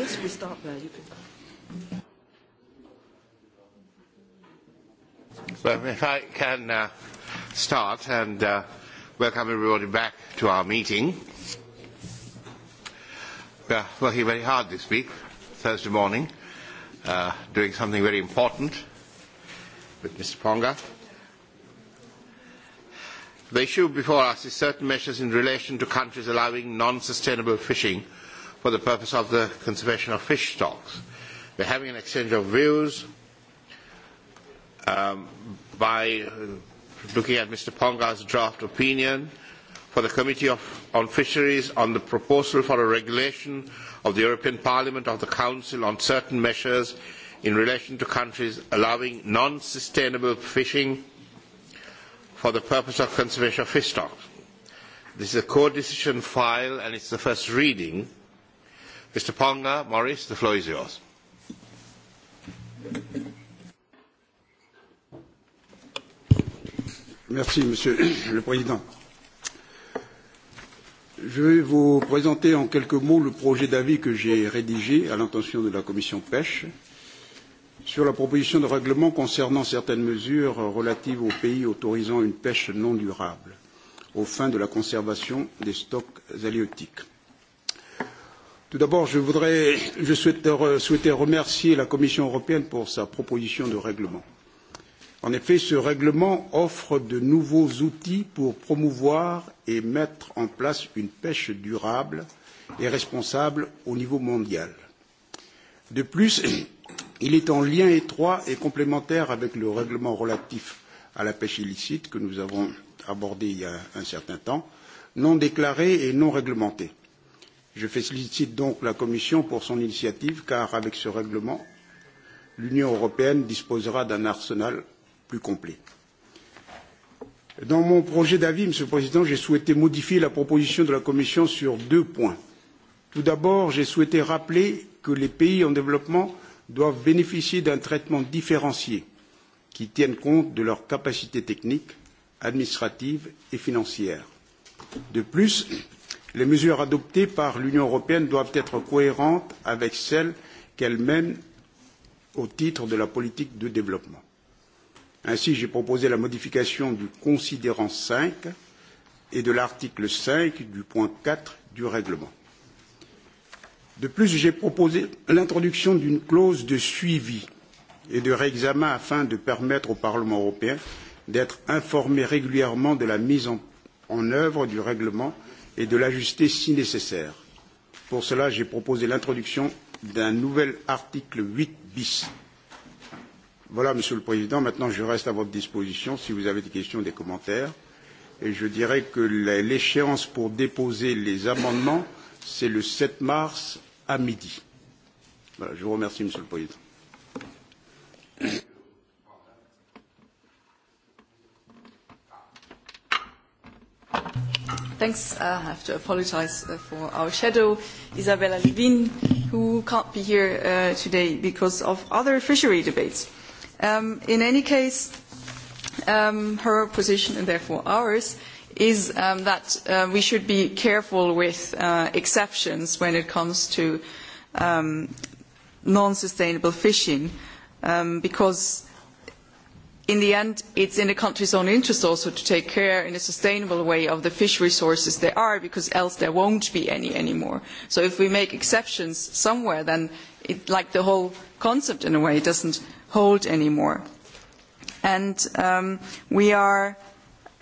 guess we start there. You can. Well, if I can uh, start and uh, welcome everybody back to our meeting. We are working very hard this week, Thursday morning, uh, doing something very important with Mr. Ponga. The issue before us is certain measures in relation to countries allowing non-sustainable fishing – for the purpose of the conservation of fish stocks. are having an exchange of views um, by looking at Mr. Ponga's draft opinion for the Committee of, on Fisheries on the proposal for a regulation of the European Parliament of the Council on certain measures in relation to countries allowing non-sustainable fishing for the purpose of conservation of fish stocks. This is a co-decision file and it's the first reading Mr. Ponga, Maurice, the floor is yours. Merci, Monsieur le Président. Je vais vous présenter en quelques mots le projet d'avis que j'ai rédigé à l'intention de la commission pêche sur la proposition de règlement concernant certaines mesures relatives aux pays autorisant une pêche non durable aux fins de la conservation des stocks halieutiques. Tout d'abord, je voudrais, je remercier la Commission européenne pour sa proposition de règlement. En effet, ce règlement offre de nouveaux outils pour promouvoir et mettre en place une pêche durable et responsable au niveau mondial. De plus, il est en lien étroit et complémentaire avec le règlement relatif à la pêche illicite que nous avons abordé il y a un certain temps, non déclarée et non réglementée. Je félicite donc la Commission pour son initiative car avec ce règlement, l'Union européenne disposera d'un arsenal plus complet. Dans mon projet d'avis, Monsieur le Président, j'ai souhaité modifier la proposition de la Commission sur deux points. Tout d'abord, j'ai souhaité rappeler que les pays en développement doivent bénéficier d'un traitement différencié qui tienne compte de leurs capacités techniques, administratives et financières. De plus, Les mesures adoptées par l'Union européenne doivent être cohérentes avec celles qu'elle mène au titre de la politique de développement. Ainsi, j'ai proposé la modification du considérant cinq et de l'article cinq du point quatre du règlement. De plus, j'ai proposé l'introduction d'une clause de suivi et de réexamen afin de permettre au Parlement européen d'être informé régulièrement de la mise en, œuvre du règlement et de l'ajuster si nécessaire. Pour cela, j'ai proposé l'introduction d'un nouvel article 8 bis. Voilà, Monsieur le Président, maintenant je reste à votre disposition si vous avez des questions, ou des commentaires. Et je dirais que l'échéance pour déposer les amendements, c'est le 7 mars à midi. Voilà, je vous remercie, Monsieur le Président thanks. I have to apologize for our shadow, Isabella Levin, who can't be here today because of other fishery debates. in any case, her position, and therefore ours, is that we should be careful with exceptions when it comes to non-sustainable fishing, because in the end, it is in the country's own interest also to take care in a sustainable way of the fish resources there are, because else there won't be any anymore. So if we make exceptions somewhere, then it, like the whole concept in a way doesn't hold anymore. And we are,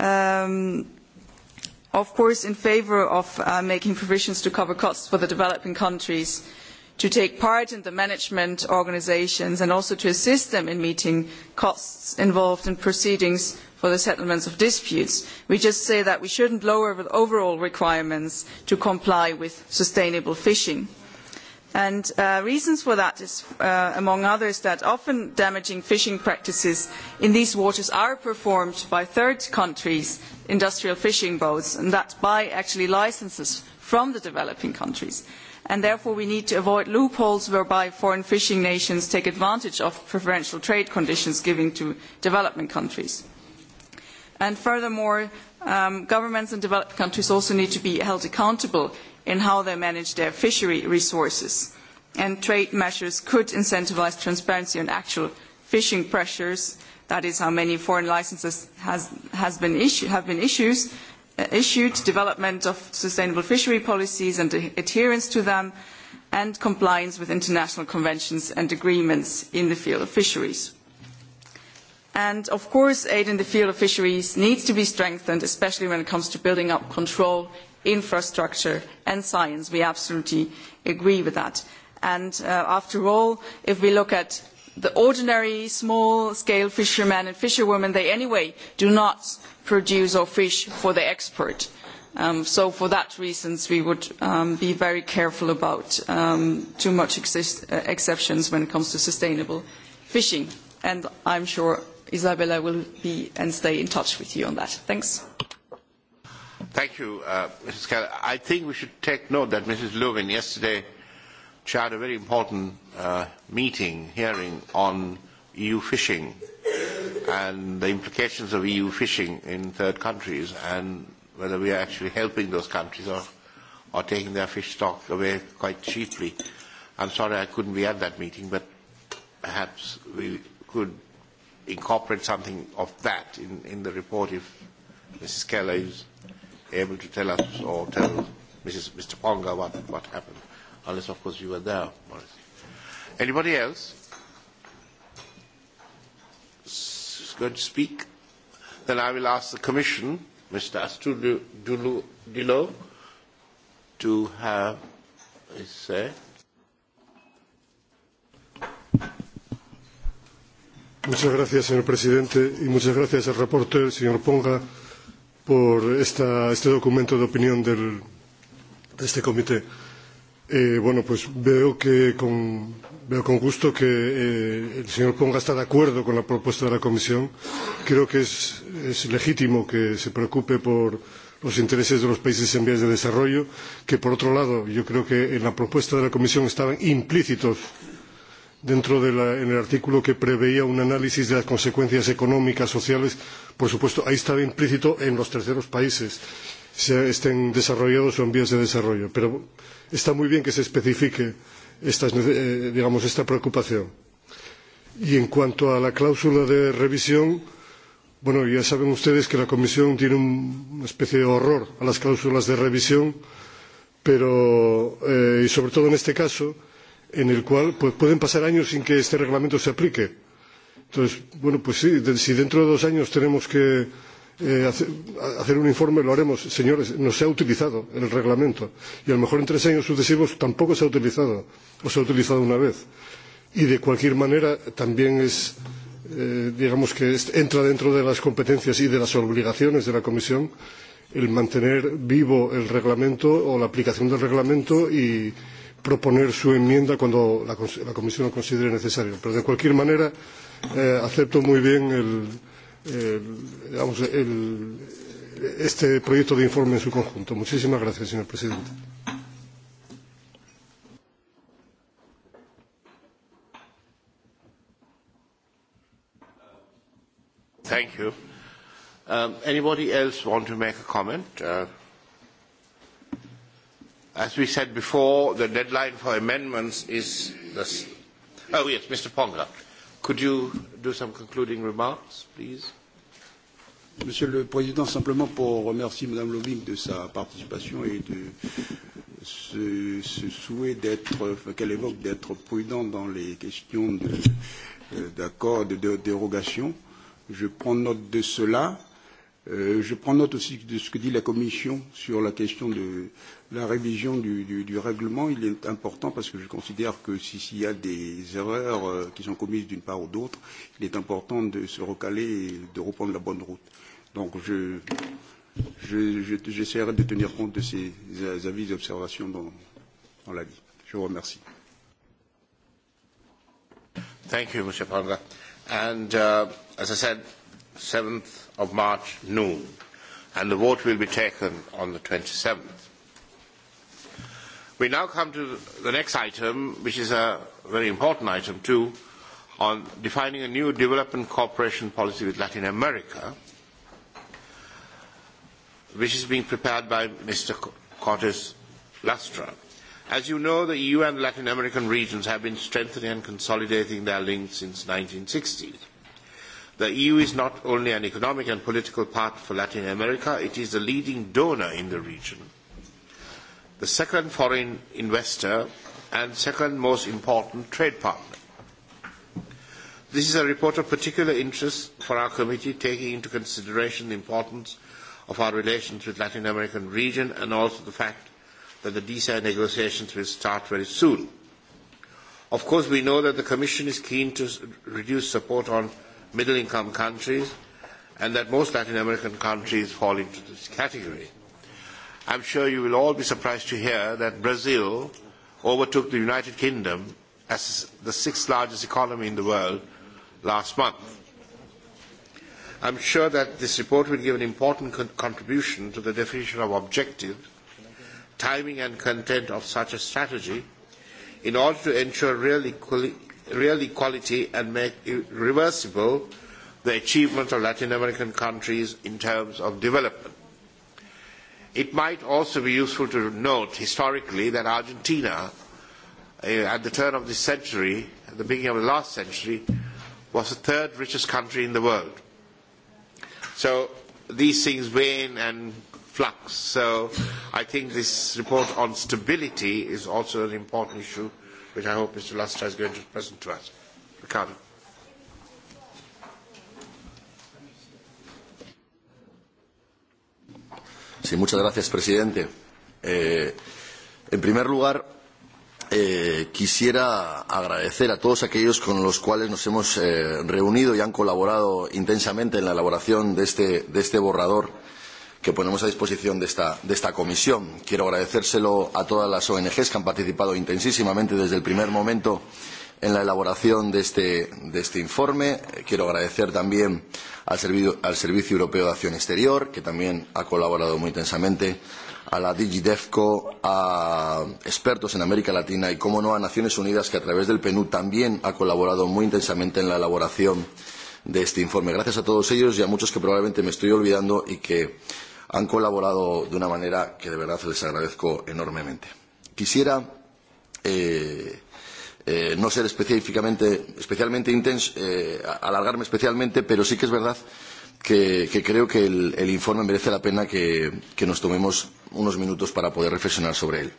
of course, in favour of making provisions to cover costs for the developing countries to take part in the management organisations and also to assist them in meeting costs involved in proceedings for the settlements of disputes. We just say that we shouldn't lower the overall requirements to comply with sustainable fishing. And reasons for that is, among others, that often damaging fishing practices in these waters are performed by third countries' industrial fishing boats, and that by actually licences from the developing countries and therefore we need to avoid loopholes whereby foreign fishing nations take advantage of preferential trade conditions given to developing countries. furthermore, governments in developed countries also need to be held accountable in how they manage their fishery resources. And trade measures could incentivise transparency on actual fishing pressures, that is how many foreign licenses have been issued, issued, development of sustainable fishery policies and adherence to them, and compliance with international conventions and agreements in the field of fisheries. And of course, aid in the field of fisheries needs to be strengthened, especially when it comes to building up control, infrastructure and science. We absolutely agree with that. And after all, if we look at the ordinary small scale fishermen and fisherwomen they anyway do not produce or fish for the export so for that reason we would be very careful about too much exceptions when it comes to sustainable fishing and I am sure Isabella will be and stay in touch with you on that thanks Thank you, uh, Mrs. Keller. I think we should take note that Mrs. Lewin yesterday chaired a very important uh, meeting, hearing on EU fishing and the implications of EU fishing in third countries and whether we are actually helping those countries or, or taking their fish stock away quite cheaply. I'm sorry I couldn't be at that meeting, but perhaps we could incorporate something of that in, in the report if Mrs. Keller is able to tell us or tell Mrs. Mr. Ponga what, what happened, unless, of course, you were there, Maurice. Anybody else? S- going to speak? Then I will ask the Commission, Mr. Astudillo, to have a say. Muchas gracias, señor presidente, y muchas gracias al reporter, señor Ponga, por esta, este documento de opinión del, de este comité. Eh, bueno, pues veo que con, veo con gusto que el señor Ponga está de acuerdo con la propuesta de la Comisión. Creo que es, legítimo que se preocupe por los intereses de los países en vías de desarrollo, que por otro lado yo creo que en la propuesta de la Comisión estaban implícitos dentro del artículo que preveía un análisis de las consecuencias económicas, sociales, por supuesto, ahí estaba implícito en los terceros países estén desarrollados o en vías de desarrollo. Pero está muy bien que se especifique esta preocupación. Y en cuanto a la cláusula de revisión, bueno, ya saben ustedes que la Comisión tiene una especie de horror a las cláusulas de revisión, pero y sobre todo en este caso, en el cual pueden pasar años sin que este reglamento se aplique. Entonces, bueno, pues sí, si dentro de dos años tenemos que hacer un informe lo haremos. Señores, no se ha utilizado el reglamento y a lo mejor en tres años sucesivos tampoco se ha utilizado o se ha utilizado una vez. Y de cualquier manera también es, digamos que entra dentro de las competencias y de las obligaciones de la Comisión el mantener vivo el reglamento o la aplicación del reglamento y proponer su enmienda cuando la, Comisión lo considere necesario. Pero de cualquier manera acepto muy bien el digamos, el, este proyecto de informe en su conjunto. Muchísimas gracias, señor presidente. Thank you. Um, anybody else want to make a comment? Uh, as we said before, the deadline for amendments is this. Oh, yes, Mr. Ponga. Uh, Could you do some concluding remarks, please? Monsieur le Président, simplement pour remercier Madame Loving de sa participation et de ce, ce souhait d'être, qu'elle évoque d'être prudente dans les questions d'accord, de, de, de dérogation. Je prends note de cela. Euh, je prends note aussi de ce que dit la Commission sur la question de la révision du, du, du règlement, il est important parce que je considère que s'il si, y a des erreurs euh, qui sont commises d'une part ou d'autre, il est important de se recaler et de reprendre la bonne route. Donc je, je, je, j'essaierai de tenir compte de ces avis et observations dans, dans l'avis. Je vous remercie. Thank you, Monsieur Panga. And uh, as I said, 7th of March, noon. And the vote will be taken on the 27th We now come to the next item, which is a very important item too, on defining a new development cooperation policy with Latin America, which is being prepared by Mr. Cortes Lastra. As you know, the EU and Latin American regions have been strengthening and consolidating their links since 1960. The EU is not only an economic and political partner for Latin America, it is the leading donor in the region the second foreign investor and second most important trade partner. This is a report of particular interest for our committee, taking into consideration the importance of our relations with the Latin American region and also the fact that the DCI negotiations will start very soon. Of course, we know that the Commission is keen to reduce support on middle-income countries and that most Latin American countries fall into this category. I am sure you will all be surprised to hear that Brazil overtook the United Kingdom as the sixth largest economy in the world last month. I am sure that this report will give an important contribution to the definition of objective, timing and content of such a strategy in order to ensure real equality and make irreversible the achievements of Latin American countries in terms of development. It might also be useful to note historically that Argentina, at the turn of this century, at the beginning of the last century, was the third richest country in the world. So these things wane and flux. So I think this report on stability is also an important issue, which I hope Mr. Lustra is going to present to us. Ricardo. Sí, muchas gracias, presidente. Eh, en primer lugar, eh, quisiera agradecer a todos aquellos con los cuales nos hemos eh, reunido y han colaborado intensamente en la elaboración de este, de este borrador que ponemos a disposición de esta, de esta comisión. Quiero agradecérselo a todas las ONG que han participado intensísimamente desde el primer momento en la elaboración de este, informe. Quiero agradecer también al, Servicio Europeo de Acción Exterior, que también ha colaborado muy intensamente, a la DigiDefco, a expertos en América Latina y, como no, a Naciones Unidas, que a través del PNUD también ha colaborado muy intensamente en la elaboración de este informe. Gracias a todos ellos y a muchos que probablemente me estoy olvidando y que han colaborado de una manera que de verdad les agradezco enormemente. Quisiera eh, no ser específicamente, especialmente intenso, alargarme especialmente, pero sí que es verdad que, creo que el, informe merece la pena que, nos tomemos unos minutos para poder reflexionar sobre él.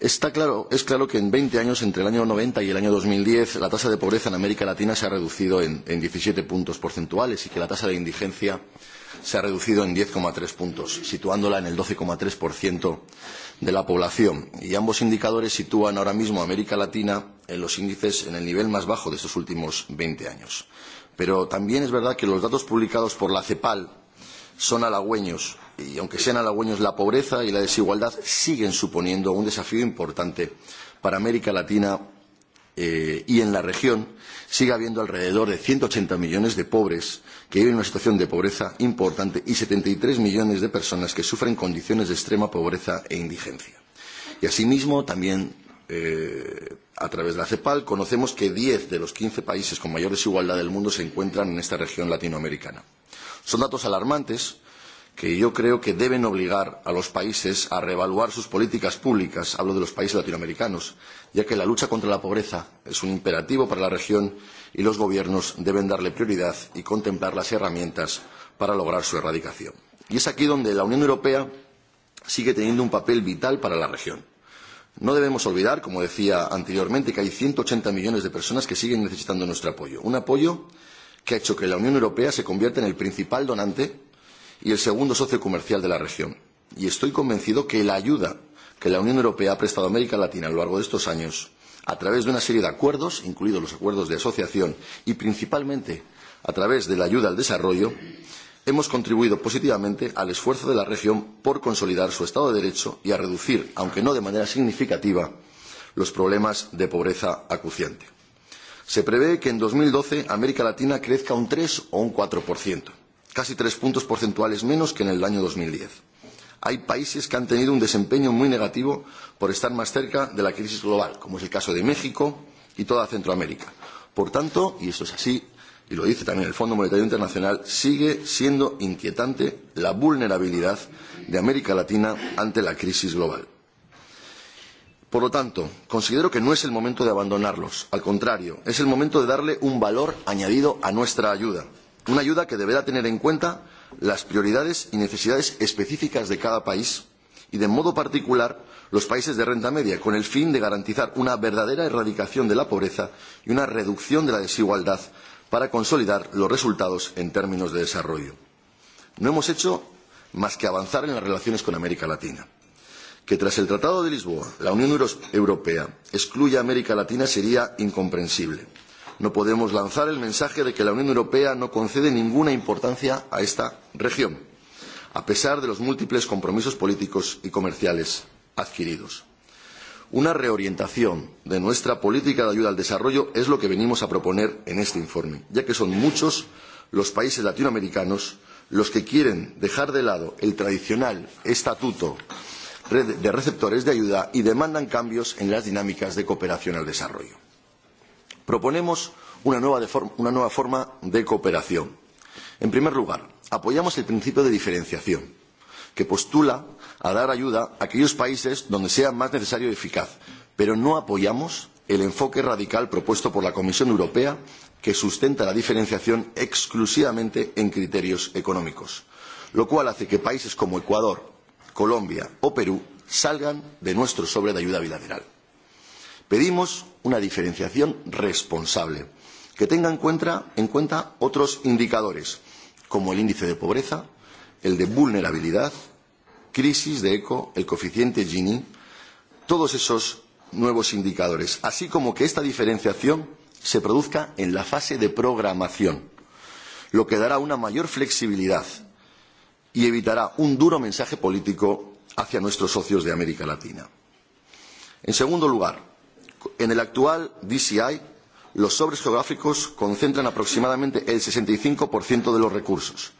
es claro que en veinte años, entre el año noventa y el año dos mil diez, la tasa de pobreza en América Latina se ha reducido en, diecisiete puntos porcentuales y que la tasa de indigencia se ha reducido en diez tres puntos, situándola en el doce tres de la población. Y ambos indicadores sitúan ahora mismo a América Latina en los índices en el nivel más bajo de estos últimos veinte años. Pero también es verdad que los datos publicados por la CEPAL son halagüeños y aunque sean halagüeños la pobreza y la desigualdad siguen suponiendo un desafío importante para América Latina y en la región sigue habiendo alrededor de ciento ochenta millones de pobres que viven en una situación de pobreza importante y setenta y tres millones de personas que sufren condiciones de extrema pobreza e indigencia. Y asimismo, también a través de la CEPAL, conocemos que diez de los quince países con mayor desigualdad del mundo se encuentran en esta región latinoamericana. Son datos alarmantes que yo creo que deben obligar a los países a reevaluar sus políticas públicas, hablo de los países latinoamericanos, ya que la lucha contra la pobreza es un imperativo para la región y los gobiernos deben darle prioridad y contemplar las herramientas para lograr su erradicación. Y es aquí donde la Unión Europea sigue teniendo un papel vital para la región. No debemos olvidar, como decía anteriormente, que hay ciento ochenta millones de personas que siguen necesitando nuestro apoyo. Un apoyo que ha hecho que la Unión Europea se convierta en el principal donante y el segundo socio comercial de la región. Y estoy convencido de que la ayuda que la Unión Europea ha prestado a América Latina a lo largo de estos años a través de una serie de acuerdos, incluidos los acuerdos de asociación y principalmente a través de la ayuda al desarrollo, hemos contribuido positivamente al esfuerzo de la región por consolidar su Estado de Derecho y a reducir, aunque no de manera significativa, los problemas de pobreza acuciante. Se prevé que en dos mil doce América Latina crezca un tres o un cuatro, casi tres puntos porcentuales menos que en el año dos mil diez Hay países que han tenido un desempeño muy negativo por estar más cerca de la crisis global, como es el caso de México y toda Centroamérica. Por tanto, y esto es así, y lo dice también el Fondo Monetario Internacional, sigue siendo inquietante la vulnerabilidad de América Latina ante la crisis global. Por lo tanto, considero que no es el momento de abandonarlos, al contrario, es el momento de darle un valor añadido a nuestra ayuda, una ayuda que deberá tener en cuenta las prioridades y necesidades específicas de cada país y, de modo particular, los países de renta media, con el fin de garantizar una verdadera erradicación de la pobreza y una reducción de la desigualdad para consolidar los resultados en términos de desarrollo. No hemos hecho más que avanzar en las relaciones con América Latina. Que tras el Tratado de Lisboa la Unión Europea excluya a América Latina sería incomprensible No podemos lanzar el mensaje de que la Unión Europea no concede ninguna importancia a esta región, a pesar de los múltiples compromisos políticos y comerciales adquiridos. Una reorientación de nuestra política de ayuda al desarrollo es lo que venimos a proponer en este informe, ya que son muchos los países latinoamericanos los que quieren dejar de lado el tradicional estatuto de receptores de ayuda y demandan cambios en las dinámicas de cooperación al desarrollo. Proponemos una nueva, forma de cooperación. En primer lugar, apoyamos el principio de diferenciación, que postula a dar ayuda a aquellos países donde sea más necesario y eficaz, pero no apoyamos el enfoque radical propuesto por la Comisión Europea que sustenta la diferenciación exclusivamente en criterios económicos, lo cual hace que países como Ecuador, Colombia o Perú salgan de nuestro sobre de ayuda bilateral. Pedimos una diferenciación responsable que tenga en cuenta, en cuenta otros indicadores, como el índice de pobreza, el de vulnerabilidad, crisis de eco, el coeficiente Gini, todos esos nuevos indicadores, así como que esta diferenciación se produzca en la fase de programación, lo que dará una mayor flexibilidad y evitará un duro mensaje político hacia nuestros socios de América Latina. En segundo lugar, En el actual DCI, los sobres geográficos concentran aproximadamente el 65% de los recursos.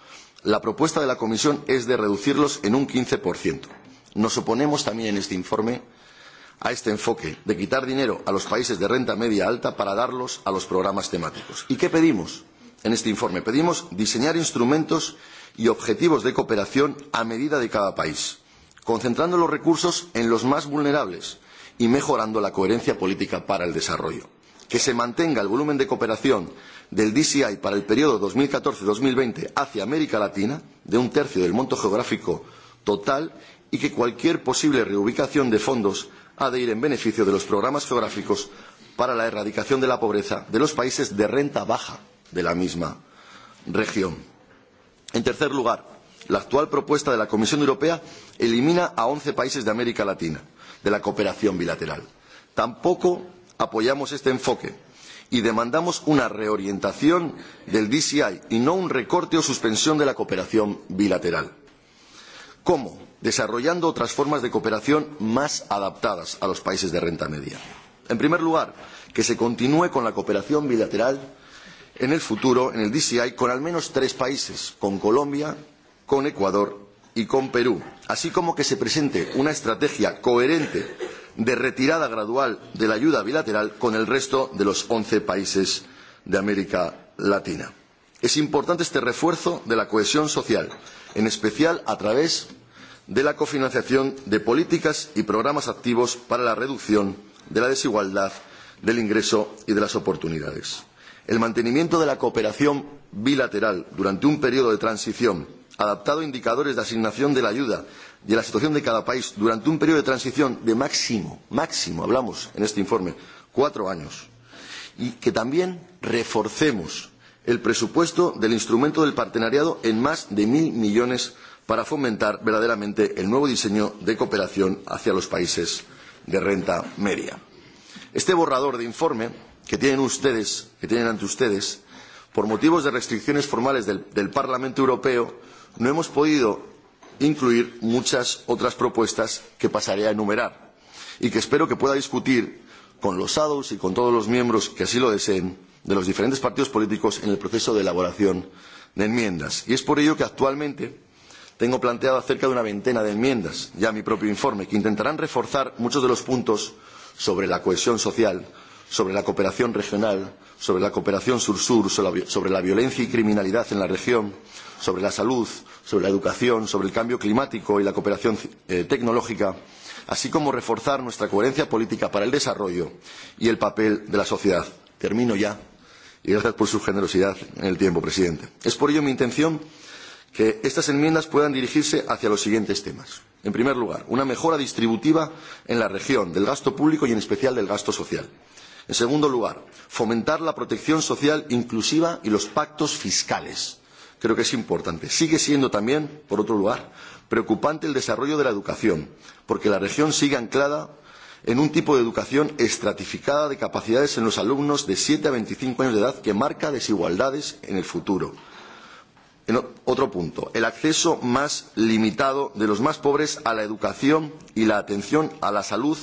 La propuesta de la Comisión es de reducirlos en un 15%. Nos oponemos también en este informe a este enfoque de quitar dinero a los países de renta media alta para darlos a los programas temáticos. ¿Y qué pedimos en este informe? Pedimos diseñar instrumentos y objetivos de cooperación a medida de cada país, concentrando los recursos en los más vulnerables, y mejorando la coherencia política para el desarrollo. Que se mantenga el volumen de cooperación del DCI para el periodo dos mil 2014-2020 hacia América Latina de un tercio del monto geográfico total y que cualquier posible reubicación de fondos ha de ir en beneficio de los programas geográficos para la erradicación de la pobreza de los países de renta baja de la misma región. En tercer lugar, la actual propuesta de la Comisión Europea elimina a once países de América Latina de la cooperación bilateral. Tampoco apoyamos este enfoque y demandamos una reorientación del DCI y no un recorte o suspensión de la cooperación bilateral. ¿Cómo? Desarrollando otras formas de cooperación más adaptadas a los países de renta media. En primer lugar, que se continúe con la cooperación bilateral en el futuro en el DCI con al menos tres países, con Colombia, con Ecuador y con Perú, así como que se presente una estrategia coherente de retirada gradual de la ayuda bilateral con el resto de los once países de América Latina. Es importante este refuerzo de la cohesión social, en especial a través de la cofinanciación de políticas y programas activos para la reducción de la desigualdad, del ingreso y de las oportunidades. El mantenimiento de la cooperación bilateral durante un periodo de transición adaptado indicadores de asignación de la ayuda y de la situación de cada país durante un periodo de transición de máximo, máximo, hablamos en este informe, cuatro años. Y que también reforcemos el presupuesto del instrumento del partenariado en más de mil millones para fomentar verdaderamente el nuevo diseño de cooperación hacia los países de renta media. Este borrador de informe que tienen ustedes, que tienen ante ustedes, por motivos de restricciones formales del Parlamento Europeo, no hemos podido incluir muchas otras propuestas que pasaré a enumerar y que espero que pueda discutir con los SADOS y con todos los miembros que así lo deseen de los diferentes partidos políticos en el proceso de elaboración de enmiendas. Y es por ello que actualmente tengo planteado cerca de una veintena de enmiendas ya a mi propio informe que intentarán reforzar muchos de los puntos sobre la cohesión social sobre la cooperación regional, sobre la cooperación sur-sur, sobre la violencia y criminalidad en la región, sobre la salud, sobre la educación, sobre el cambio climático y la cooperación tecnológica, así como reforzar nuestra coherencia política para el desarrollo y el papel de la sociedad. Termino ya y gracias por su generosidad en el tiempo, presidente. Es por ello mi intención que estas enmiendas puedan dirigirse hacia los siguientes temas. En primer lugar, una mejora distributiva en la región del gasto público y en especial del gasto social. En segundo lugar, fomentar la protección social inclusiva y los pactos fiscales. Creo que es importante. Sigue siendo también, por otro lugar, preocupante el desarrollo de la educación, porque la región sigue anclada en un tipo de educación estratificada de capacidades en los alumnos de siete a veinticinco años de edad que marca desigualdades en el futuro. otro punto, el acceso más limitado de los más pobres a la educación y la atención a la salud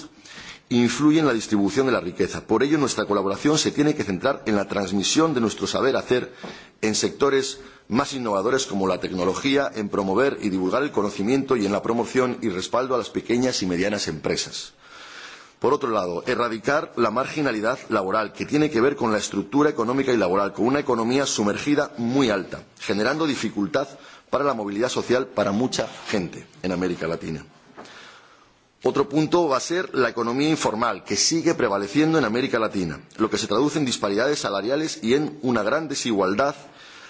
influye en la distribución de la riqueza. Por ello, nuestra colaboración se tiene que centrar en la transmisión de nuestro saber hacer en sectores más innovadores como la tecnología, en promover y divulgar el conocimiento y en la promoción y respaldo a las pequeñas y medianas empresas. Por otro lado, erradicar la marginalidad laboral, que tiene que ver con la estructura económica y laboral, con una economía sumergida muy alta, generando dificultad para la movilidad social para mucha gente en América Latina Otro punto va a ser la economía informal, que sigue prevaleciendo en América Latina, lo que se traduce en disparidades salariales y en una gran desigualdad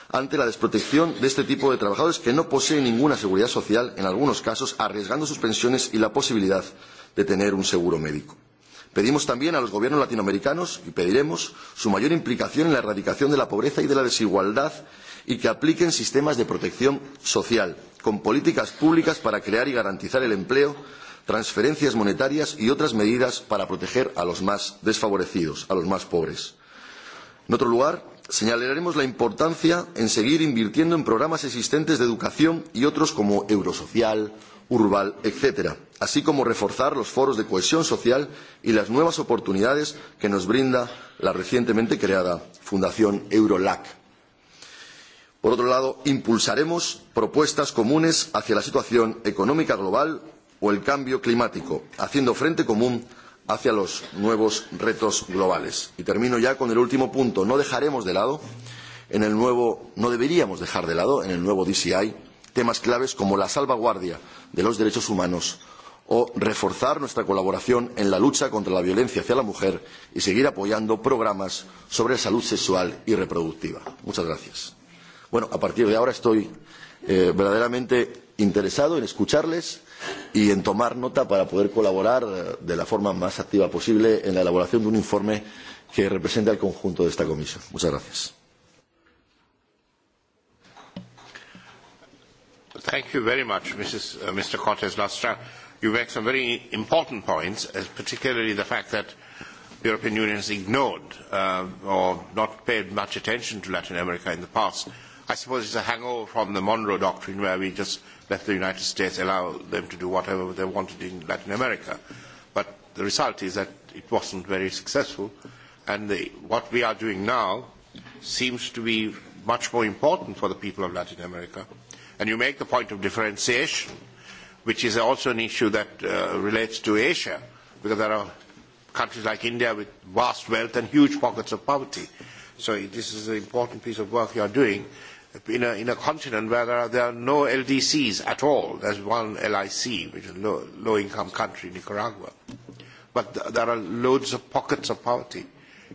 ante la desprotección de este tipo de trabajadores que no poseen ninguna seguridad social, en algunos casos arriesgando sus pensiones y la posibilidad de tener un seguro médico. Pedimos también a los gobiernos latinoamericanos y pediremos su mayor implicación en la erradicación de la pobreza y de la desigualdad y que apliquen sistemas de protección social, con políticas públicas para crear y garantizar el empleo transferencias monetarias y otras medidas para proteger a los más desfavorecidos, a los más pobres. En otro lugar, señalaremos la importancia en seguir invirtiendo en programas existentes de educación y otros como Eurosocial, Urbal, etc., así como reforzar los foros de cohesión social y las nuevas oportunidades que nos brinda la recientemente creada Fundación Eurolac. Por otro lado, impulsaremos propuestas comunes hacia la situación económica global o el cambio climático, haciendo frente común hacia los nuevos retos globales. Y termino ya con el último punto. No dejaremos de lado en el nuevo, no deberíamos dejar de lado en el nuevo DCI temas claves como la salvaguardia de los derechos humanos o reforzar nuestra colaboración en la lucha contra la violencia hacia la mujer y seguir apoyando programas sobre salud sexual y reproductiva. Muchas gracias. Bueno, a partir de ahora estoy verdaderamente interesado en escucharles y en tomar nota para poder colaborar de la forma más activa posible en la elaboración de un informe que represente al conjunto de esta comisión. Muchas gracias. Thank you very much, Mrs. Uh, Mr. Cortes Lastra. You make some very important points, as particularly the fact that the European Union has ignored uh, or not paid much attention to Latin America in the past. I suppose it's a hangover from the Monroe Doctrine, where we just let the United States allow them to do whatever they wanted in Latin America. But the result is that it wasn't very successful, and the, what we are doing now seems to be much more important for the people of Latin America. And you make the point of differentiation, which is also an issue that uh, relates to Asia, because there are countries like India with vast wealth and huge pockets of poverty. So this is an important piece of work you are doing in a, in a continent where there are, there are no LDCs at all. There's one LIC, which is low, low income country, Nicaragua. But th- there are loads of pockets of poverty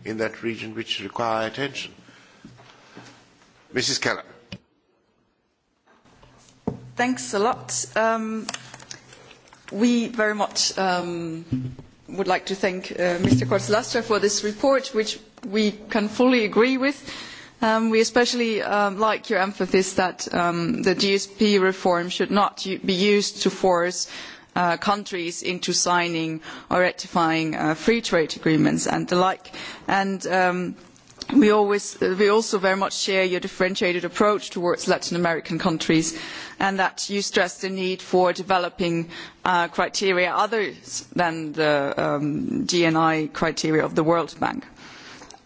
in that region which require attention. Mrs. Keller. Thanks a lot. Um, we very much um, would like to thank uh, Mr. Kortz-Lastra for this report, which we can fully agree with we especially like your emphasis that the GSP reform should not be used to force countries into signing or ratifying free trade agreements and the like. And we also very much share your differentiated approach towards Latin American countries and that you stress the need for developing criteria other than the GNI criteria of the World Bank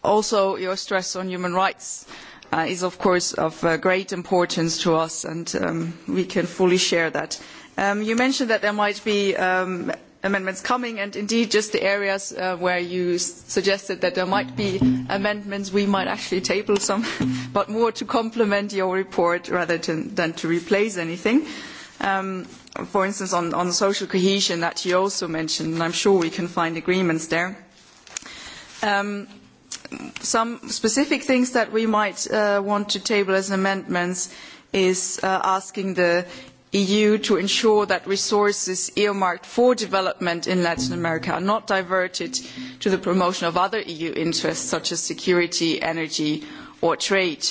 also your stress on human rights is of course of great importance to us and we can fully share that. you mentioned that there might be amendments coming and indeed just the areas where you suggested that there might be amendments we might actually table some but more to complement your report rather than to replace anything for instance on social cohesion that you also mentioned and I am sure we can find agreements there some specific things that we might want to table as amendments is asking the EU to ensure that resources earmarked for development in Latin America are not diverted to the promotion of other EU interests such as security, energy or trade.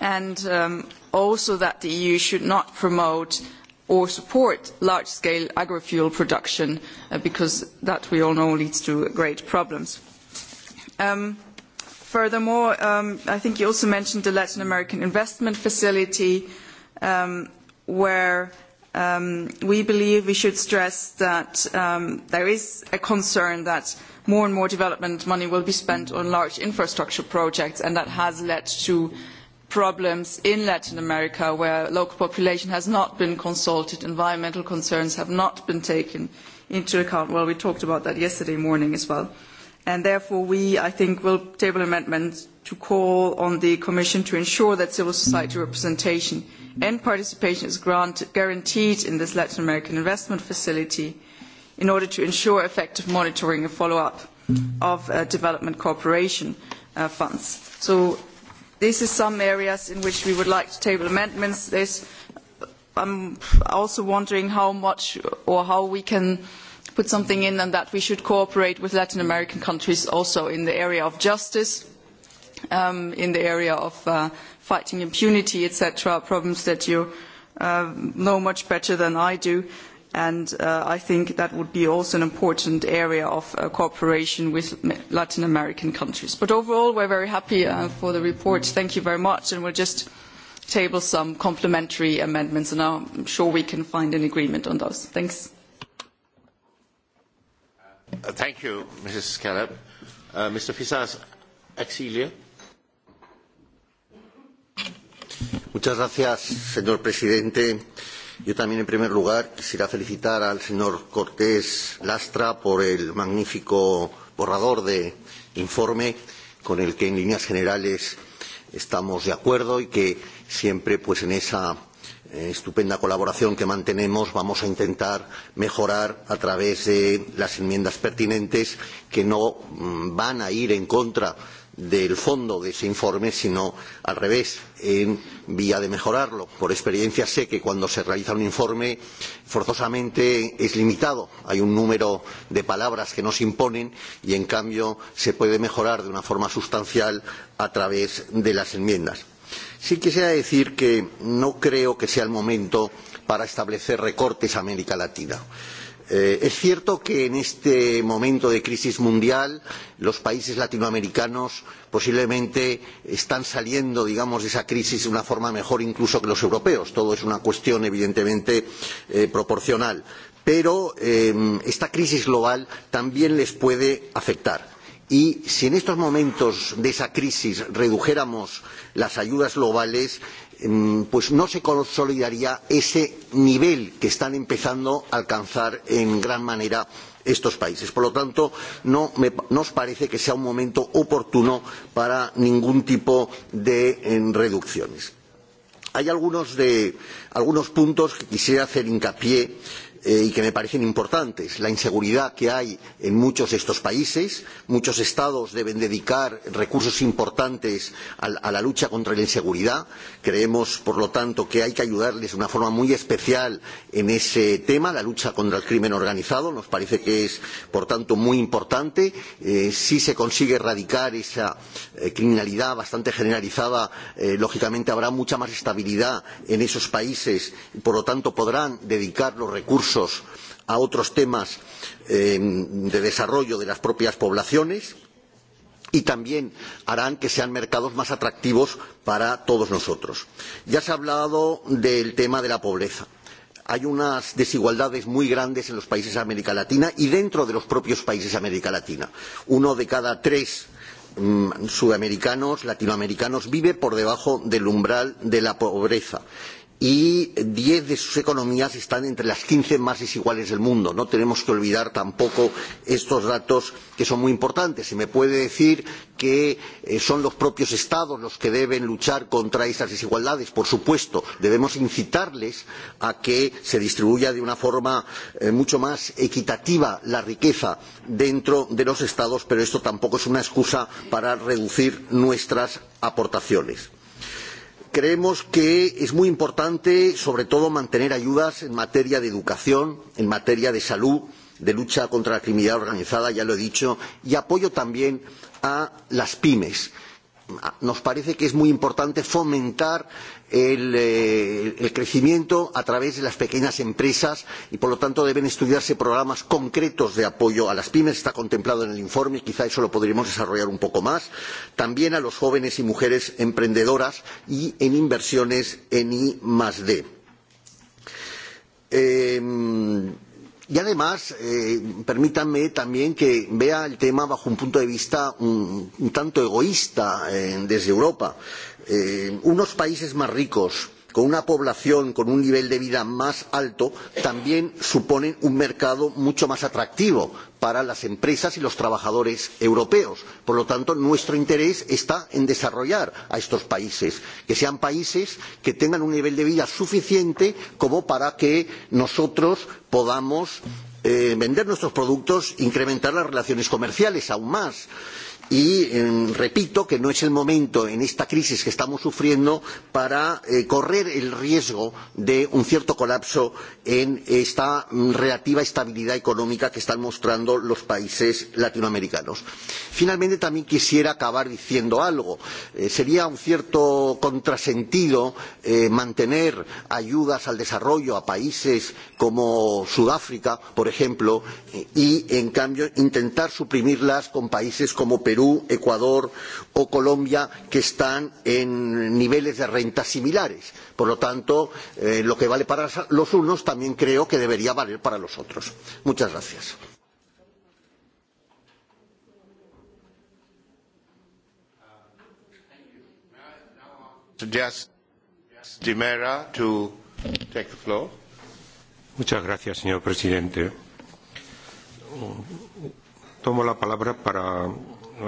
And also that the EU should not promote or support large-scale agri-fuel production because that we all know leads to great problems. Um, Furthermore, I think you also mentioned the Latin American Investment Facility, where we believe we should stress that there is a concern that more and more development money will be spent on large infrastructure projects, and that has led to problems in Latin America where the local population has not been consulted, environmental concerns have not been taken into account. Well, we talked about that yesterday morning as well and therefore we, I think, will table amendments to call on the Commission to ensure that civil society representation and participation is guaranteed in this Latin American investment facility in order to ensure effective monitoring and follow-up of development cooperation funds. So these are some areas in which we would like to table amendments. There's, I'm also wondering how much or how we can put something in and that we should cooperate with Latin American countries also in the area of justice, in the area of fighting impunity, etc., problems that you know much better than I do. And I think that would be also an important area of cooperation with Latin American countries. But overall, we are very happy for the report. Thank you very much. And we'll just table some complementary amendments, and I am sure we can find an agreement on those. Thanks. Thank you, Mrs. Uh, Mr. Fisas, Muchas gracias, señor presidente. Yo también, en primer lugar, quisiera felicitar al señor Cortés Lastra por el magnífico borrador de informe con el que, en líneas generales, estamos de acuerdo y que siempre, pues, en esa estupenda colaboración que mantenemos vamos a intentar mejorar a través de las enmiendas pertinentes que no van a ir en contra del fondo de ese informe, sino al revés, en vía de mejorarlo. Por experiencia sé que cuando se realiza un informe forzosamente es limitado, hay un número de palabras que nos imponen y en cambio se puede mejorar de una forma sustancial a través de las enmiendas Sí quisiera decir que no creo que sea el momento para establecer recortes a América Latina. es cierto que en este momento de crisis mundial los países latinoamericanos posiblemente están saliendo digamos de esa crisis de una forma mejor incluso que los europeos. Todo es una cuestión evidentemente proporcional. Pero esta crisis global también les puede afectar Y si en estos momentos de esa crisis redujéramos las ayudas globales, pues no se consolidaría ese nivel que están empezando a alcanzar en gran manera estos países. Por lo tanto, no nos parece que sea un momento oportuno para ningún tipo de reducciones. Hay algunos, puntos que quisiera hacer hincapié y que me parecen importantes. La inseguridad que hay en muchos de estos países, muchos estados deben dedicar recursos importantes a la lucha contra la inseguridad. Creemos, por lo tanto, que hay que ayudarles de una forma muy especial en ese tema, la lucha contra el crimen organizado. Nos parece que es, por tanto, muy importante. si se consigue erradicar esa criminalidad bastante generalizada, lógicamente habrá mucha más estabilidad en esos países y, por lo tanto, podrán dedicar los recursos recursos a otros temas de desarrollo de las propias poblaciones y también harán que sean mercados más atractivos para todos nosotros. Ya se ha hablado del tema de la pobreza. Hay unas desigualdades muy grandes en los países de América Latina y dentro de los propios países de América Latina. Uno de cada tres sudamericanos, latinoamericanos, vive por debajo del umbral de la pobreza y diez de sus economías están entre las quince más desiguales del mundo. No tenemos que olvidar tampoco estos datos que son muy importantes. Se me puede decir que son los propios Estados los que deben luchar contra esas desigualdades. Por supuesto, debemos incitarles a que se distribuya de una forma mucho más equitativa la riqueza dentro de los Estados, pero esto tampoco es una excusa para reducir nuestras aportaciones Creemos que es muy importante, sobre todo, mantener ayudas en materia de educación, en materia de salud, de lucha contra la criminalidad organizada, ya lo he dicho, y apoyo también a las pymes nos parece que es muy importante fomentar el, crecimiento a través de las pequeñas empresas y por lo tanto deben estudiarse programas concretos de apoyo a las pymes está contemplado en el informe y quizá eso lo podríamos desarrollar un poco más también a los jóvenes y mujeres emprendedoras y en inversiones en I D Y además, permítanme también que vea el tema bajo un punto de vista un, tanto egoísta desde Europa. unos países más ricos con una población con un nivel de vida más alto también suponen un mercado mucho más atractivo para las empresas y los trabajadores europeos. por lo tanto nuestro interés está en desarrollar a estos países que sean países que tengan un nivel de vida suficiente como para que nosotros podamos vender nuestros productos e incrementar las relaciones comerciales aún más. y Y repito que no es el momento en esta crisis que estamos sufriendo para correr el riesgo de un cierto colapso en esta relativa estabilidad económica que están mostrando los países latinoamericanos. Finalmente, también quisiera acabar diciendo algo. sería un cierto contrasentido mantener ayudas al desarrollo a países como Sudáfrica, por ejemplo, y, en cambio, intentar suprimirlas con países como Perú Perú, Ecuador o Colombia, que están en niveles de renta similares. Por lo tanto, lo que vale para los unos también creo que debería valer para los otros. Muchas gracias. señor presidente. Tomo la palabra para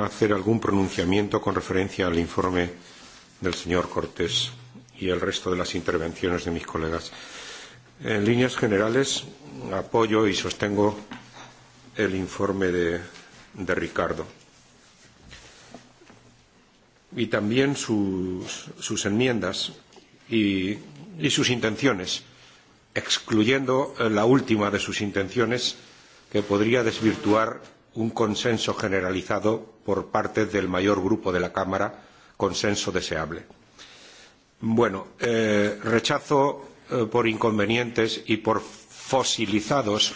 hacer algún pronunciamiento con referencia al informe del señor Cortés y el resto de las intervenciones de mis colegas. En líneas generales, apoyo y sostengo el informe de, de Ricardo y también sus, sus enmiendas y, y sus intenciones, excluyendo la última de sus intenciones que podría desvirtuar un consenso generalizado por parte del mayor grupo de la Cámara, consenso deseable. Bueno, rechazo por inconvenientes y por fosilizados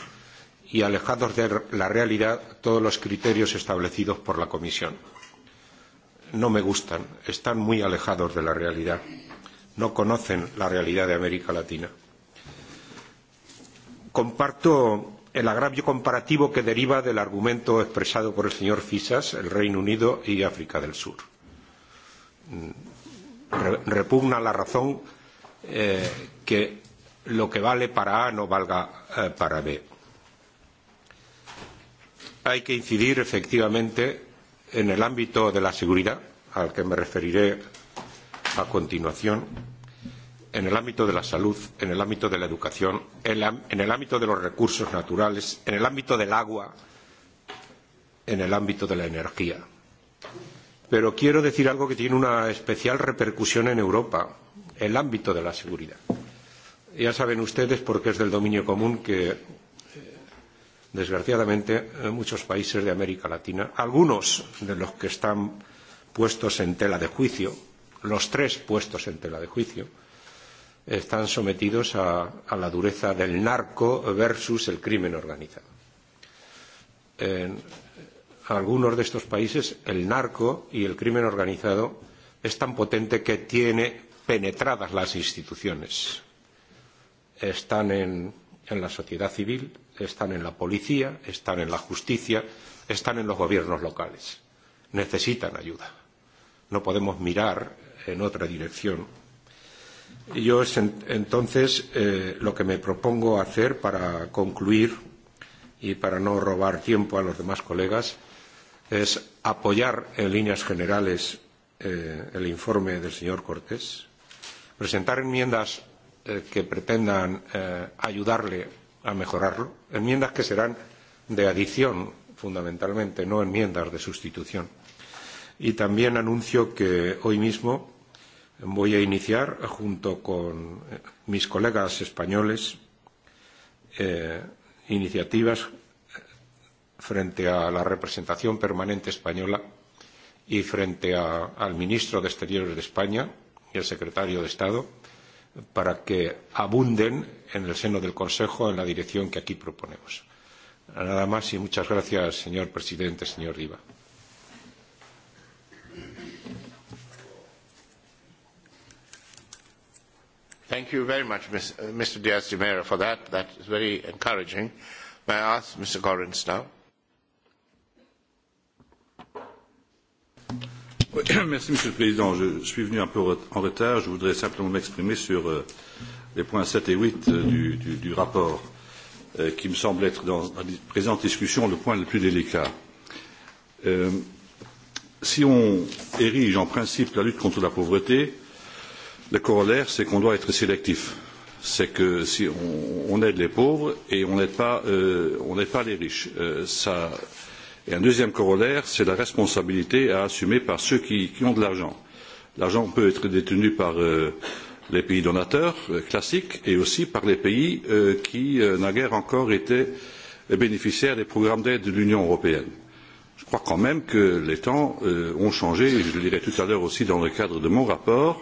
y alejados de la realidad todos los criterios establecidos por la Comisión. No me gustan, están muy alejados de la realidad. No conocen la realidad de América Latina. Comparto el agravio comparativo que deriva del argumento expresado por el señor Fisas, el Reino Unido y África del Sur. Repugna la razón que lo que vale para A no valga para B. Hay que incidir efectivamente en el ámbito de la seguridad, al que me referiré a continuación en el ámbito de la salud, en el ámbito de la educación, en, en el ámbito de los recursos naturales, en el ámbito del agua, en el ámbito de la energía. Pero quiero decir algo que tiene una especial repercusión en Europa, el ámbito de la seguridad. Ya saben ustedes, porque es del dominio común, que desgraciadamente muchos países de América Latina, algunos de los que están puestos en tela de juicio, los tres puestos en tela de juicio, están sometidos a, a la dureza del narco versus el crimen organizado. En algunos de estos países el narco y el crimen organizado es tan potente que tiene penetradas las instituciones. Están en, en la sociedad civil, están en la policía, están en la justicia, están en los gobiernos locales. Necesitan ayuda. No podemos mirar en otra dirección Yo entonces lo que me propongo hacer para concluir y para no robar tiempo a los demás colegas es apoyar en líneas generales el informe del señor Cortés, presentar enmiendas que pretendan ayudarle a mejorarlo, enmiendas que serán de adición fundamentalmente, no enmiendas de sustitución. Y también anuncio que hoy mismo voy a iniciar, junto con mis colegas españoles, eh, iniciativas frente a la representación permanente española y frente a, al ministro de Exteriores de España y al secretario de Estado para que abunden en el seno del Consejo en la dirección que aquí proponemos. Nada más y muchas gracias, señor presidente, señor Riva. Thank you very much, Mr. Diaz de Mera, for that. That is very encouraging. May I ask Mr. Gorins now? Merci, Monsieur le Président. Je, suis venu un peu en retard. Je voudrais simplement m'exprimer sur les points sept et huit du, rapport, qui me semble être dans la présente discussion le point le plus délicat. si on érige en principe la lutte contre la pauvreté, Le corollaire, c'est qu'on doit être sélectif. C'est que si on, aide les pauvres et on n'aide pas, les riches. Et un deuxième corollaire, c'est la responsabilité à assumer par ceux qui, ont de l'argent. L'argent peut être détenu par les pays donateurs classiques et aussi par les pays qui, naguère encore, étaient bénéficiaires des programmes d'aide de l'Union européenne. Je crois quand même que les temps ont changé, et je le dirai tout à l'heure aussi dans le cadre de mon rapport,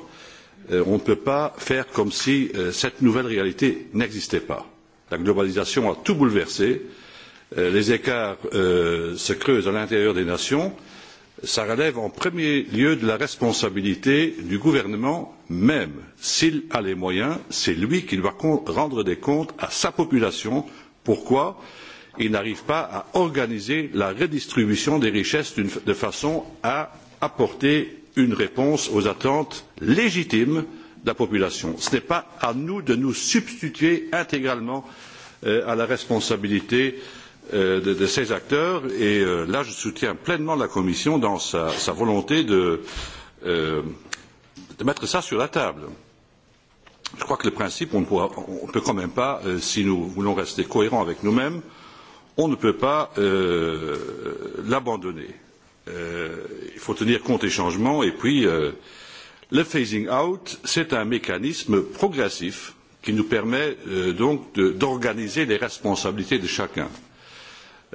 on ne peut pas faire comme si cette nouvelle réalité n'existait pas. La globalisation a tout bouleversé, les écarts se creusent à l'intérieur des nations, cela relève en premier lieu de la responsabilité du gouvernement même. S'il a les moyens, c'est lui qui doit rendre des comptes à sa population. Pourquoi il n'arrive pas à organiser la redistribution des richesses de façon à apporter une réponse aux attentes légitimes de la population. ce n'est pas à nous de nous substituer intégralement à la responsabilité de ces acteurs et là je soutiens pleinement la commission dans sa, volonté de, mettre cela sur la table. Je crois que le principe, on ne peut quand même pas, si nous voulons rester cohérents avec nous-mêmes, on ne peut pas l'abandonner il faut tenir compte des changements. Et puis, le phasing out, c'est un mécanisme progressif qui nous permet donc d'organiser les responsabilités de chacun.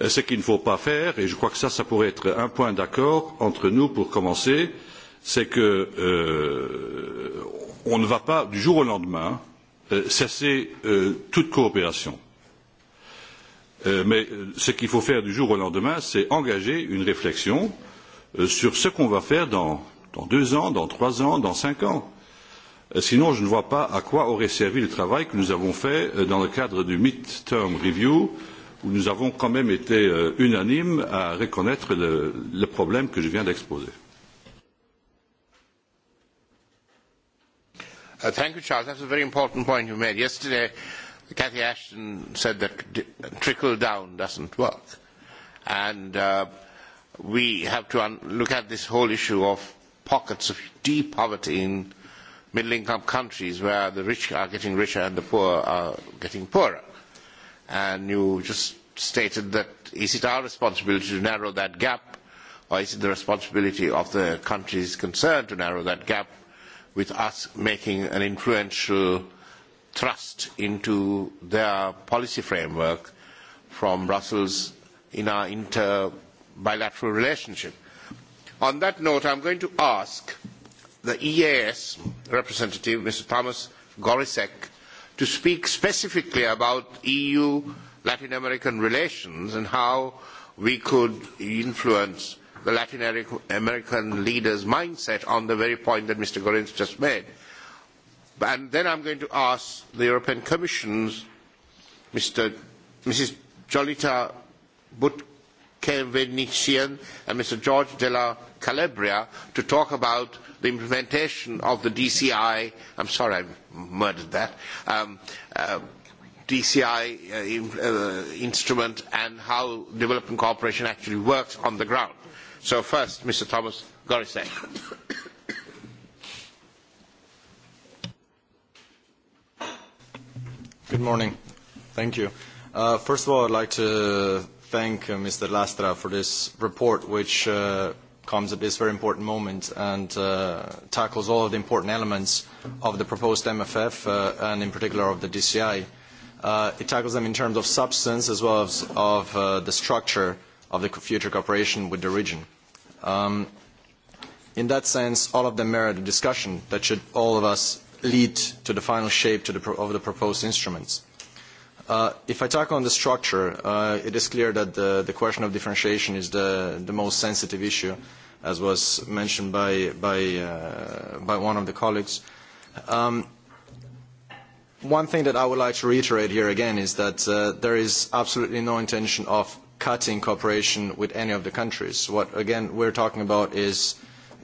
Ce qu'il ne faut pas faire, et je crois que cela pourrait être un point d'accord entre nous pour commencer, c'est que on ne va pas du jour au lendemain cesser toute coopération mais ce qu'il faut faire du jour au lendemain, c'est engager une réflexion sur ce qu'on va faire dans, deux ans, dans trois ans, dans cinq ans. Sinon, je ne vois pas à quoi aurait servi le travail que nous avons fait dans le cadre du mid-term review, où nous avons quand même été unanimes à reconnaître le problème que je viens d'exposer. Thank you, Charles. That's a very important point you made. Yesterday, Cathy Ashton said that trickle down doesn't work. And uh, we have to un- look at this whole issue of pockets of deep poverty in middle income countries where the rich are getting richer and the poor are getting poorer. And you just stated that is it our responsibility to narrow that gap or is it the responsibility of the countries concerned to narrow that gap with us making an influential thrust into their policy framework from Brussels in our inter bilateral relationship. On that note, I am going to ask the EAS representative, Mr. Thomas Gorisek, to speak specifically about EU Latin American relations and how we could influence the Latin American leaders' mindset on the very point that Mr. Gorenz just made And then I am going to ask the European Commission's Mr. Mrs. Jolita Butkevenician and Mr. George Della Calabria to talk about the implementation of the DCI. I'm sorry, I murdered that. Um, uh, DCI instrument and how development cooperation actually works on the ground. So first, Mr. Thomas Gorisek. Good morning. Thank you. Uh, first of all, I'd like to thank uh, Mr. Lastra for this report, which uh, comes at this very important moment and uh, tackles all of the important elements of the proposed MFF uh, and in particular of the DCI. Uh, it tackles them in terms of substance as well as of uh, the structure of the future cooperation with the region. Um, in that sense, all of them merit a discussion that should all of us lead to the final shape to the of the proposed instruments. if I talk on the structure, it is clear that the, the question of differentiation is the, the most sensitive issue, as was mentioned by, by, uh, by one of the colleagues. Um, one thing that I would like to reiterate here again is that uh, there is absolutely no intention of cutting cooperation with any of the countries. What, again, we're talking about is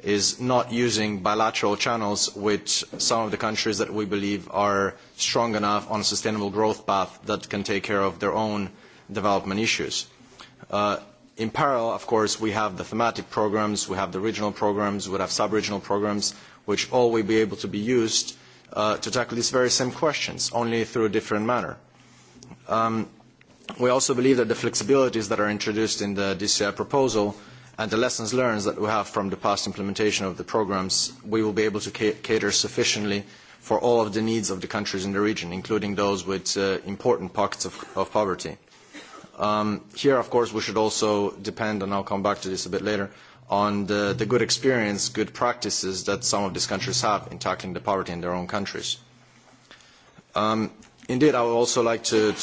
is not using bilateral channels with some of the countries that we believe are strong enough on a sustainable growth path that can take care of their own development issues. in parallel, of course, we have the thematic programmes, we have the regional programmes, we have sub-regional programmes, which all will be able to be used to tackle these very same questions, only through a different manner. we also believe that the flexibilities that are introduced in the DCI proposal and the lessons learned that we have from the past implementation of the programmes, we will be able to cater sufficiently for all of the needs of the countries in the region, including those with important pockets of, poverty. here, of course, we should also depend, and I will come back to this a bit later, on the, good experience, good practices that some of these countries have in tackling the poverty in their own countries. indeed, I would also like to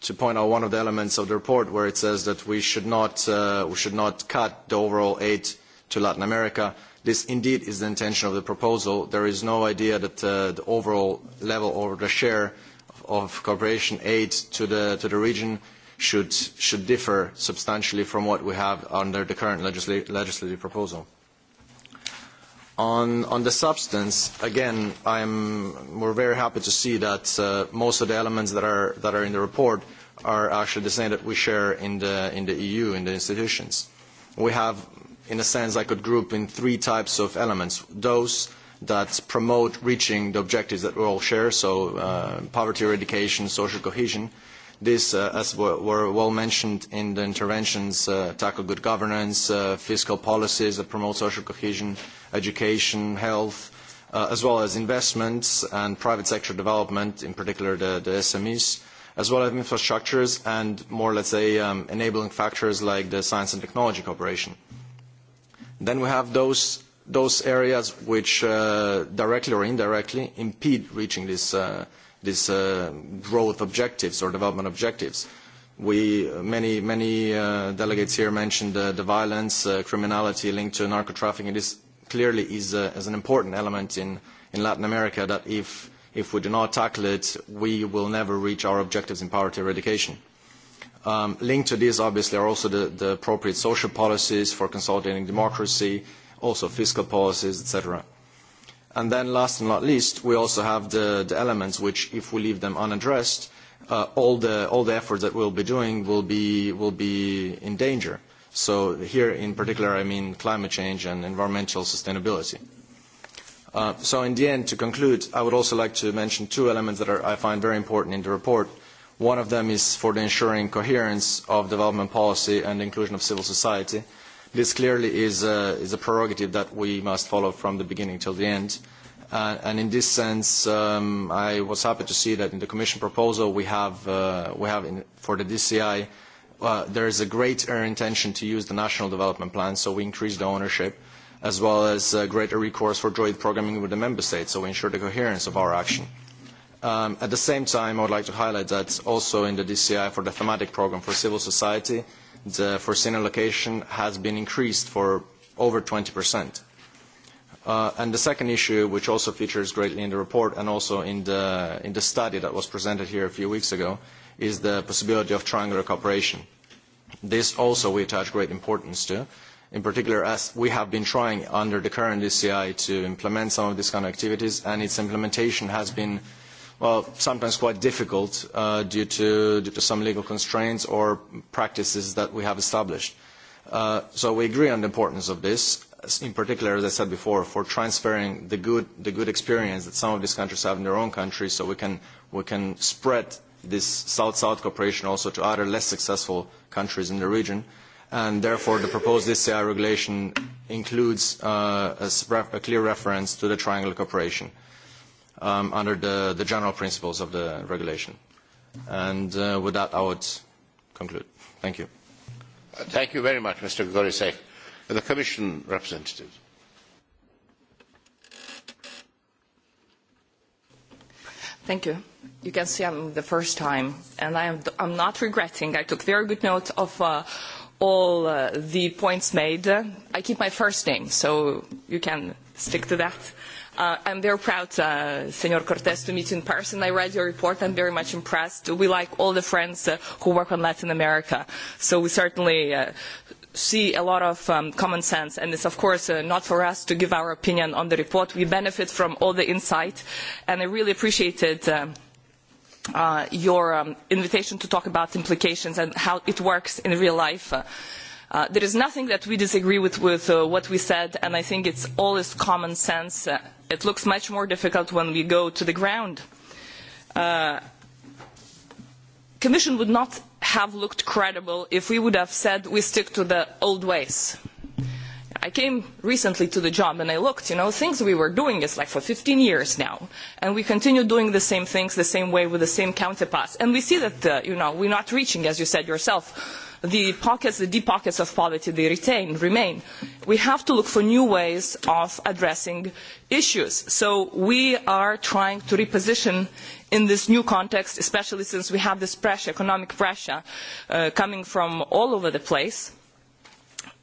to point out one of the elements of the report where it says that we should not, we should not cut the overall aid to Latin America. This indeed is the intention of the proposal. There is no idea that the overall level or the share of cooperation aid to the, region should, differ substantially from what we have under the current legislative proposal. On the substance, again, we're very happy to see that most of the elements that are in the report are actually the same that we share in the EU, in the institutions. We have, in a sense, I could group in three types of elements. Those that promote reaching the objectives that we all share, so poverty eradication, social cohesion, This, as were well mentioned in the interventions, tackle good governance, fiscal policies that promote social cohesion, education, health, as well as investments and private sector development, in particular the, SMEs, as well as infrastructures and more, let's say, enabling factors like the science and technology cooperation. Then we have those those areas which directly or indirectly impede reaching this these growth objectives or development objectives. many, delegates here mentioned the violence, criminality linked to narco-trafficking. This clearly is, an important element in, Latin America that if, if we do not tackle it, we will never reach our objectives in poverty eradication. linked to this, obviously, are also the, appropriate social policies for consolidating democracy, also fiscal policies, etc. And then last and not least, we also have the, elements which, if we leave them unaddressed, all, the, efforts that we'll be doing will be, will be in danger. So here in particular, I mean climate change and environmental sustainability. so in the end, to conclude, I would also like to mention two elements that I find very important in the report. One of them is for the ensuring coherence of development policy and inclusion of civil society. This clearly is a prerogative that we must follow from the beginning till the end. And in this sense, I was happy to see that in the Commission proposal we have for the DCI, there is a greater intention to use the national development plan, so we increase the ownership, as well as greater recourse for joint programming with the member states, so we ensure the coherence of our action. At the same time, I would like to highlight that also in the DCI for the thematic programme for civil society, the foreseen allocation has been increased for over 20%. And the second issue, which also features greatly in the report and also in the, in the study that was presented here a few weeks ago, is the possibility of triangular cooperation. This also we attach great importance to, in particular as we have been trying under the current DCI to implement some of these kind of activities, and its implementation has been well, sometimes quite difficult uh, due, to, due to some legal constraints or practices that we have established. Uh, so we agree on the importance of this, in particular, as I said before, for transferring the good, the good experience that some of these countries have in their own countries so we can, we can spread this South-South cooperation also to other less successful countries in the region. And therefore, the proposed DCI regulation includes uh, a, a clear reference to the triangle cooperation. Uh, um, under the, the general principles of the regulation. with that, I would conclude. Thank you. Thank you very much, Mr. Gorisek. The Commission representative. Thank you. You can see I'm the first time, and I am, I'm not regretting. I took very good note of all the points made. I keep my first name, so you can stick to that I am very proud, Senor Cortes, to meet you in person. I read your report. I am very much impressed. We like all the friends who work on Latin America. So we certainly see a lot of common sense and it's of course not for us to give our opinion on the report. We benefit from all the insight and I really appreciated your invitation to talk about implications and how it works in real life. there is nothing that we disagree with, with what we said and I think it's all is common sense it looks much more difficult when we go to the ground. The Commission would not have looked credible if we would have said we stick to the old ways. I came recently to the job and I looked, you know, things we were doing is like for 15 years now. And we continue doing the same things the same way with the same counterparts. And we see that, uh, you know, we're not reaching, as you said yourself, the pockets, the deep pockets of poverty, they retain, remain. We have to look for new ways of addressing issues. So we are trying to reposition in this new context, especially since we have this pressure, economic pressure, coming from all over the place.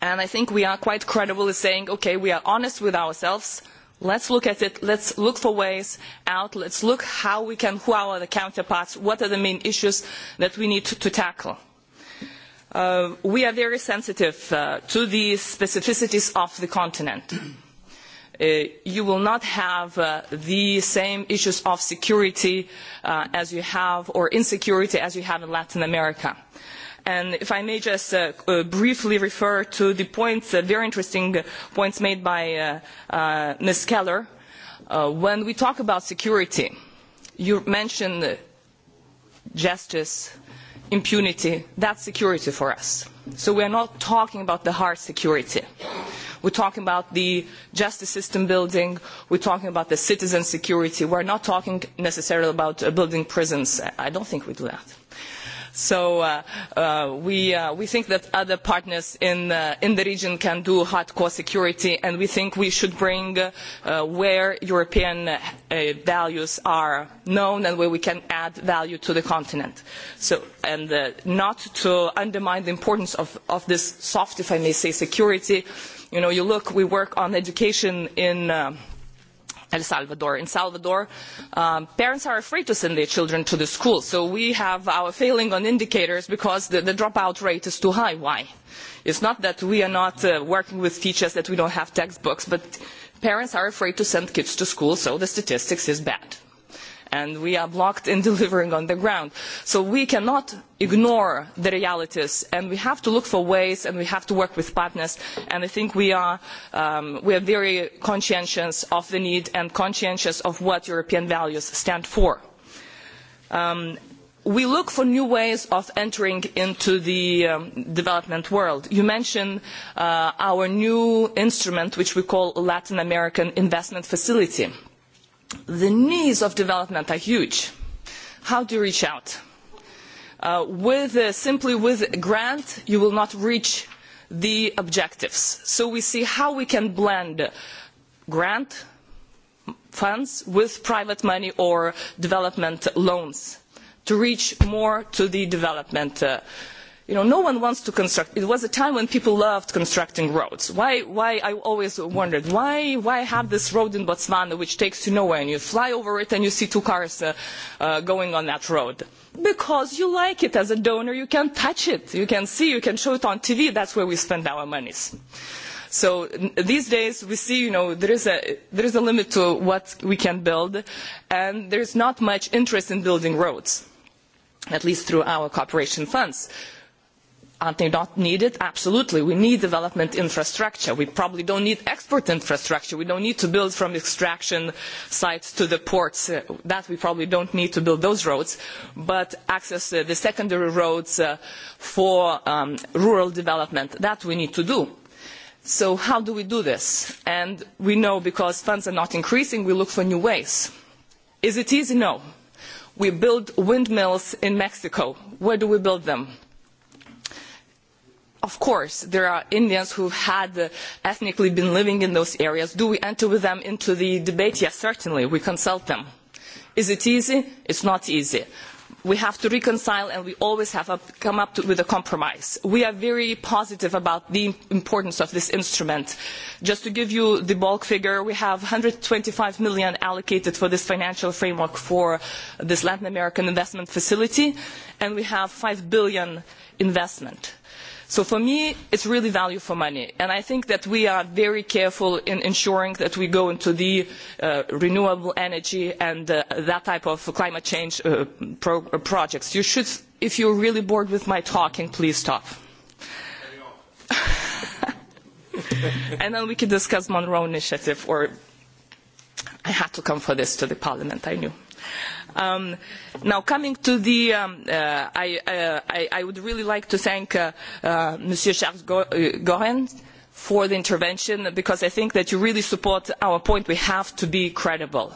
And I think we are quite credible in saying, okay, we are honest with ourselves, let's look at it let's look for ways out let's look how we can who are the counterparts what are the main issues that we need to, tackle we are very sensitive to the specificities of the continent. you will not have the same issues of security as you have, or insecurity as you have in Latin America. And if I may just briefly refer to the points, very interesting points made by Ms. Keller. when we talk about security, you mentioned justice, impunity, that's security for us. So we are not talking about the hard security. We're talking about the justice system building. We're talking about the citizen security. We're not talking necessarily about building prisons. I don't think we do that. So we think that other partners in the region can do hardcore security, and we think we should bring where European values are known and where we can add value to the continent. So and not to undermine the importance of this soft, if I may say, security. You know, you look, we work on education in El Salvador. In Salvador, parents are afraid to send their children to the school, so we have our failing on indicators because the, dropout rate is too high. Why? It's not that we are not working with teachers, that we don't have textbooks, but parents are afraid to send kids to school, so the statistics is bad and we are blocked in delivering on the ground. So we cannot ignore the realities and we have to look for ways and we have to work with partners and I think we are, very conscientious of the need and conscientious of what European values stand for. we look for new ways of entering into the development world. You mentioned our new instrument which we call Latin American Investment Facility the needs of development are huge. How to reach out? with, simply with a grant, you will not reach the objectives. So we see how we can blend grant funds with private money or development loans to reach more to the development you know, no one wants to construct. It was a time when people loved constructing roads. Why? Why? I always wondered why. Why have this road in Botswana which takes to nowhere, and you fly over it and you see two cars uh, uh, going on that road? Because you like it as a donor, you can touch it, you can see, you can show it on TV. That's where we spend our monies. So these days we see, you know, there is a there is a limit to what we can build, and there is not much interest in building roads, at least through our cooperation funds Are they not needed? Absolutely. We need development infrastructure. We probably don't need export infrastructure. We don't need to build from extraction sites to the ports. that we probably don't need to build those roads. But access uh, the secondary roads for rural development, that we need to do. So how do we do this? And we know because funds are not increasing, we look for new ways. Is it easy? No. We build windmills in Mexico. Where do we build them? of course there are Indians who had ethnically been living in those areas. Do we enter with them into the debate? Yes, certainly. We consult them. Is it easy? It's not easy. We have to reconcile and we always have to come up with a compromise. We are very positive about the importance of this instrument. Just to give you the bulk figure, we have one hundred and twenty five million allocated for this financial framework for this Latin American investment facility and we have five billion investment So for me, it is really value for money. And I think that we are very careful in ensuring that we go into the renewable energy and that type of climate change projects. You should, if are really bored with my talking, please stop. and then we can discuss Monroe Initiative, or I had to come for this to the Parliament, I knew now coming to the, I, would really like to thank Monsieur Charles Gorenz for the intervention because I think that you really support our point. We have to be credible.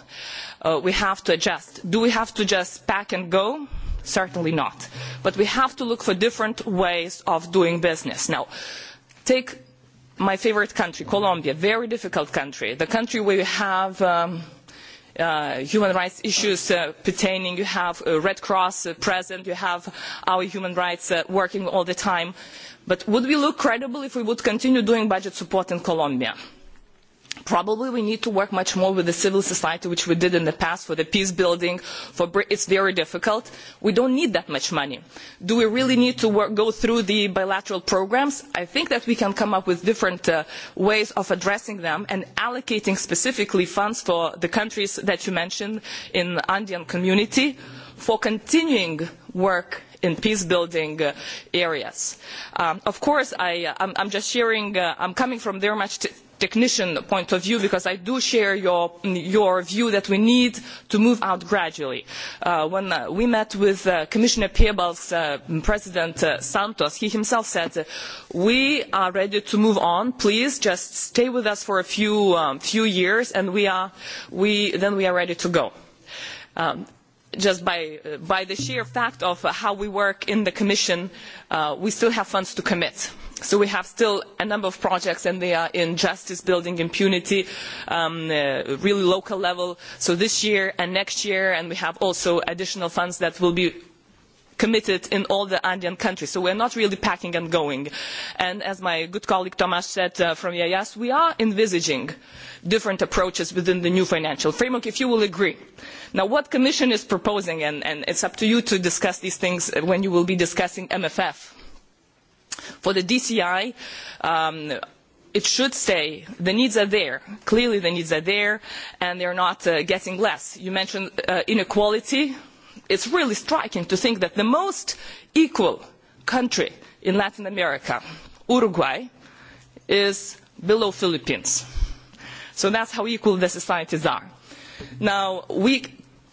we have to adjust. Do we have to just pack and go? Certainly not. But we have to look for different ways of doing business. Now, take my favourite country, Colombia, very difficult country, the country where you have human rights issues pertaining. You have the Red Cross present, you have our human rights working all the time. But would we look credible if we would continue doing budget support in Colombia? probably we need to work much more with the civil society, which we did in the past for the peace building. For it's very difficult. We don't need that much money. Do we really need to work, go through the bilateral programs? I think that we can come up with different ways of addressing them and allocating specifically funds for the countries that you mentioned in the Andean community for continuing work in peace building areas. of course, I, am just sharing, I am coming from very much technician point of view because I do share your, your view that we need to move out gradually. when we met with Commissioner Peebles, President Santos, he himself said, we are ready to move on, please just stay with us for a few, few years and we are, we, then we are ready to go just by, by the sheer fact of how we work in the Commission, we still have funds to commit so we have still a number of projects and they are in justice building impunity really local level so this year and next year and we have also additional funds that will be committed in all the Andean countries. So we are not really packing and going. And as my good colleague Tomas said from EIS, we are envisaging different approaches within the new financial framework, if you will agree. Now, what the Commission is proposing, and, and it's up to you to discuss these things when you will be discussing MFF, For the DCI, um, it should say the needs are there. Clearly, the needs are there, and they're not uh, getting less. You mentioned uh, inequality. It's really striking to think that the most equal country in Latin America, Uruguay, is below Philippines. So that's how equal the societies are. Now, we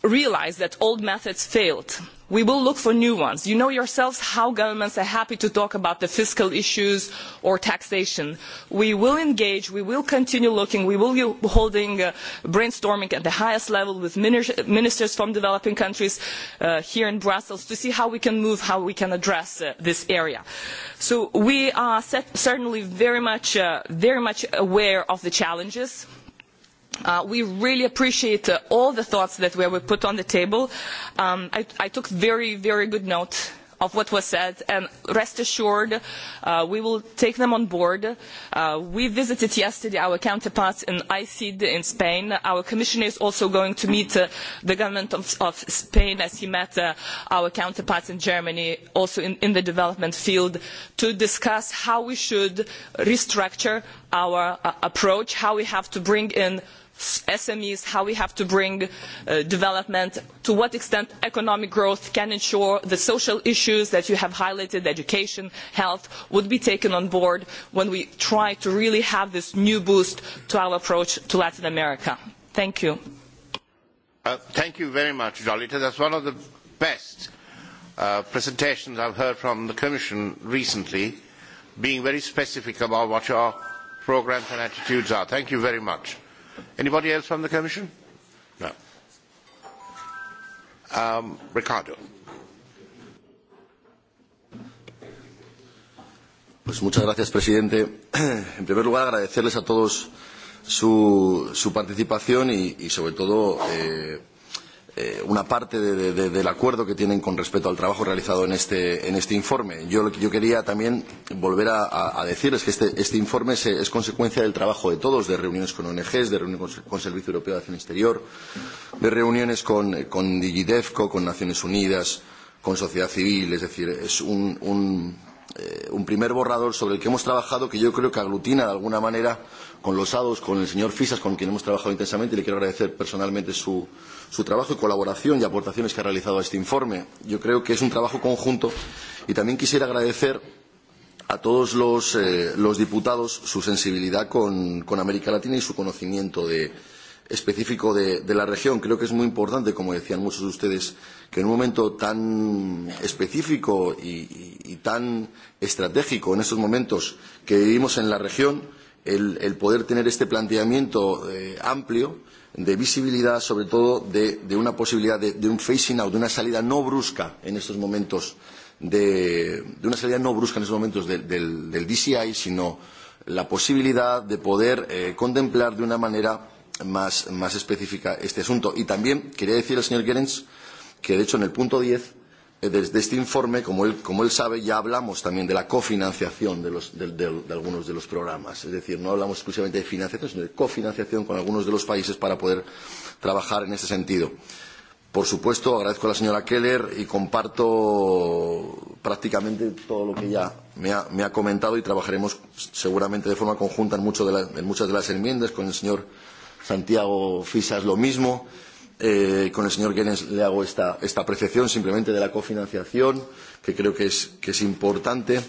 realize that old methods failed we will look for new ones. You know yourselves how governments are happy to talk about the fiscal issues or taxation. We will engage, we will continue looking, we will be holding brainstorming at the highest level with ministers from developing countries here in Brussels to see how we can move, how we can address this area. So we are certainly very much, aware of the challenges we really appreciate all the thoughts that were put on the table. I, took very, very good note of what was said, and rest assured, we will take them on board. we visited yesterday our counterparts in ICID in Spain. Our commissioner is also going to meet the government of, Spain as he met our counterparts in Germany, also in, the development field, to discuss how we should restructure our approach, how we have to bring in SMEs, how we have to bring development, to what extent economic growth can ensure the social issues that you have highlighted, education, health, would be taken on board when we try to really have this new boost to our approach to Latin America. Thank you. thank you very much, Jolita. That's one of the best presentations I've heard from the Commission recently, being very specific about what your programmes and attitudes are. Thank you very much. Anybody else from the Commission? No. Um, Ricardo. Pues muchas gracias, presidente. En primer lugar, agradecerles a todos su, su participación y, y sobre todo, eh, una parte del acuerdo que tienen con respecto al trabajo realizado en este, informe. Yo, quería también volver a, decirles que este, informe es, consecuencia del trabajo de todos, de reuniones con ONG, de reuniones con el Servicio Europeo de Acción Exterior, de reuniones con, con Digidefco, con Naciones Unidas, con sociedad civil. Es decir, es un, primer borrador sobre el que hemos trabajado que yo creo que aglutina de alguna manera con los ADOS, con el señor Fisas, con quien hemos trabajado intensamente y le quiero agradecer personalmente su, su trabajo y colaboración y aportaciones que ha realizado a este informe. Yo creo que es un trabajo conjunto y también quisiera agradecer a todos los, eh, los diputados su sensibilidad con, con América Latina y su conocimiento de, específico de, de la región. Creo que es muy importante, como decían muchos de ustedes, que en un momento tan específico y, y, y tan estratégico en estos momentos que vivimos en la región, el, el poder tener este planteamiento eh, amplio de visibilidad, sobre todo de, de una posibilidad de, de un facing out, de una salida no brusca en estos momentos, de, de una salida no brusca en estos momentos de, del, del DCI, sino la posibilidad de poder eh, contemplar de una manera más, más específica este asunto. Y también quería decir al señor Gerens que, de hecho, en el punto 10 desde este informe, como él, como él sabe, ya hablamos también de la cofinanciación de, los, de, de, de algunos de los programas. Es decir, no hablamos exclusivamente de financiación, sino de cofinanciación con algunos de los países para poder trabajar en ese sentido. Por supuesto, agradezco a la señora Keller y comparto prácticamente todo lo que ya me ha, me ha comentado y trabajaremos seguramente de forma conjunta en, mucho de la, en muchas de las enmiendas. Con el señor Santiago Fisas lo mismo Eh, con el señor Guinness le hago esta, esta apreciación simplemente de la cofinanciación, que creo que es, que es importante.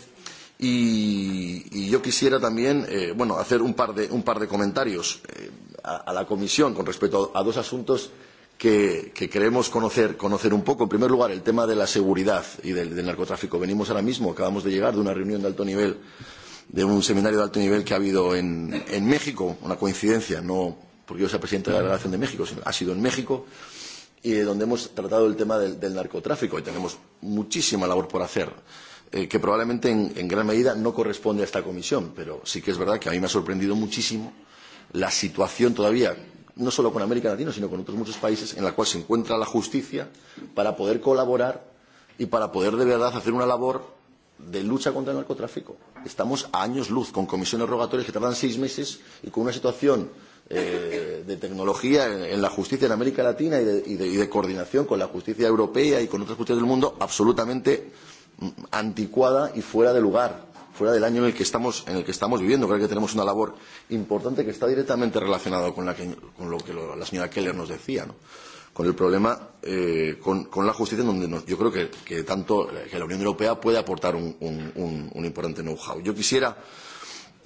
Y, y yo quisiera también eh, bueno, hacer un par de, un par de comentarios eh, a, a la comisión con respecto a, a dos asuntos que, que queremos conocer, conocer un poco. En primer lugar, el tema de la seguridad y del, del narcotráfico. Venimos ahora mismo, acabamos de llegar de una reunión de alto nivel, de un seminario de alto nivel que ha habido en, en México, una coincidencia, no, porque yo soy presidente de la delegación de México, sino ha sido en México, y donde hemos tratado el tema del, del narcotráfico y tenemos muchísima labor por hacer eh, que probablemente en, en gran medida no corresponde a esta comisión, pero sí que es verdad que a mí me ha sorprendido muchísimo la situación todavía, no solo con América Latina, sino con otros muchos países, en la cual se encuentra la justicia para poder colaborar y para poder de verdad hacer una labor de lucha contra el narcotráfico. Estamos a años luz con comisiones rogatorias que tardan seis meses y con una situación de tecnología en, en la justicia en América Latina y de, y, de, y de coordinación con la justicia europea y con otras justicias del mundo absolutamente anticuada y fuera de lugar fuera del año en el que estamos en el que estamos viviendo creo que tenemos una labor importante que está directamente relacionada con, la que, con lo que lo, la señora Keller nos decía ¿no? con el problema eh, con, con la justicia en donde nos, yo creo que, que tanto que la Unión Europea puede aportar un, un, un, un importante know-how yo quisiera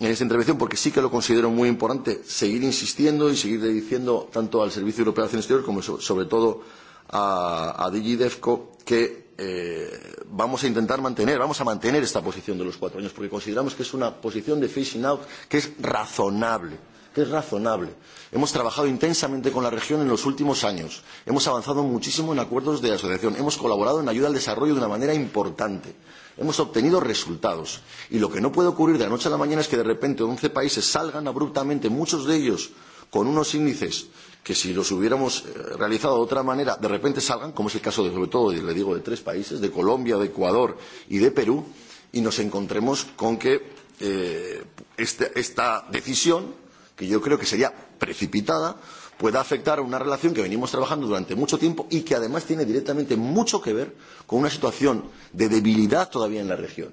en esta intervención porque sí que lo considero muy importante seguir insistiendo y seguir diciendo tanto al Servicio Europeo de Acción Exterior como sobre todo a, a DigiDefco que eh, vamos a intentar mantener, vamos a mantener esta posición de los cuatro años porque consideramos que es una posición de phasing out que es razonable que es razonable. Hemos trabajado intensamente con la región en los últimos años. Hemos avanzado muchísimo en acuerdos de asociación. Hemos colaborado en ayuda al desarrollo de una manera importante hemos obtenido resultados. Y lo que no puede ocurrir de la noche a la mañana es que de repente once países salgan abruptamente, muchos de ellos con unos índices que si los hubiéramos realizado de otra manera, de repente salgan, como es el caso de, sobre todo, le digo, de tres países, de Colombia, de Ecuador y de Perú, y nos encontremos con que eh, esta, esta decisión, que yo creo que sería precipitada, pueda afectar a una relación que venimos trabajando durante mucho tiempo y que además tiene directamente mucho que ver con una situación de debilidad todavía en la región.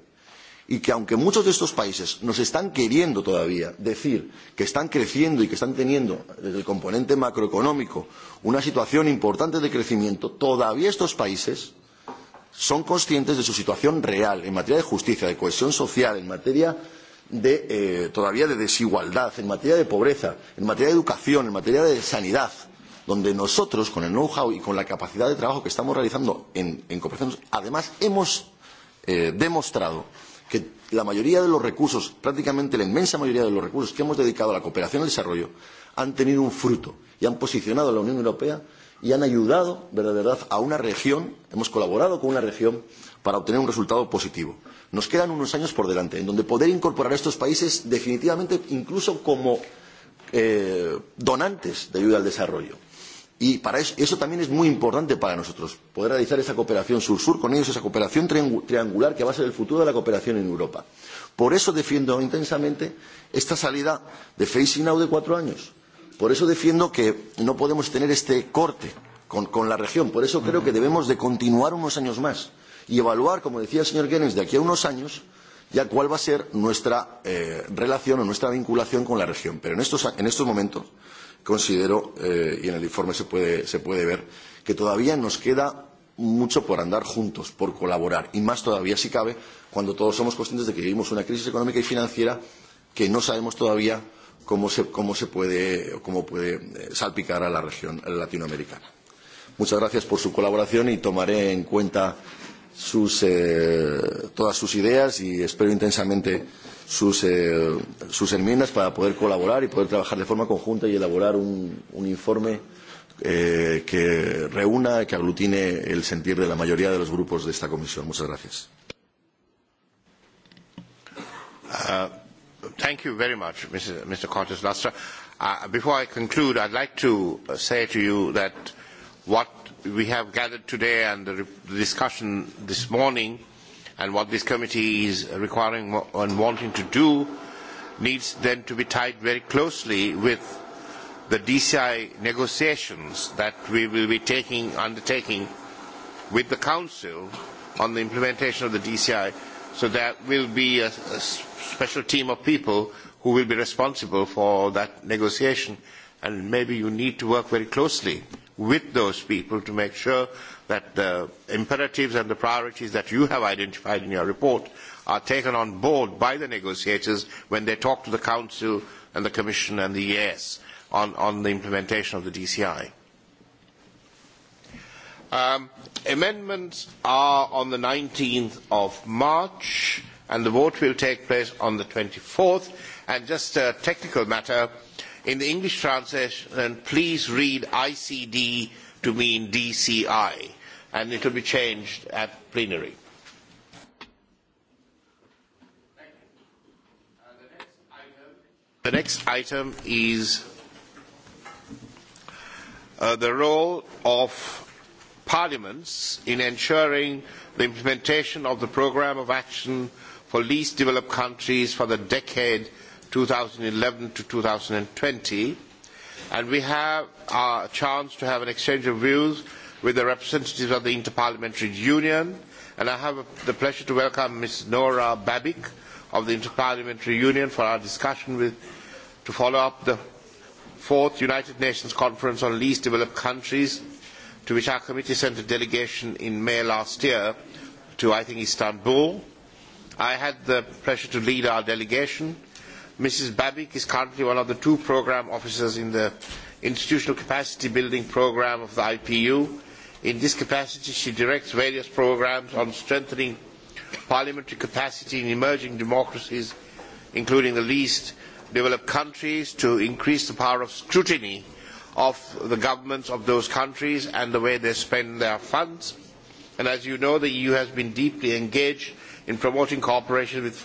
Y que aunque muchos de estos países nos están queriendo todavía decir que están creciendo y que están teniendo desde el componente macroeconómico una situación importante de crecimiento, todavía estos países son conscientes de su situación real en materia de justicia, de cohesión social, en materia de, eh, todavía de desigualdad, en materia de pobreza, en materia de educación, en materia de sanidad, donde nosotros, con el know-how y con la capacidad de trabajo que estamos realizando en, en cooperación, además hemos eh, demostrado que la mayoría de los recursos, prácticamente la inmensa mayoría de los recursos que hemos dedicado a la cooperación y al desarrollo, han tenido un fruto y han posicionado a la Unión Europea y han ayudado, de verdad, a una región, hemos colaborado con una región para obtener un resultado positivo. Nos quedan unos años por delante, en donde poder incorporar a estos países definitivamente incluso como eh, donantes de ayuda al desarrollo. Y para eso, eso también es muy importante para nosotros, poder realizar esa cooperación sur-sur con ellos, esa cooperación triangular que va a ser el futuro de la cooperación en Europa. Por eso defiendo intensamente esta salida de phasing out de cuatro años. Por eso defiendo que no podemos tener este corte con, con la región. Por eso creo que debemos de continuar unos años más y evaluar, como decía el señor Goerens, de aquí a unos años ya cuál va a ser nuestra eh, relación o nuestra vinculación con la región. Pero en estos, en estos momentos considero, eh, y en el informe se puede, se puede ver, que todavía nos queda mucho por andar juntos, por colaborar, y más todavía si cabe cuando todos somos conscientes de que vivimos una crisis económica y financiera que no sabemos todavía cómo se, cómo se puede, cómo puede salpicar a la región latinoamericana. Muchas gracias por su colaboración y tomaré en cuenta sus, eh, todas sus ideas y espero intensamente sus, eh, sus enmiendas para poder colaborar y poder trabajar de forma conjunta y elaborar un, un informe eh, que reúna, y que aglutine el sentir de la mayoría de los grupos de esta comisión. Muchas gracias. Uh, thank you very much, Mr. Mr. Lastra. Uh, before I conclude, I'd like to say to you that what we have gathered today and the discussion this morning and what this committee is requiring and wanting to do needs then to be tied very closely with the DCI negotiations that we will be taking, undertaking with the Council on the implementation of the DCI. So there will be a, a special team of people who will be responsible for that negotiation and maybe you need to work very closely with those people to make sure that the imperatives and the priorities that you have identified in your report are taken on board by the negotiators when they talk to the Council and the Commission and the EAS on, on the implementation of the DCI. Um, amendments are on the 19th of March and the vote will take place on the 24th. And just a technical matter, In the English translation, please read ICD to mean DCI, and it will be changed at plenary. The next item is the role of parliaments in ensuring the implementation of the Programme of Action for Least Developed Countries for the decade 2011 to 2020, and we have a chance to have an exchange of views with the representatives of the Interparliamentary Union, and I have the pleasure to welcome Ms. Nora Babic of the Interparliamentary Union for our discussion with, to follow up the fourth United Nations Conference on Least Developed Countries, to which our committee sent a delegation in May last year to, I think, Istanbul. I had the pleasure to lead our delegation Mrs. Babik is currently one of the two programme officers in the institutional capacity building programme of the IPU. In this capacity, she directs various programmes on strengthening parliamentary capacity in emerging democracies, including the least developed countries, to increase the power of scrutiny of the governments of those countries and the way they spend their funds. And as you know, the EU has been deeply engaged in promoting cooperation with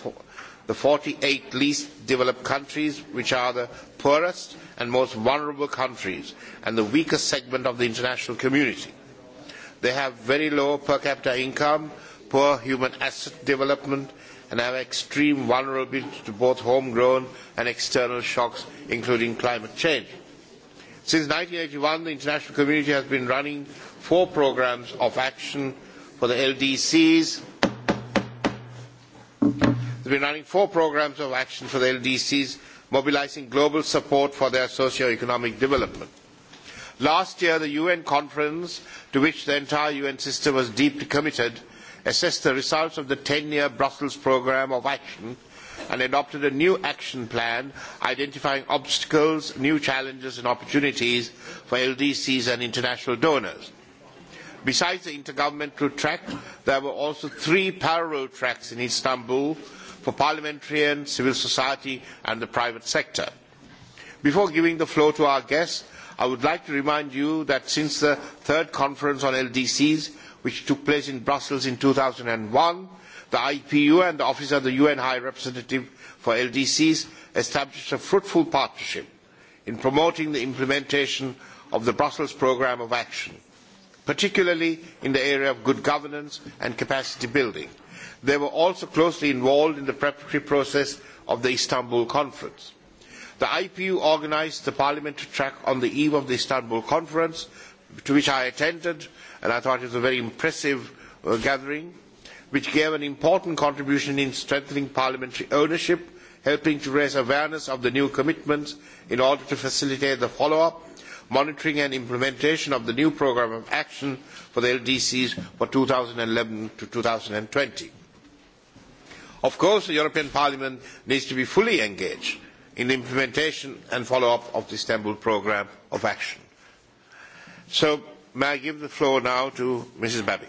the forty eight least developed countries which are the poorest and most vulnerable countries and the weakest segment of the international community. They have very low per capita income, poor human asset development and have extreme vulnerability to both homegrown and external shocks including climate change. Since eighty one, the international community has been running four programmes of action for the LDCs has been running four programmes of action for the LDCs, mobilising global support for their socio-economic development. Last year, the UN conference, to which the entire UN system was deeply committed, assessed the results of the ten year Brussels programme of action and adopted a new action plan identifying obstacles, new challenges and opportunities for LDCs and international donors. Besides the intergovernmental track, there were also three parallel tracks in Istanbul for parliamentarians, civil society and the private sector. Before giving the floor to our guests, I would like to remind you that since the third conference on LDCs, which took place in Brussels in two thousand one, the IPU and the Office of the UN High Representative for LDCs established a fruitful partnership in promoting the implementation of the Brussels Programme of Action, particularly in the area of good governance and capacity building they were also closely involved in the preparatory process of the Istanbul Conference. The IPU organised the parliamentary track on the eve of the Istanbul Conference, to which I attended, and I thought it was a very impressive gathering, which gave an important contribution in strengthening parliamentary ownership, helping to raise awareness of the new commitments in order to facilitate the follow-up, monitoring and implementation of the new programme of action for the LDCs for 2011 to 2020 Of course, the European Parliament needs to be fully engaged in the implementation and follow-up of the Istanbul Programme of Action. So, may I give the floor now to Mrs. Babi.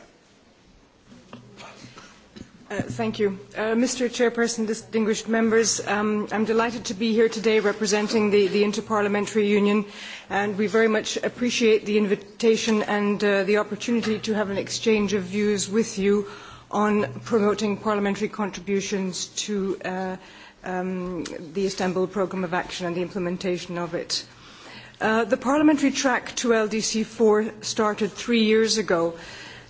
Thank you. Mr. Chairperson, distinguished members, I am delighted to be here today representing the, Interparliamentary Union, and we very much appreciate the invitation and the opportunity to have an exchange of views with you on promoting parliamentary contributions to the Istanbul Programme of Action and the implementation of it. the parliamentary track to LDC4 started three years ago.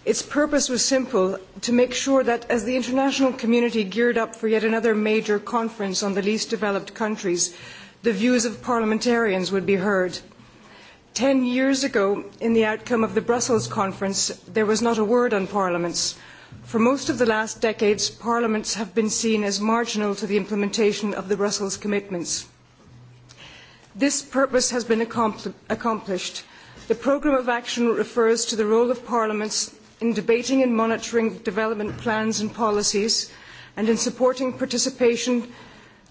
Its purpose was simple to make sure that as the international community geared up for yet another major conference on the least developed countries, the views of parliamentarians would be heard. Ten years ago, in the outcome of the Brussels conference, there was not a word on parliaments. For most of the last decades, parliaments have been seen as marginal to the implementation of the Brussels commitments. This purpose has been accomplished. The programme of action refers to the role of parliaments in debating and monitoring development plans and policies and in supporting participation,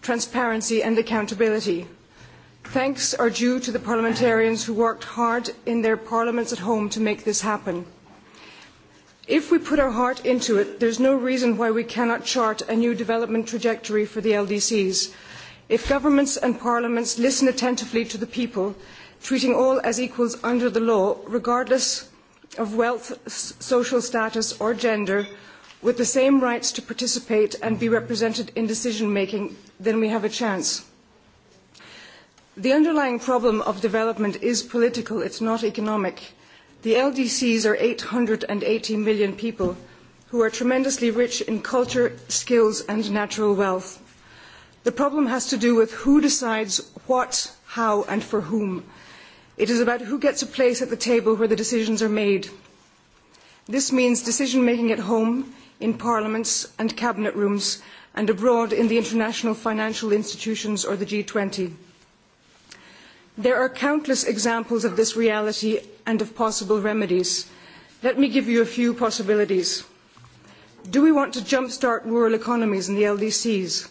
transparency and accountability. Thanks are due to the parliamentarians who worked hard in their parliaments at home to make this happen. If we put our heart into it, there is no reason why we cannot chart a new development trajectory for the LDCs. If governments and parliaments listen attentively to the people, treating all as equals under the law, regardless of wealth, social status or gender, with the same rights to participate and be represented in decision making, then we have a chance. The underlying problem of development is political, it is not economic The LDCs are eight hundred and eighty million people who are tremendously rich in culture, skills, and natural wealth. The problem has to do with who decides what, how, and for whom. It is about who gets a place at the table where the decisions are made. This means decision making at home, in parliaments and cabinet rooms, and abroad in the international financial institutions or the g twenty. There are countless examples of this reality and of possible remedies. Let me give you a few possibilities. Do we want to jumpstart rural economies in the LDCs?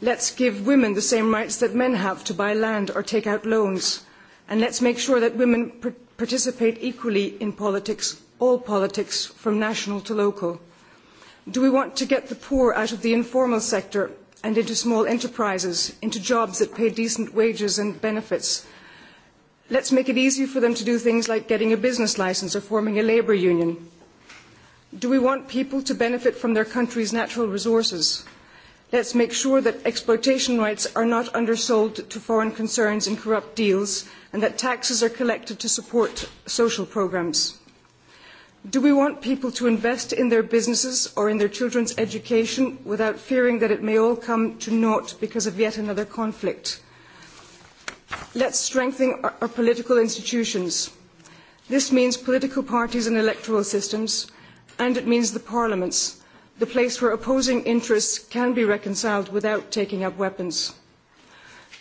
Let's give women the same rights that men have to buy land or take out loans. And let's make sure that women participate equally in politics, all politics, from national to local. Do we want to get the poor out of the informal sector and into small enterprises, into jobs that pay decent wages and benefits. Let's make it easy for them to do things like getting a business licence or forming a labour union. Do we want people to benefit from their country's natural resources? Let's make sure that exploitation rights are not undersold to foreign concerns in corrupt deals and that taxes are collected to support social programmes. Do we want people to invest in their businesses or in their children's education without fearing that it may all come to naught because of yet another conflict? Let's strengthen our, our political institutions. This means political parties and electoral systems, and it means the parliaments, the place where opposing interests can be reconciled without taking up weapons.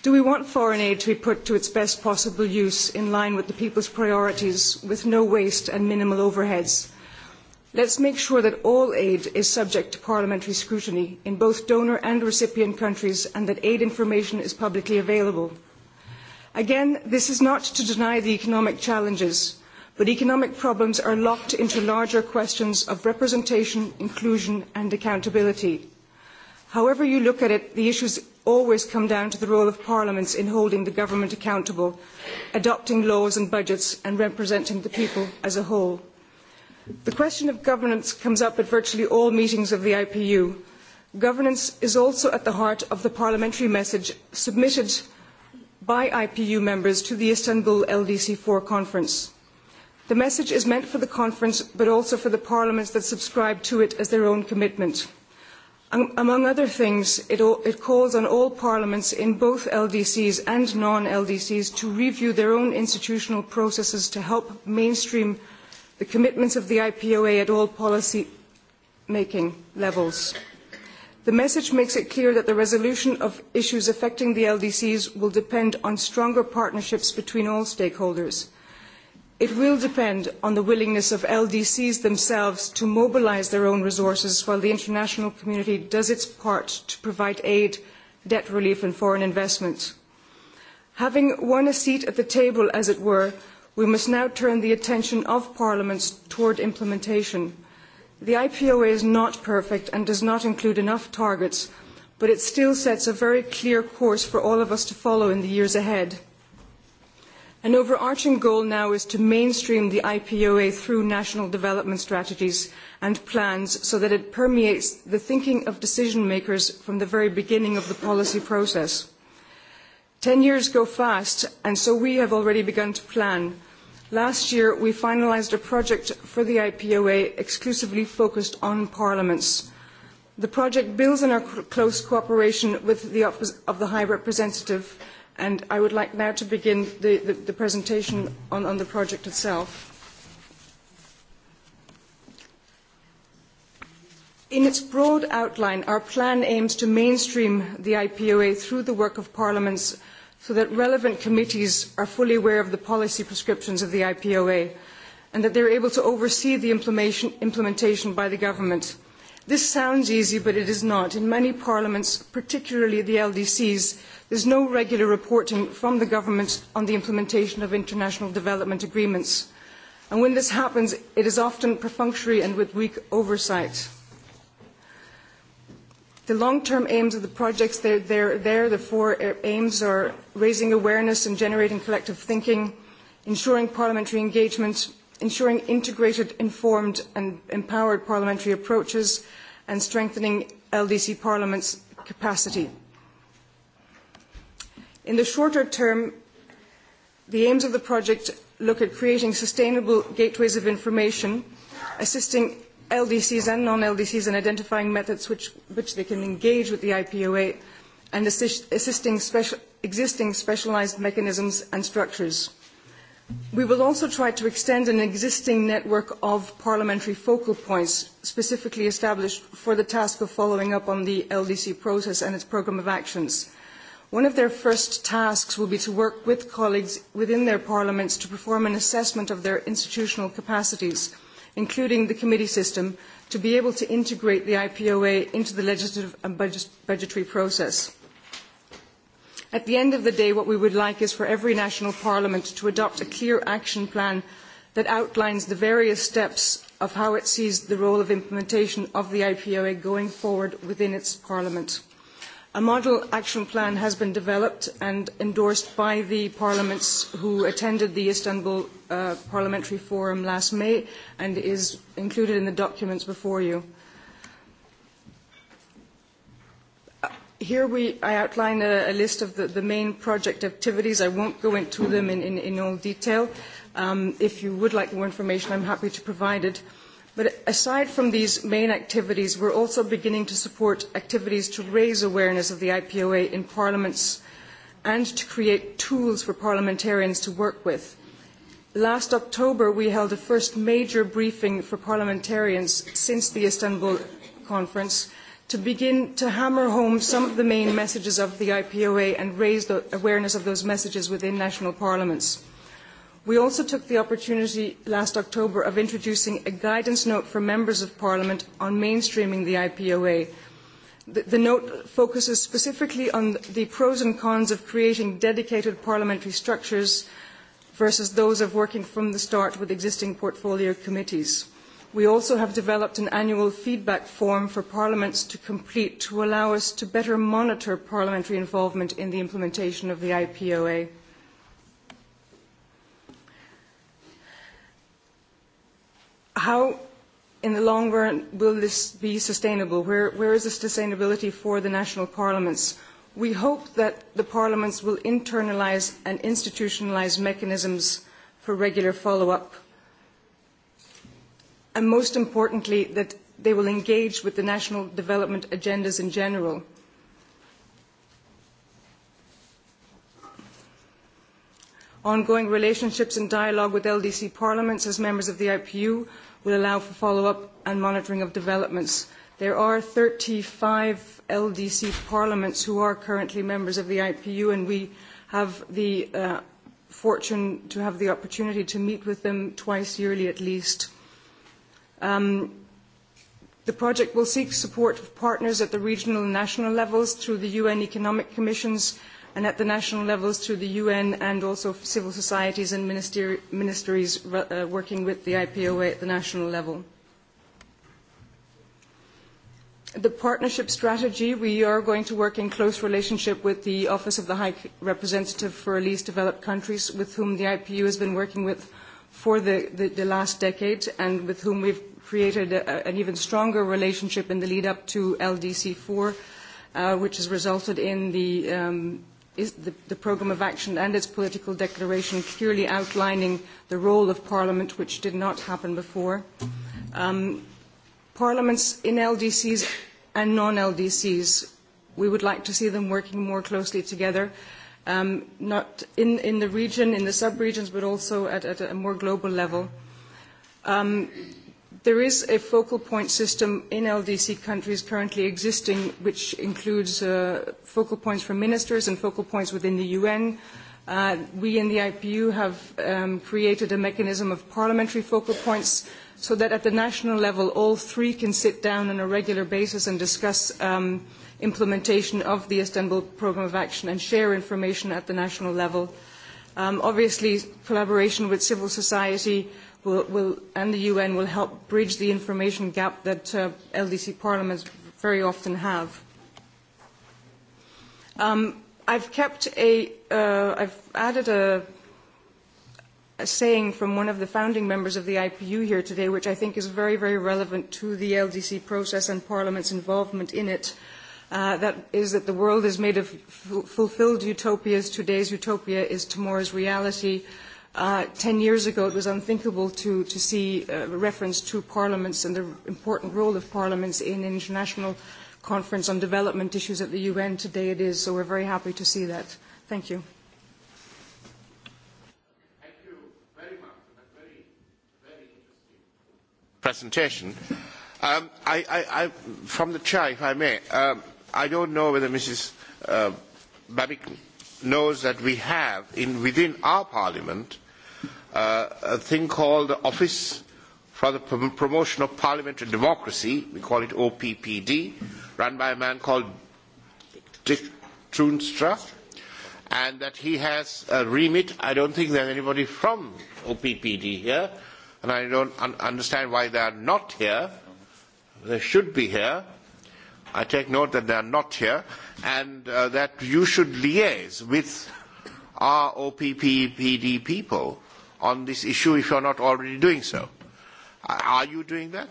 Do we want foreign aid to be put to its best possible use in line with the people's priorities with no waste and minimal overheads? Let us make sure that all aid is subject to parliamentary scrutiny in both donor and recipient countries and that aid information is publicly available. Again, this is not to deny the economic challenges but economic problems are locked into larger questions of representation, inclusion and accountability. However you look at it, the issues always come down to the role of parliaments in holding the government accountable, adopting laws and budgets, and representing the people as a whole. The question of governance comes up at virtually all meetings of the IPU. Governance is also at the heart of the parliamentary message submitted by IPU members to the Istanbul LDC4 conference. The message is meant for the conference, but also for the parliaments that subscribe to it as their own commitment. Among other things, it, calls on all parliaments in both LDCs and non-LDCs to review their own institutional processes to help mainstream the commitments of the IPOA at all policy making levels. The message makes it clear that the resolution of issues affecting the LDCs will depend on stronger partnerships between all stakeholders – It will depend on the willingness of LDCs themselves to mobilise their own resources while the international community does its part to provide aid, debt relief and foreign investment. Having won a seat at the table, as it were, we must now turn the attention of parliaments toward implementation. The IPOA is not perfect and does not include enough targets, but it still sets a very clear course for all of us to follow in the years ahead. An overarching goal now is to mainstream the IPOA through national development strategies and plans so that it permeates the thinking of decision makers from the very beginning of the policy process. Ten years go fast, and so we have already begun to plan. Last year, we finalised a project for the IPOA exclusively focused on parliaments. The project builds on our close cooperation with the Office of the High Representative And I would like now to begin the, the, the presentation on, on the project itself. In its broad outline, our plan aims to mainstream the IPOA through the work of parliaments so that relevant committees are fully aware of the policy prescriptions of the IPOA and that they are able to oversee the implementation by the government. This sounds easy, but it is not. In many parliaments, particularly the LDCs, There is no regular reporting from the government on the implementation of international development agreements. And when this happens, it is often perfunctory and with weak oversight. The long-term aims of the projects, there, there. The four aims are raising awareness and generating collective thinking, ensuring parliamentary engagement, ensuring integrated, informed and empowered parliamentary approaches, and strengthening LDC Parliament's capacity. In the shorter term, the aims of the project look at creating sustainable gateways of information, assisting LDCs and non-LDCs in identifying methods which, which they can engage with the IPOA, and assist, assisting special, existing specialized mechanisms and structures. We will also try to extend an existing network of parliamentary focal points specifically established for the task of following up on the LDC process and its programme of actions One of their first tasks will be to work with colleagues within their parliaments to perform an assessment of their institutional capacities, including the committee system, to be able to integrate the IPOA into the legislative and budgetary process. At the end of the day, what we would like is for every national parliament to adopt a clear action plan that outlines the various steps of how it sees the role of implementation of the IPOA going forward within its parliament. A model action plan has been developed and endorsed by the parliaments who attended the Istanbul Parliamentary Forum last May and is included in the documents before you. Here we, I outline a, list of the, the main project activities. I won't go into them in, in, in all detail. if you would like more information, I'm happy to provide it. But aside from these main activities, we are also beginning to support activities to raise awareness of the IPOA in parliaments and to create tools for parliamentarians to work with. Last October, we held a first major briefing for parliamentarians since the Istanbul conference to begin to hammer home some of the main messages of the IPOA and raise the awareness of those messages within national parliaments. We also took the opportunity last October of introducing a guidance note for members of Parliament on mainstreaming the IPOA. The, note focuses specifically on the pros and cons of creating dedicated parliamentary structures versus those of working from the start with existing portfolio committees. We also have developed an annual feedback form for parliaments to complete to allow us to better monitor parliamentary involvement in the implementation of the IPOA. how in the long run will this be sustainable? Where, where is the sustainability for the national parliaments? We hope that the parliaments will internalise and institutionalise mechanisms for regular follow-up. And most importantly, that they will engage with the national development agendas in general. Ongoing relationships and dialogue with LDC parliaments as members of the IPU will allow for follow-up and monitoring of developments. There are thirty five LDC parliaments who are currently members of the IPU, and we have the fortune to have the opportunity to meet with them twice yearly at least. the project will seek support of partners at the regional and national levels through the UN Economic Commission's and at the national levels through the UN and also civil societies and ministries working with the IPOA at the national level. The partnership strategy, we are going to work in close relationship with the Office of the High Representative for Least Developed Countries, with whom the IPU has been working with for the, the, the last decade and with whom we've created a, an even stronger relationship in the lead up to LDC4, uh, which has resulted in the um, is the, the programme of action and its political declaration clearly outlining the role of Parliament, which did not happen before. Um, parliaments in LDCs and non-LDCs, we would like to see them working more closely together, um, not in, in the region, in the sub-regions, but also at, at a more global level. Um, There is a focal point system in LDC countries currently existing, which includes uh, focal points for ministers and focal points within the UN. Uh, we in the IPU have um, created a mechanism of parliamentary focal points so that at the national level all three can sit down on a regular basis and discuss um, implementation of the Istanbul Programme of Action and share information at the national level. Um, obviously, collaboration with civil society will, will, and the UN will help bridge the information gap that uh, LDC parliaments very often have. Um, I've kept a, uh, I've added a, a saying from one of the founding members of the IPU here today, which I think is very, very relevant to the LDC process and Parliament's involvement in it. Uh, that is that the world is made of f- fulfilled utopias. Today's utopia is tomorrow's reality. Uh, Uh, ten years ago, it was unthinkable to, to see a reference to parliaments and the important role of parliaments in an international conference on development issues at the UN. Today it is, so we're very happy to see that. Thank you. Thank you very much for that very, very interesting presentation. Um, I, I, I, from the chair, if I may, um, I don't know whether Mrs. Uh, Babik knows that we have in, within our parliament a thing called the Office for the Promotion of Parliamentary Democracy, we call it OPPD, run by a man called Dick Trunstra, and that he has a remit. I don't think there's anybody from OPPD here, and I don't un- understand why they are not here. They should be here. I take note that they are not here, and uh, that you should liaise with our OPPD people on this issue if you are not already doing so. Are you doing that?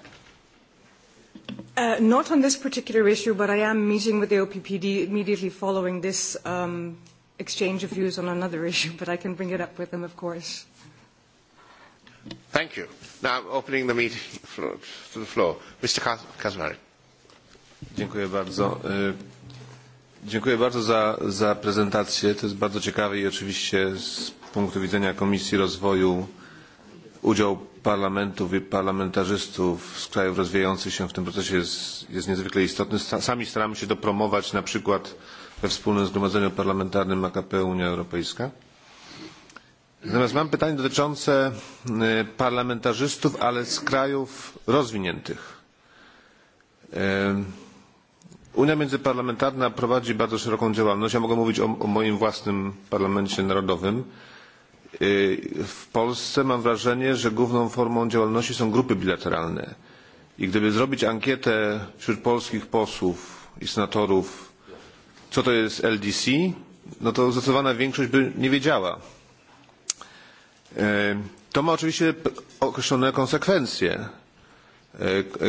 Uh, not on this particular issue, but I am meeting with the OPPD immediately following this um, exchange of views on another issue, but I can bring it up with them, of course. Thank you. Now opening the meeting to the floor. Mr. Kaczmarek. Dziękuję bardzo. Dziękuję bardzo za, za prezentację. To jest bardzo ciekawe i oczywiście z punktu widzenia Komisji Rozwoju udział parlamentów i parlamentarzystów z krajów rozwijających się w tym procesie jest, niezwykle istotny. Sami staramy się to promować na przykład we wspólnym zgromadzeniu parlamentarnym AKP Unia Europejska. Natomiast mam pytanie dotyczące parlamentarzystów, ale z krajów rozwiniętych. Unia Międzyparlamentarna prowadzi bardzo szeroką działalność. Ja mogę mówić o, moim własnym parlamencie narodowym. W Polsce mam wrażenie, że główną formą działalności są grupy bilateralne. I gdyby zrobić ankietę wśród polskich posłów i senatorów, co to jest LDC, no to zdecydowana większość by nie wiedziała. To ma oczywiście określone konsekwencje.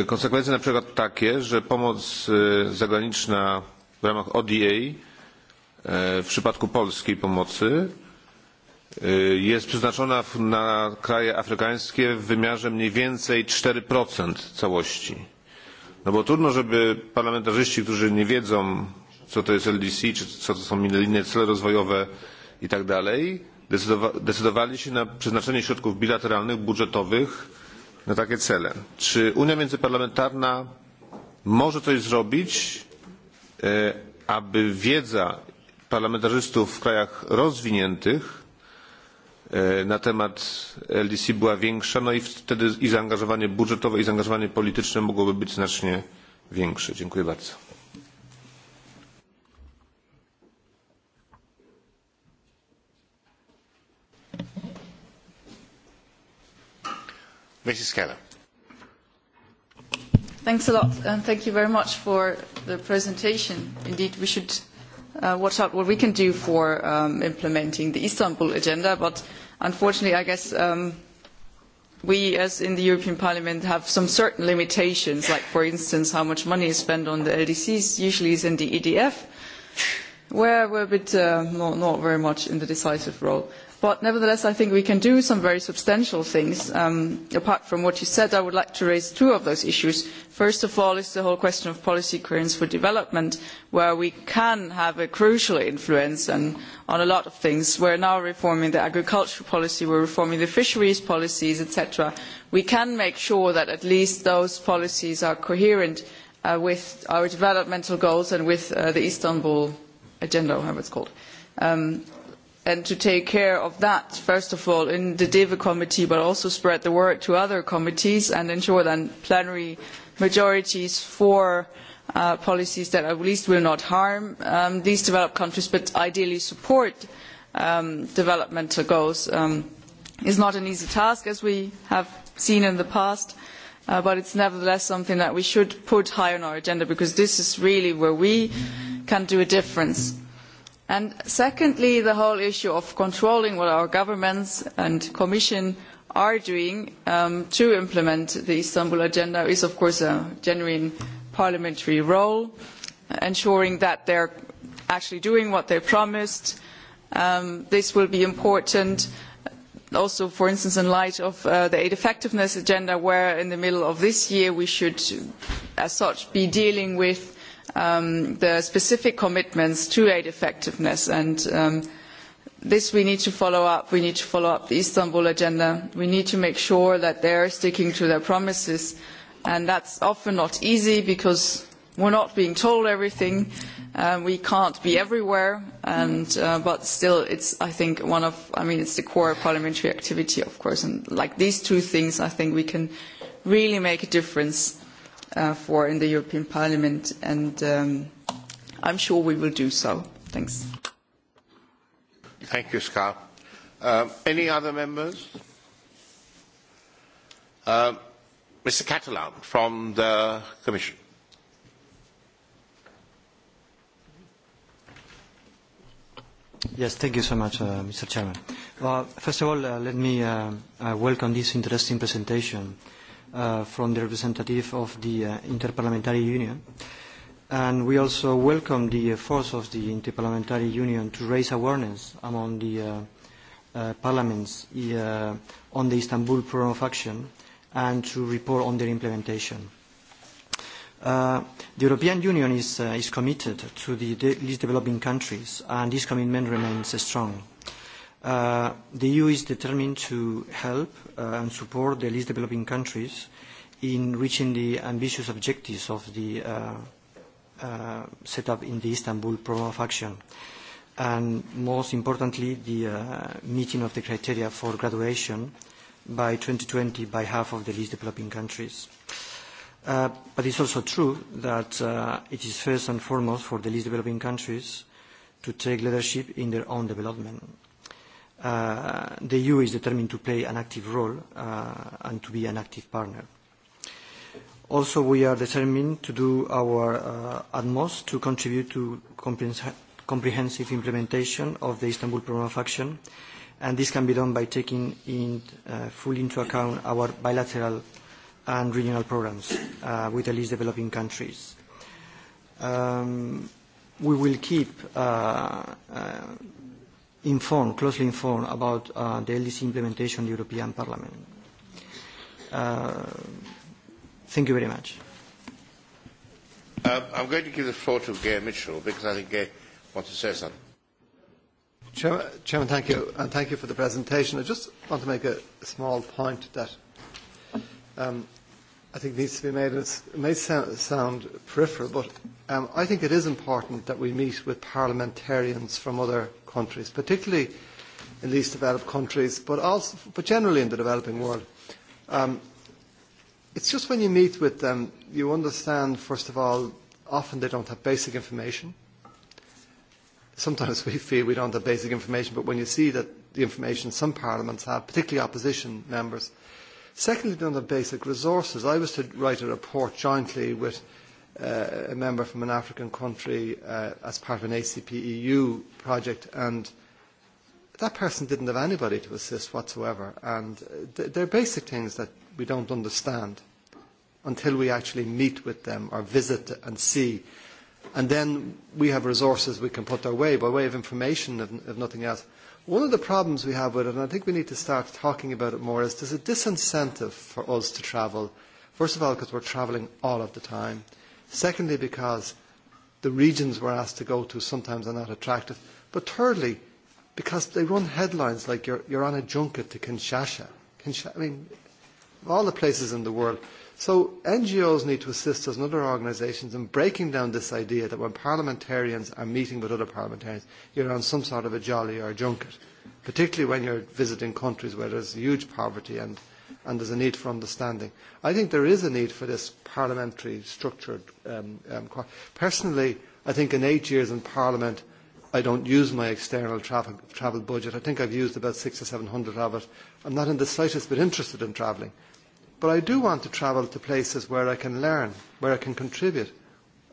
Konsekwencje na przykład takie, że pomoc zagraniczna w ramach ODA w przypadku polskiej pomocy jest przeznaczona na kraje afrykańskie w wymiarze mniej więcej cztery całości. No bo trudno, żeby parlamentarzyści, którzy nie wiedzą, co to jest LDC, czy co to są inne cele rozwojowe i tak dalej, decydowali się na przeznaczenie środków bilateralnych, budżetowych na takie cele. Czy Unia Międzyparlamentarna może coś zrobić, aby wiedza parlamentarzystów w krajach rozwiniętych na temat LDC była większa, no i wtedy i zaangażowanie budżetowe, i zaangażowanie polityczne mogłoby być znacznie większe. Dziękuję bardzo. Mrs. Keller. Thanks a lot, and thank you very much for the presentation. Indeed, we should watch out what we can do for implementing the Istanbul agenda, but unfortunately, I guess we, as in the European Parliament, have some certain limitations, like, for instance, how much money is spent on the LDCs, usually is in the EDF, where we're a bit, not, very much in the decisive role. But nevertheless, I think we can do some very substantial things. apart from what you said, I would like to raise two of those issues. First of all is the whole question of policy coherence for development, where we can have a crucial influence on a lot of things. We are now reforming the agricultural policy, we are reforming the fisheries policies, etc. We can make sure that at least those policies are coherent with our developmental goals and with the Istanbul agenda, or however it is called and to take care of that, first of all, in the DEVA committee, but also spread the word to other committees and ensure then plenary majorities for policies that at least will not harm these developed countries, but ideally support developmental goals. is not an easy task, as we have seen in the past, but it is nevertheless something that we should put high on our agenda because this is really where we can do a difference And secondly, the whole issue of controlling what our governments and Commission are doing to implement the Istanbul Agenda is, of course, a genuine parliamentary role, ensuring that they are actually doing what they promised. this will be important also, for instance, in light of the aid effectiveness agenda, where in the middle of this year we should, as such, be dealing with the specific commitments to aid effectiveness. And this we need to follow up. We need to follow up the Istanbul agenda. We need to make sure that they are sticking to their promises. And that's often not easy because we're not being told everything. we can't be everywhere. And, but still, it's, I think, one of, I mean, it's the core of parliamentary activity, of course. And like these two things, I think we can really make a difference for in the European Parliament, and um, I'm sure we will do so. Thanks. Thank you, Uh, any other members? Uh, Mr. Catalan from the Commission. Yes, thank you so much, uh, Mr. Chairman. Well, first of all, uh, let me uh, uh, welcome this interesting presentation from the representative of the uh, Interparliamentary Union. And we also welcome the efforts of the Interparliamentary Union to raise awareness among the uh, uh, parliaments uh, on the Istanbul Programme of Action and to report on their implementation. Uh, the European Union is, uh, is committed to the de least developing countries, and this commitment remains strong the EU is determined to help and support the least developing countries in reaching the ambitious objectives of the set up in the Istanbul Programme of Action, and most importantly, the meeting of the criteria for graduation by 2020 by half of the least developing countries. But it's also true that it is first and foremost for the least developing countries to take leadership in their own development uh, the EU is determined to play an active role uh, and to be an active partner. Also, we are determined to do our uh, utmost to contribute to comprehensive implementation of the Istanbul Programme of Action, and this can be done by taking in uh, fully into account our bilateral and regional programs uh, with the least developing countries. Um, we will keep uh, uh, informed, closely informed about uh, the LDC implementation in the European Parliament. Uh, thank you very much. Uh, I'm going to give the floor to Gay Mitchell because I think Gay wants to say something. Chairman, Chairman, thank you, and thank you for the presentation. I just want to make a small point that um, I think needs to be made. It may sound peripheral, but um, I think it is important that we meet with parliamentarians from other countries, particularly in least developed countries, but also but generally in the developing world. Um, it's just when you meet with them, you understand, first of all, often they don't have basic information. Sometimes we feel we don't have basic information, but when you see that the information some parliaments have, particularly opposition members, Secondly, on the basic resources, I was to write a report jointly with uh, a member from an African country uh, as part of an ACP EU project, and that person didn't have anybody to assist whatsoever. And th- basic things that we don't understand until we actually meet with them or visit and see. And then we have resources we can put their way by way of information, if, if nothing else. One of the problems we have with it, and I think we need to start talking about it more, is there's a disincentive for us to travel. First of all, because we're travelling all of the time. Secondly, because the regions we're asked to go to sometimes are not attractive. But thirdly, because they run headlines like you're, you're on a junket to Kinshasa. Kinshasa I mean, all the places in the world. So NGOs need to assist us and other organisations in breaking down this idea that when parliamentarians are meeting with other parliamentarians, you're on some sort of a jolly or a junket, particularly when you're visiting countries where there's huge poverty and, and there's a need for understanding. I think there is a need for this parliamentary structured. Um, um, personally, I think in eight years in Parliament, I don't use my external travel budget. I think I've used about six or seven hundred of it. I'm not in the slightest bit interested in travelling. But I do want to travel to places where I can learn, where I can contribute,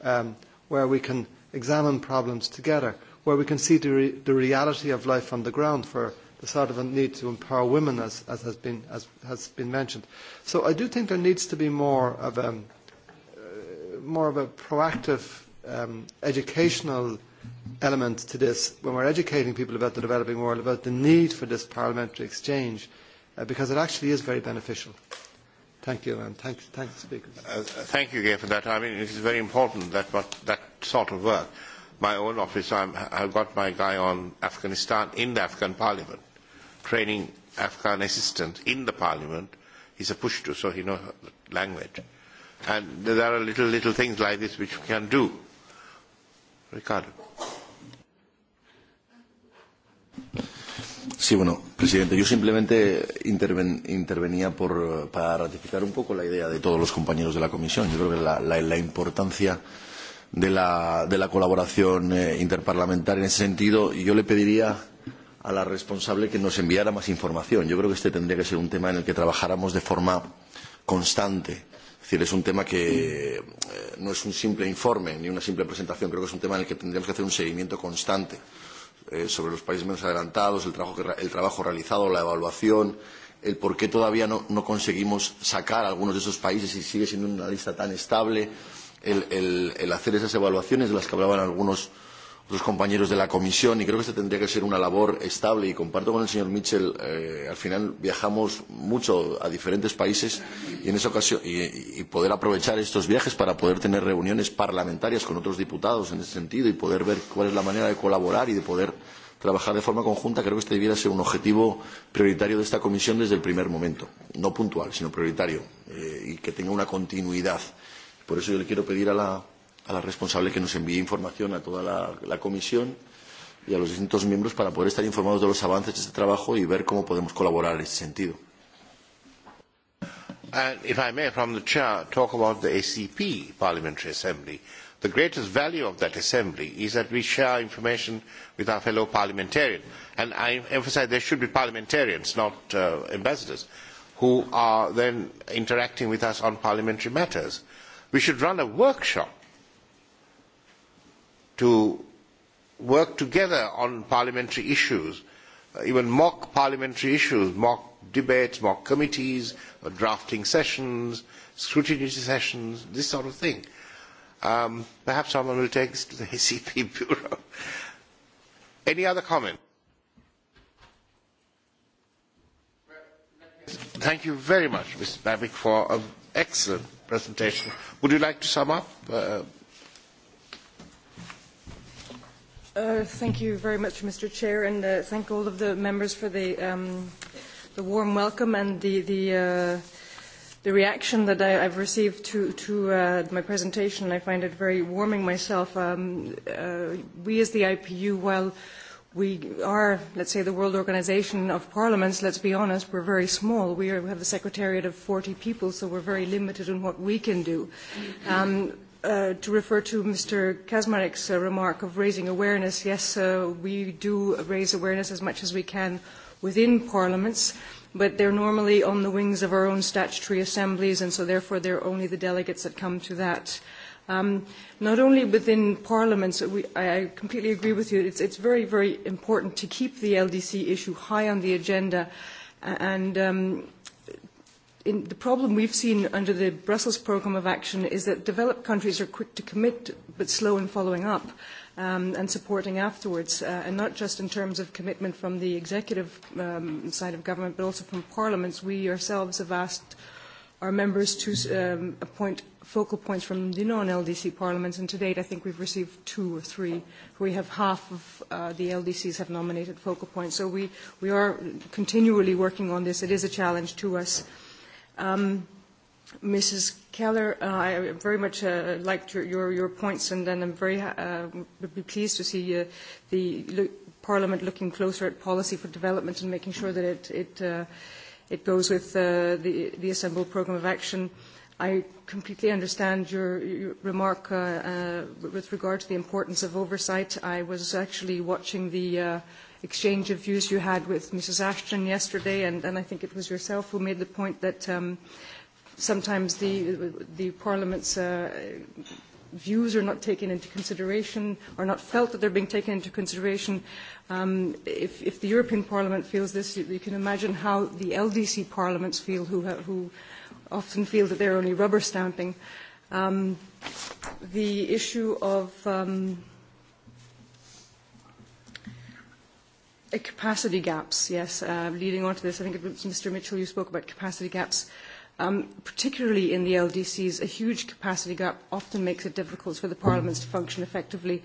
um, where we can examine problems together, where we can see the, re- the reality of life on the ground for the sort of a need to empower women, as, as, has been, as has been mentioned. So I do think there needs to be more of a, more of a proactive um, educational element to this when we are educating people about the developing world, about the need for this parliamentary exchange, because it actually is very beneficial. Thank you, and thanks, thanks, Speaker. Uh, thank you again for that. I mean, it is very important that what, that sort of work. My own office, I'm, I've got my guy on Afghanistan in the Afghan Parliament, training Afghan assistants in the Parliament. He's a Pushto, so he knows the language. And there are little, little things like this which we can do. Ricardo. Sí, bueno, presidente, yo simplemente interven, intervenía por, para ratificar un poco la idea de todos los compañeros de la comisión. Yo creo que la, la, la importancia de la, de la colaboración eh, interparlamentaria en ese sentido, yo le pediría a la responsable que nos enviara más información. Yo creo que este tendría que ser un tema en el que trabajáramos de forma constante. Es decir, es un tema que eh, no es un simple informe ni una simple presentación. Creo que es un tema en el que tendríamos que hacer un seguimiento constante sobre los países menos adelantados, el trabajo, que, el trabajo realizado, la evaluación, el por qué todavía no, no conseguimos sacar a algunos de esos países y sigue siendo una lista tan estable, el, el, el hacer esas evaluaciones de las que hablaban algunos los compañeros de la comisión y creo que esta tendría que ser una labor estable y comparto con el señor Mitchell eh, al final viajamos mucho a diferentes países y en esa ocasión y, y poder aprovechar estos viajes para poder tener reuniones parlamentarias con otros diputados en ese sentido y poder ver cuál es la manera de colaborar y de poder trabajar de forma conjunta creo que este debiera ser un objetivo prioritario de esta comisión desde el primer momento no puntual sino prioritario eh, y que tenga una continuidad por eso yo le quiero pedir a la a la responsable que nos envíe información a toda la, la comisión y a los distintos miembros para poder estar informados de los avances de este trabajo y ver cómo podemos colaborar en ese sentido. And if I may, from the chair, talk about the ACP Parliamentary Assembly. The greatest value of that assembly is that we share information with our fellow parliamentarians. And I emphasize there should be parliamentarians, not uh, ambassadors, who are then interacting with us on parliamentary matters. We should run a workshop to work together on parliamentary issues, even mock parliamentary issues, mock debates, mock committees, drafting sessions, scrutiny sessions, this sort of thing. Um, perhaps someone will take this to the ACP Bureau. Any other comment? Thank you very much, Mr. Babick, for an excellent presentation. Would you like to sum up? Uh, Thank you very much, Mr. Chair, and uh, thank all of the members for the, um, the warm welcome and the, the, uh, the reaction that I, I've received to, to uh, my presentation. I find it very warming myself. Um, uh, we as the IPU, while we are, let's say, the World Organization of Parliaments, let's be honest, we're very small. We, are, we have a secretariat of 40 people, so we're very limited in what we can do. Um, to refer to Mr. Kazmarek's remark of raising awareness, yes, uh we do raise awareness as much as we can within parliaments, but they're normally on the wings of our own statutory assemblies, and so therefore they're only the delegates that come to that. not only within parliaments, we, I completely agree with you, it's, it's very, very important to keep the LDC issue high on the agenda, and in the problem we've seen under the Brussels Programme of Action is that developed countries are quick to commit but slow in following up um, and supporting afterwards, uh, and not just in terms of commitment from the executive um, side of government, but also from parliaments. We ourselves have asked our members to um, appoint focal points from the non-LDC parliaments, and to date I think we've received two or three. We have half of uh, the LDCs have nominated focal points, so we, we are continually working on this. It is a challenge to us. Uh, Um, Mrs. Keller, uh, I very much uh, liked your, your, your points, and then I'm very uh, would be pleased to see uh, the lo- Parliament looking closer at policy for development and making sure that it it, uh, it goes with uh, the the assembled programme of action. I completely understand your, your remark uh, uh, with regard to the importance of oversight. I was actually watching the. Uh, exchange of views you had with Mrs. Ashton yesterday, and, and I think it was yourself who made the point that um, sometimes the, the Parliament's uh, views are not taken into consideration, or not felt that they're being taken into consideration. Um, if, if the European Parliament feels this, you, you can imagine how the LDC parliaments feel, who, who often feel that they're only rubber stamping. Um, the issue of... Um, Capacity gaps, yes. Uh, leading on to this, I think it was Mr. Mitchell, you spoke about capacity gaps. Um, particularly in the LDCs, a huge capacity gap often makes it difficult for the parliaments to function effectively.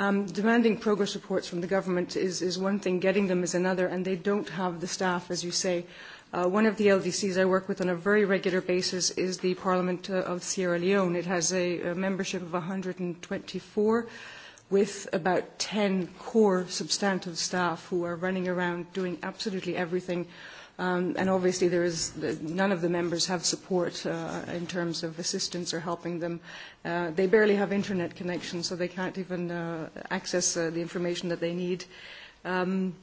Um, demanding progress reports from the government is, is one thing, getting them is another, and they don't have the staff, as you say. Uh, one of the LDCs I work with on a very regular basis is the Parliament uh, of Sierra Leone. It has a, a membership of 124 with about 10 core substantive staff who are running around doing absolutely everything. Um, and obviously, there is none of the members have support uh, in terms of assistance or helping them. Uh, they barely have internet connections, so they can't even uh, access uh, the information that they need. Um,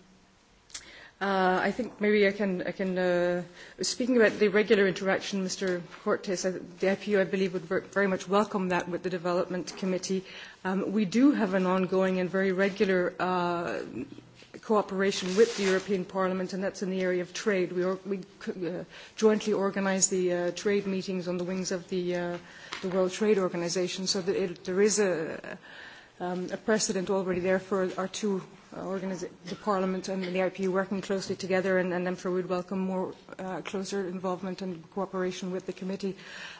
Uh, I think maybe I can, I can uh, speaking about the regular interaction, Mr. Cortes, I, the IPU, I believe, would very much welcome that with the Development Committee. Um, we do have an ongoing and very regular uh, cooperation with the European Parliament, and that's in the area of trade. We, or, we uh, jointly organise the uh, trade meetings on the wings of the, uh, the World Trade Organization, so that it, there is a, um, a precedent already there for our two the Parliament and the IPU working closely together, and, and am sure would welcome more uh, closer involvement and cooperation with the committee.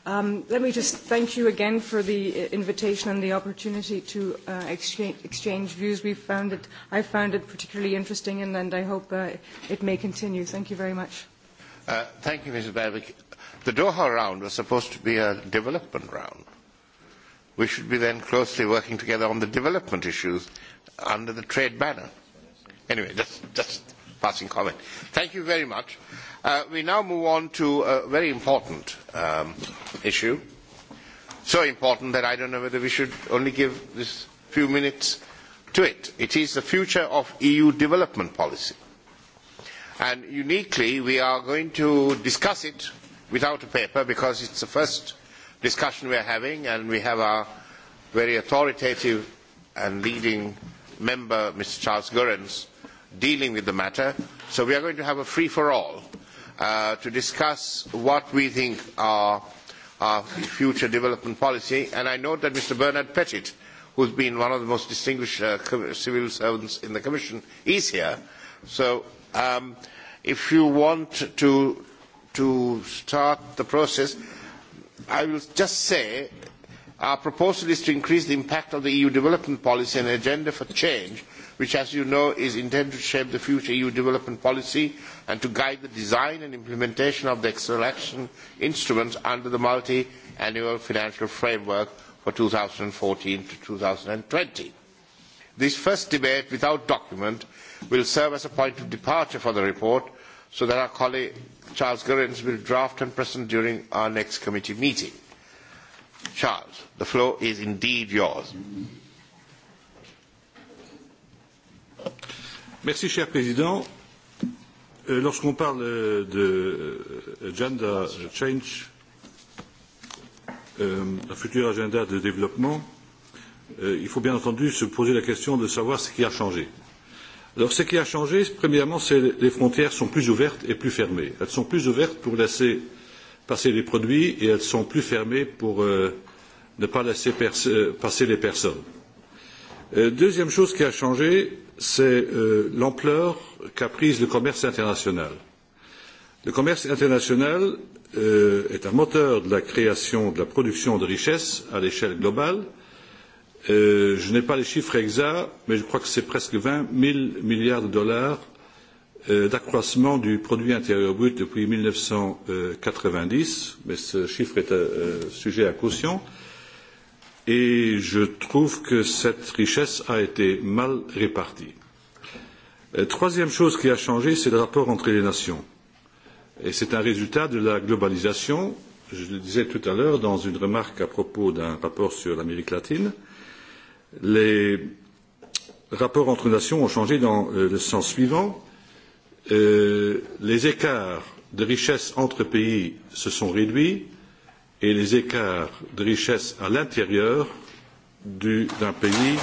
Um, let me just thank you again for the invitation and the opportunity to uh, exchange, exchange views. We found it, I found it particularly interesting, and, and I hope uh, it may continue. Thank you very much. Uh, thank you, Mrs Babick. The Doha round was supposed to be a development round. We should be then closely working together on the development issues under the trade banner. Anyway, that's just passing comment. Thank you very much. Uh, we now move on to a very important um, issue. So important that I don't know whether we should only give this few minutes to it. It is the future of EU development policy. And uniquely, we are going to discuss it without a paper because it's the first discussion we are having and we have our very authoritative and leading member, Mr. Charles Goerens dealing with the matter. So we are going to have a free-for-all to discuss what we think are our future development policy. And I note that Mr. Bernard Pettit, who has been one of the most distinguished civil servants in the Commission, is here. So if you want to, to start the process, I will just say Our proposal is to increase the impact of the EU development policy and agenda for change, which, as you know, is intended to shape the future EU development policy and to guide the design and implementation of the external action instruments under the multi-annual financial framework for 2014 to twenty. This first debate without document will serve as a point of departure for the report so that our colleague Charles Goerens will draft and present during our next committee meeting. Charles. The floor is indeed yours. Merci, cher Président. Lorsqu'on parle de agenda change, la future agenda de développement, il faut bien entendu se poser la question de savoir ce qui a changé. Alors, ce qui a changé, premièrement, c'est que les frontières sont plus ouvertes et plus fermées. Elles sont plus ouvertes pour laisser passer les produits et elles sont plus fermées pour ne pas laisser passer les personnes. Deuxième chose qui a changé, c'est l'ampleur qu'a prise le commerce international. Le commerce international est un moteur de la création, de la production de richesses à l'échelle globale. je n'ai pas les chiffres exacts, mais je crois que c'est presque vingt 000 milliards de dollars d'accroissement du produit intérieur brut depuis mille neuf cent quatre-vingt-dix, mais ce chiffre est sujet à caution. Euh, et je trouve que cette richesse a été mal répartie. Troisième chose qui a changé, c'est le rapport entre les nations. Et c'est un résultat de la globalisation. Je le disais tout à l'heure dans une remarque à propos d'un rapport sur l'Amérique latine. Les rapports entre nations ont changé dans le sens suivant. les écarts de richesse entre pays se sont réduits et les écarts de richesse à l'intérieur d'un pays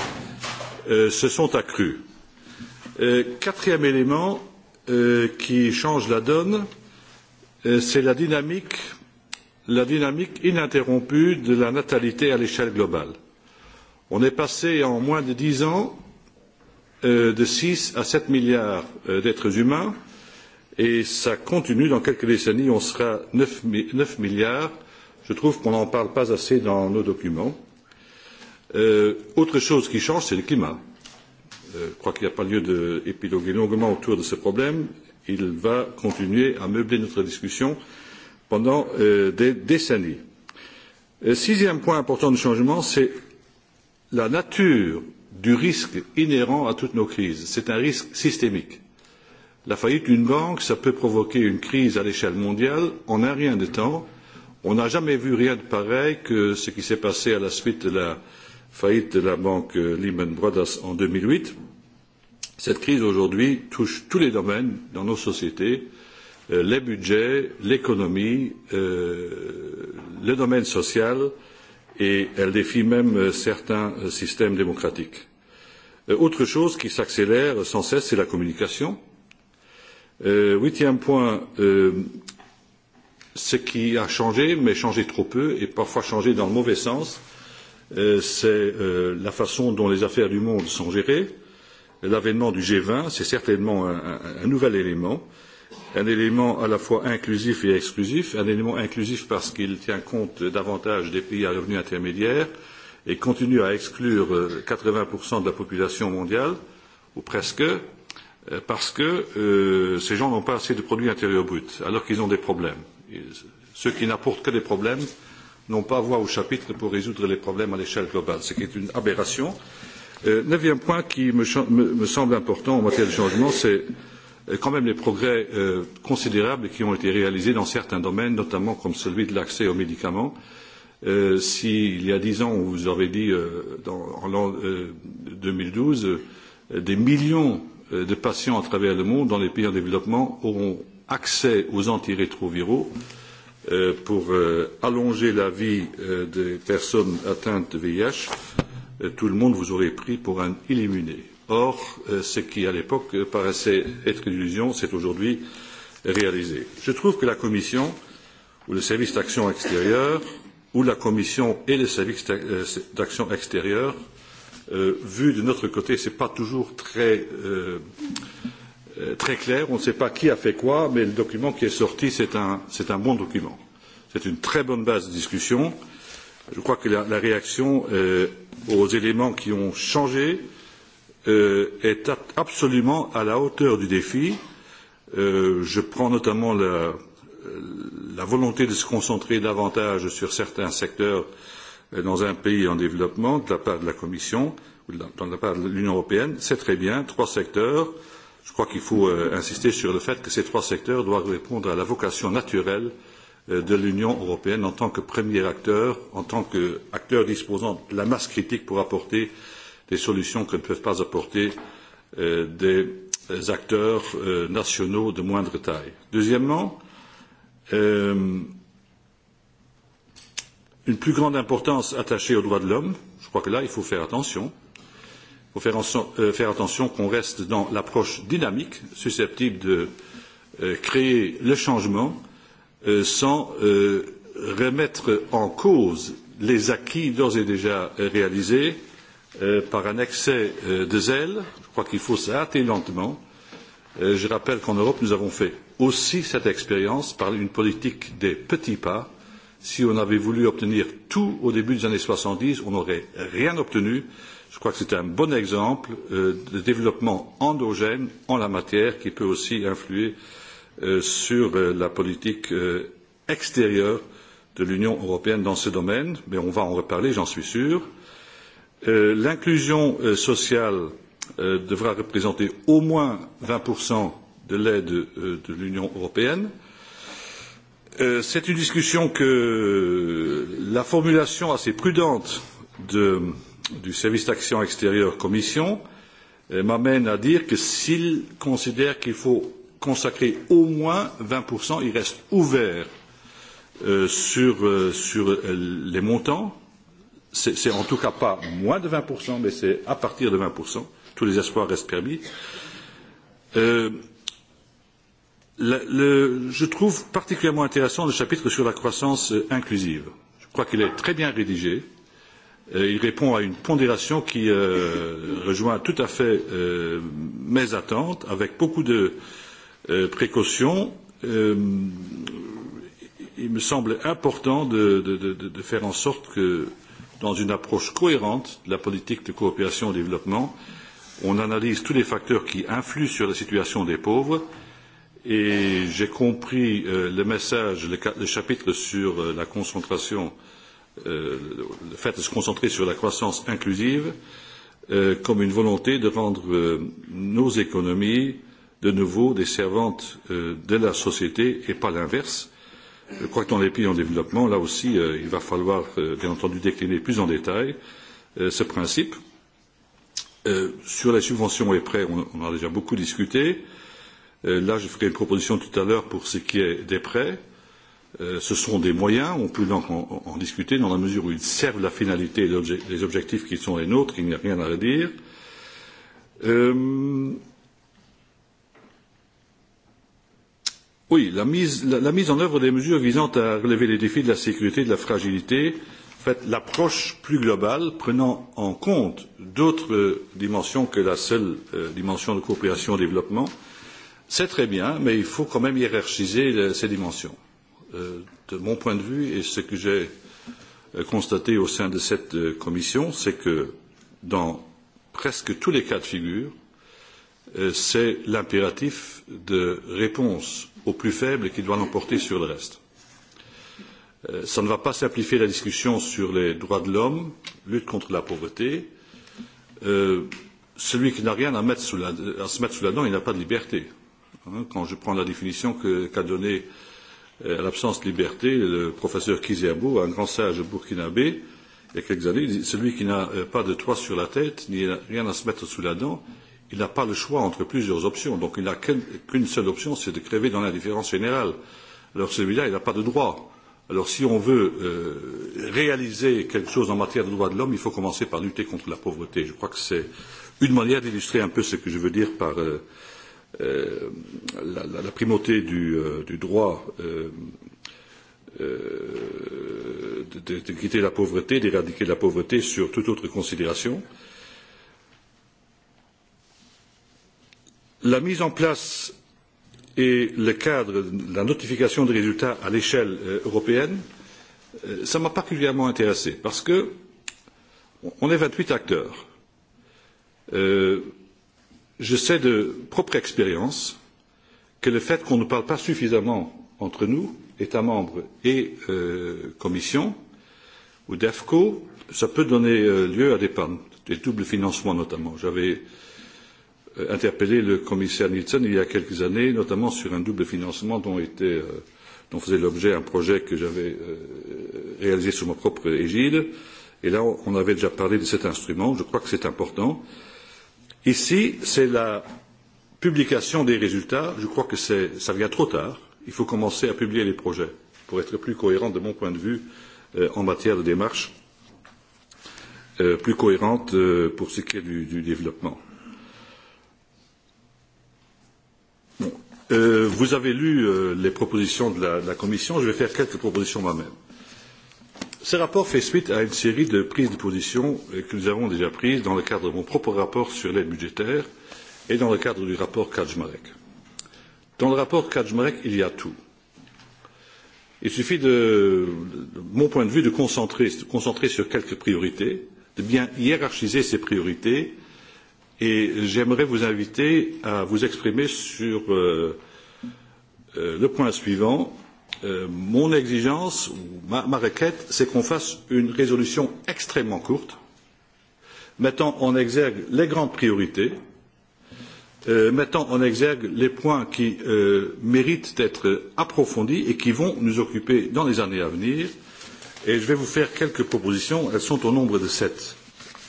se sont accrus. quatrième élément qui change la donne, c'est la dynamique, ininterrompue de la natalité à l'échelle globale. On est passé en moins de dix ans de six à sept milliards d'êtres humains et cela continue dans quelques décennies, on sera neuf milliards Je trouve qu'on n'en parle pas assez dans nos documents. autre chose qui change, c'est le climat. je crois qu'il n'y a pas lieu d'épiloguer longuement autour de ce problème. Il va continuer à meubler notre discussion pendant des décennies. sixième point important de changement, c'est la nature du risque inhérent à toutes nos crises. C'est un risque systémique. La faillite d'une banque, ça peut provoquer une crise à l'échelle mondiale en un rien de temps, On n'a jamais vu rien de pareil que ce qui s'est passé à la suite de la faillite de la banque Lehman Brothers en deux mille huit. Cette crise aujourd'hui touche tous les domaines dans nos sociétés, les budgets, l'économie, le domaine social et elle défie même certains systèmes démocratiques. Autre chose qui s'accélère sans cesse, c'est la communication. Huitième point, ce qui a changé, mais changé trop peu et parfois changé dans le mauvais sens, c'est la façon dont les affaires du monde sont gérées. L'avènement du g vingt, c'est certainement un, nouvel élément, un élément à la fois inclusif et exclusif, un élément inclusif parce qu'il tient compte davantage des pays à revenus intermédiaires et continue à exclure quatre 80% de la population mondiale, ou presque, parce que ces gens n'ont pas assez de produits intérieurs bruts, alors qu'ils ont des problèmes. Ceux qui n'apportent que des problèmes n'ont pas voix au chapitre pour résoudre les problèmes à l'échelle globale, ce qui est une aberration. neuvième point qui me, semble important en matière de changement, c'est quand même les progrès considérables qui ont été réalisés dans certains domaines, notamment comme celui de l'accès aux médicaments. si il y a dix ans, on vous avait dit en l'an deux mille douze, des millions de patients à travers le monde dans les pays en développement auront accès aux antirétroviraux pour allonger la vie des personnes atteintes de VIH, tout le monde vous aurait pris pour un illuminé. Or, ce qui à l'époque paraissait être une illusion, c'est aujourd'hui réalisé. Je trouve que la Commission ou le service d'action extérieure ou la Commission et le service d'action extérieure vu de notre côté, ce n'est pas toujours très, clair. On ne sait pas qui a fait quoi, mais le document qui est sorti, c'est un, bon document. C'est une très bonne base de discussion. Je crois que la, réaction aux éléments qui ont changé est absolument à la hauteur du défi. je prends notamment la, volonté de se concentrer davantage sur certains secteurs euh, dans un pays en développement de la part de la Commission ou de la, part de l'Union européenne, c'est très bien, trois secteurs. Je crois qu'il faut insister sur le fait que ces trois secteurs doivent répondre à la vocation naturelle de l'Union européenne en tant que premier acteur, en tant qu'acteur disposant de la masse critique pour apporter des solutions que ne peuvent pas apporter des acteurs nationaux de moindre taille. Deuxièmement, euh, une plus grande importance attachée aux droits de l'homme. Je crois que là, il faut faire attention. Il faut faire, attention qu'on reste dans l'approche dynamique susceptible de créer le changement sans remettre en cause les acquis d'ores et déjà réalisés par un excès de zèle. Je crois qu'il faut s'arrêter lentement. je rappelle qu'en Europe, nous avons fait aussi cette expérience par une politique des petits pas Si on avait voulu obtenir tout au début des années soixante dix, on n'aurait rien obtenu. Je crois que c'est un bon exemple de développement endogène en la matière qui peut aussi influer sur la politique extérieure de l'Union européenne dans ce domaine, mais on va en reparler, j'en suis sûr. L'inclusion sociale devra représenter au moins vingt de l'aide de l'Union européenne c'est une discussion que la formulation assez prudente du service d'action extérieure Commission m'amène à dire que s'il considère qu'il faut consacrer au moins vingt, il reste ouvert sur, les montants. C'est en tout cas pas moins de vingt, mais c'est à partir de vingt. Tous les espoirs restent permis je trouve particulièrement intéressant le chapitre sur la croissance inclusive. Je crois qu'il est très bien rédigé. il répond à une pondération qui rejoint tout à fait mes attentes, avec beaucoup de précautions. il me semble important de, faire en sorte que, dans une approche cohérente de la politique de coopération au développement, on analyse tous les facteurs qui influent sur la situation des pauvres et j'ai compris le message, le, chapitre sur la concentration, le fait de se concentrer sur la croissance inclusive comme une volonté de rendre nos économies de nouveau des servantes de la société et pas l'inverse. Je crois que dans les pays en développement, là aussi, il va falloir bien entendu décliner plus en détail ce principe. sur les subventions et prêts, on, en a déjà beaucoup discuté. Euh, là, je ferai une proposition tout à l'heure pour ce qui est des prêts. ce sont des moyens, on peut donc en, discuter dans la mesure où ils servent la finalité et les objectifs qui sont les nôtres, il n'y a rien à redire. Oui, la mise, en œuvre des mesures visant à relever les défis de la sécurité et de la fragilité, en fait, l'approche plus globale prenant en compte d'autres dimensions que la seule dimension de coopération et développement, euh, C'est très bien, mais il faut quand même hiérarchiser ces dimensions. de mon point de vue, et ce que j'ai constaté au sein de cette commission, c'est que dans presque tous les cas de figure, c'est l'impératif de réponse au plus faible qui doit l'emporter sur le reste. Cela ne va pas simplifier la discussion sur les droits de l'homme, lutte contre la pauvreté. celui qui n'a rien à, se mettre sous la dent, il n'a pas de liberté quand je prends la définition qu'a donnée à l'absence de liberté le professeur Kiziabou, un grand sage burkinabé, il y a quelques années, il dit, celui qui n'a pas de toit sur la tête, ni rien à se mettre sous la dent, il n'a pas le choix entre plusieurs options. Donc il n'a qu'une seule option, c'est de crever dans l'indifférence générale. Alors celui-là, il n'a pas de droit. Alors si on veut réaliser quelque chose en matière de droits de l'homme, il faut commencer par lutter contre la pauvreté. Je crois que c'est une manière d'illustrer un peu ce que je veux dire par la, primauté du, droit de, quitter la pauvreté, d'éradiquer la pauvreté sur toute autre considération. La mise en place et le cadre, la notification des résultats à l'échelle européenne, ça m'a particulièrement intéressé parce que on est vingt huit acteurs. Je sais de propre expérience que le fait qu'on ne parle pas suffisamment entre nous, États membres et Commission ou DEFCO, ça peut donner lieu à des pannes, des doubles financements notamment. J'avais interpellé le commissaire Nielsen il y a quelques années, notamment sur un double financement dont, faisait l'objet un projet que j'avais réalisé sous ma propre égide. Et là, on avait déjà parlé de cet instrument. Je crois que c'est important. Ici, c'est la publication des résultats. Je crois que ça vient trop tard. Il faut commencer à publier les projets pour être plus cohérent de mon point de vue en matière de démarche, plus cohérente pour ce qui est du, développement. vous avez lu les propositions de la, Commission. Je vais faire quelques propositions moi-même. Ce rapport fait suite à une série de prises de position que nous avons déjà prises dans le cadre de mon propre rapport sur l'aide budgétaire et dans le cadre du rapport Kaczmarek. Dans le rapport Kaczmarek, il y a tout. Il suffit, de, mon point de vue, de concentrer, de concentrer sur quelques priorités, de bien hiérarchiser ces priorités, et j'aimerais vous inviter à vous exprimer sur le point suivant mon exigence, ou ma, requête, c'est qu'on fasse une résolution extrêmement courte, mettant en exergue les grandes priorités, mettant en exergue les points qui méritent d'être approfondis et qui vont nous occuper dans les années à venir. Et je vais vous faire quelques propositions, elles sont au nombre de sept.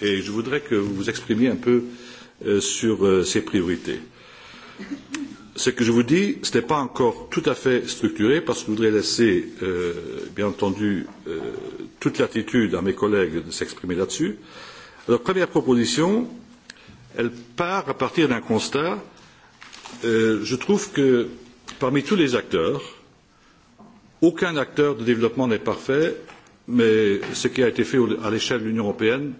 Et je voudrais que vous vous exprimiez un peu sur ces priorités ce que je vous dis, ce n'est pas encore tout à fait structuré parce que je voudrais laisser, bien entendu, toute latitude à mes collègues de s'exprimer là-dessus. Alors, première proposition, elle part à partir d'un constat. je trouve que parmi tous les acteurs, aucun acteur de développement n'est parfait, mais ce qui a été fait à l'échelle de l'Union européenne,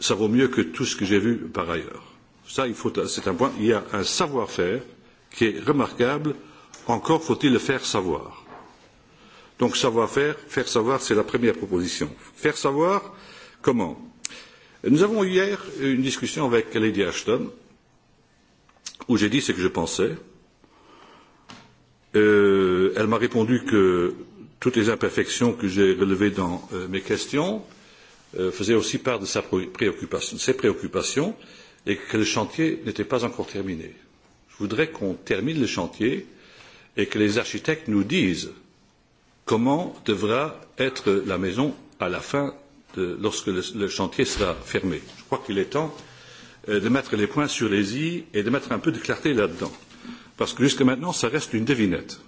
ça vaut mieux que tout ce que j'ai vu par ailleurs. Ça, c'est un point. Il y a un savoir-faire qui est remarquable, encore faut-il le faire savoir. Donc savoir faire, faire savoir, c'est la première proposition. Faire savoir comment Nous avons eu hier une discussion avec Lady Ashton où j'ai dit ce que je pensais. elle m'a répondu que toutes les imperfections que j'ai relevées dans mes questions faisaient aussi part de ses préoccupations et que le chantier n'était pas encore terminé. Je voudrais qu'on termine le chantier et que les architectes nous disent comment devra être la maison à la fin, lorsque le, chantier sera fermé. Je crois qu'il est temps de mettre les points sur les i et de mettre un peu de clarté là-dedans. Parce que jusque maintenant, ça reste une devinette.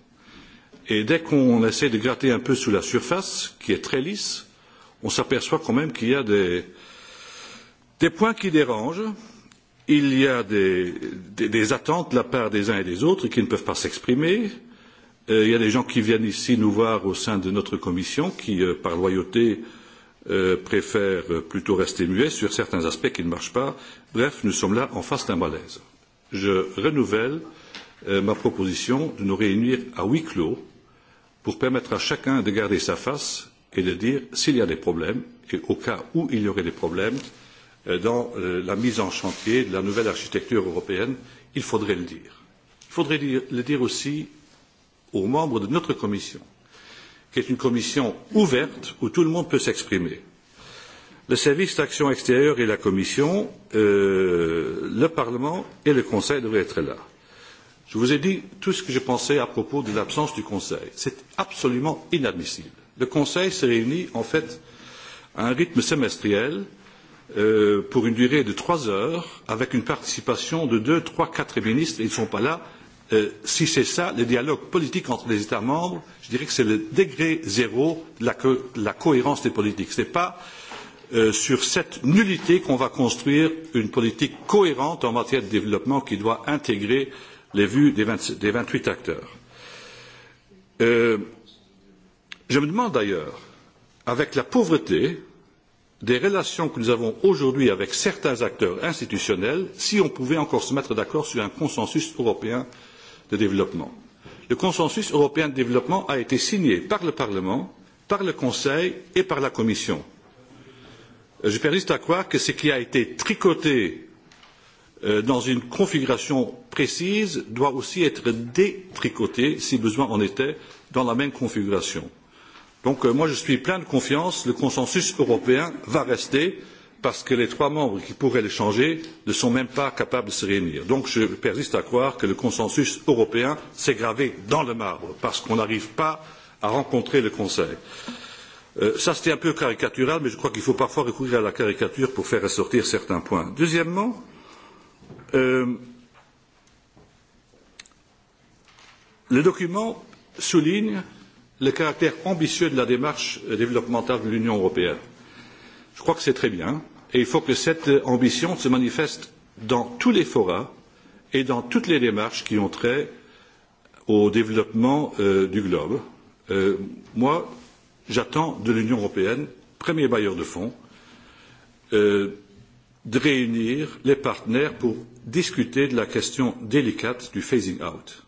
Et dès qu'on essaie de gratter un peu sous la surface, qui est très lisse, on s'aperçoit quand même qu'il y a des, points qui dérangent il y a des, des, des attentes de la part des uns et des autres qui ne peuvent pas s'exprimer. Euh, il y a des gens qui viennent ici nous voir au sein de notre commission qui, euh, par loyauté, euh, préfèrent plutôt rester muets sur certains aspects qui ne marchent pas. Bref, nous sommes là en face d'un malaise. Je renouvelle euh, ma proposition de nous réunir à huis clos pour permettre à chacun de garder sa face et de dire s'il y a des problèmes et au cas où il y aurait des problèmes, dans la mise en chantier de la nouvelle architecture européenne, il faudrait le dire. Il faudrait le dire aussi aux membres de notre commission, qui est une commission ouverte où tout le monde peut s'exprimer. Le service d'action extérieure et la commission, le Parlement et le Conseil devraient être là. Je vous ai dit tout ce que je pensais à propos de l'absence du Conseil. C'est absolument inadmissible. Le Conseil se réunit en fait à un rythme semestriel euh, pour une durée de trois heures avec une participation de deux, trois, quatre ministres. Ils ne sont pas là. si c'est ça, le dialogue politique entre les États membres, je dirais que c'est le degré zéro de la, cohérence des politiques. Ce n'est pas sur cette nullité qu'on va construire une politique cohérente en matière de développement qui doit intégrer les vues des vingt huit acteurs. je me demande d'ailleurs, avec la pauvreté, des relations que nous avons aujourd'hui avec certains acteurs institutionnels si on pouvait encore se mettre d'accord sur un consensus européen de développement. Le consensus européen de développement a été signé par le Parlement, par le Conseil et par la Commission. Je persiste à croire que ce qui a été tricoté dans une configuration précise doit aussi être détricoté, si besoin en était, dans la même configuration Donc moi je suis plein de confiance, le consensus européen va rester parce que les trois membres qui pourraient le changer ne sont même pas capables de se réunir. Donc je persiste à croire que le consensus européen s'est gravé dans le marbre parce qu'on n'arrive pas à rencontrer le Conseil. Ça, c'était un peu caricatural, mais je crois qu'il faut parfois recourir à la caricature pour faire ressortir certains points. Deuxièmement, le document souligne le caractère ambitieux de la démarche développementale de l'Union européenne. Je crois que c'est très bien et il faut que cette ambition se manifeste dans tous les forats et dans toutes les démarches qui ont trait au développement du globe. moi, j'attends de l'Union européenne, premier bailleur de fonds, de réunir les partenaires pour discuter de la question délicate du phasing out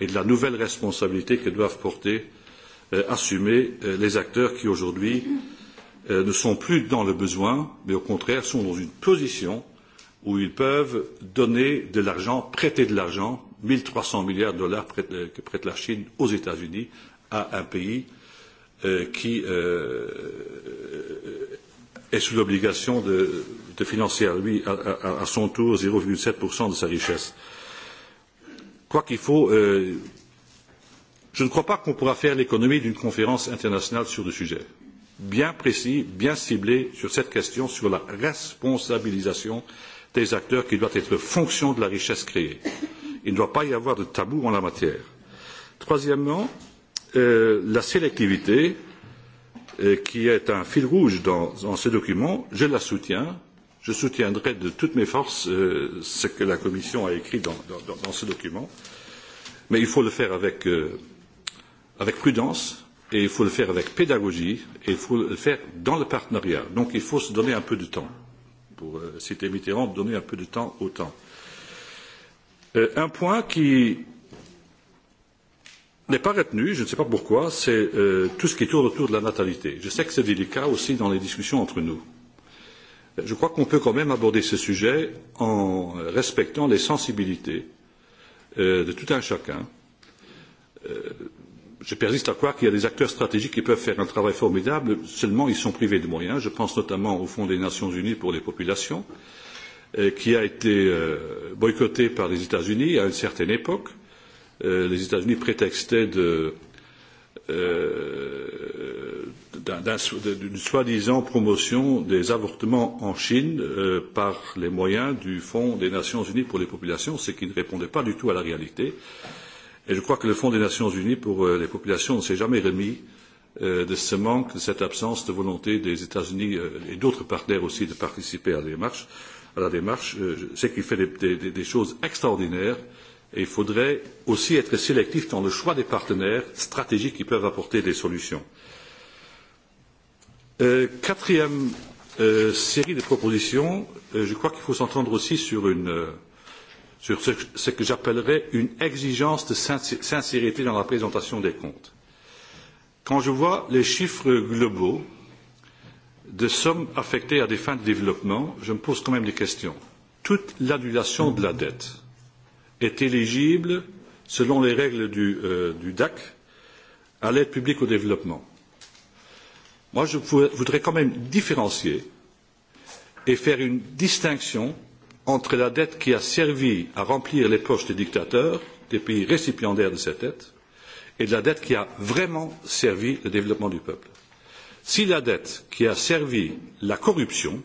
et de la nouvelle responsabilité que doivent porter assumer les acteurs qui aujourd'hui ne sont plus dans le besoin, mais au contraire sont dans une position où ils peuvent donner de l'argent, prêter de l'argent, 1 300 milliards de dollars que prête la Chine aux États-Unis à un pays qui est sous l'obligation de, financer à lui, à, son tour, zéro sept de sa richesse. Quoi qu'il faut Je ne crois pas qu'on pourra faire l'économie d'une conférence internationale sur le sujet, bien précis, bien ciblée sur cette question, sur la responsabilisation des acteurs qui doit être fonction de la richesse créée. Il ne doit pas y avoir de tabou en la matière. Troisièmement, la sélectivité, qui est un fil rouge dans, ce document, je la soutiens. Je soutiendrai de toutes mes forces ce que la Commission a écrit dans, ce document. Mais il faut le faire avec avec prudence et il faut le faire avec pédagogie et il faut le faire dans le partenariat. Donc il faut se donner un peu de temps. Pour citer Mitterrand, donner un peu de temps au temps. un point qui n'est pas retenu, je ne sais pas pourquoi, c'est tout ce qui tourne autour de la natalité. Je sais que c'est délicat aussi dans les discussions entre nous. Je crois qu'on peut quand même aborder ce sujet en respectant les sensibilités de tout un chacun je persiste à croire qu'il y a des acteurs stratégiques qui peuvent faire un travail formidable, seulement ils sont privés de moyens. Je pense notamment au Fonds des Nations Unies pour les populations, qui a été boycotté par les États-Unis à une certaine époque. les États-Unis prétextaient d'une soi-disant promotion des avortements en Chine par les moyens du Fonds des Nations Unies pour les populations, ce qui ne répondait pas du tout à la réalité. Euh, Et je crois que le Fonds des Nations Unies pour les populations ne s'est jamais remis de ce manque, de cette absence de volonté des États-Unis et d'autres partenaires aussi de participer à la démarche, ce qui fait des, choses extraordinaires. Et il faudrait aussi être sélectif dans le choix des partenaires stratégiques qui peuvent apporter des solutions. quatrième série de propositions, je crois qu'il faut s'entendre aussi sur une sur ce, que j'appellerais une exigence de sincérité dans la présentation des comptes. Quand je vois les chiffres globaux de sommes affectées à des fins de développement, je me pose quand même des questions. Toute l'annulation de la dette est éligible, selon les règles du, DAC, à l'aide publique au développement. Moi, je voudrais quand même différencier et faire une distinction entre la dette qui a servi à remplir les poches des dictateurs, des pays récipiendaires de cette dette, et de la dette qui a vraiment servi le développement du peuple. Si la dette qui a servi la corruption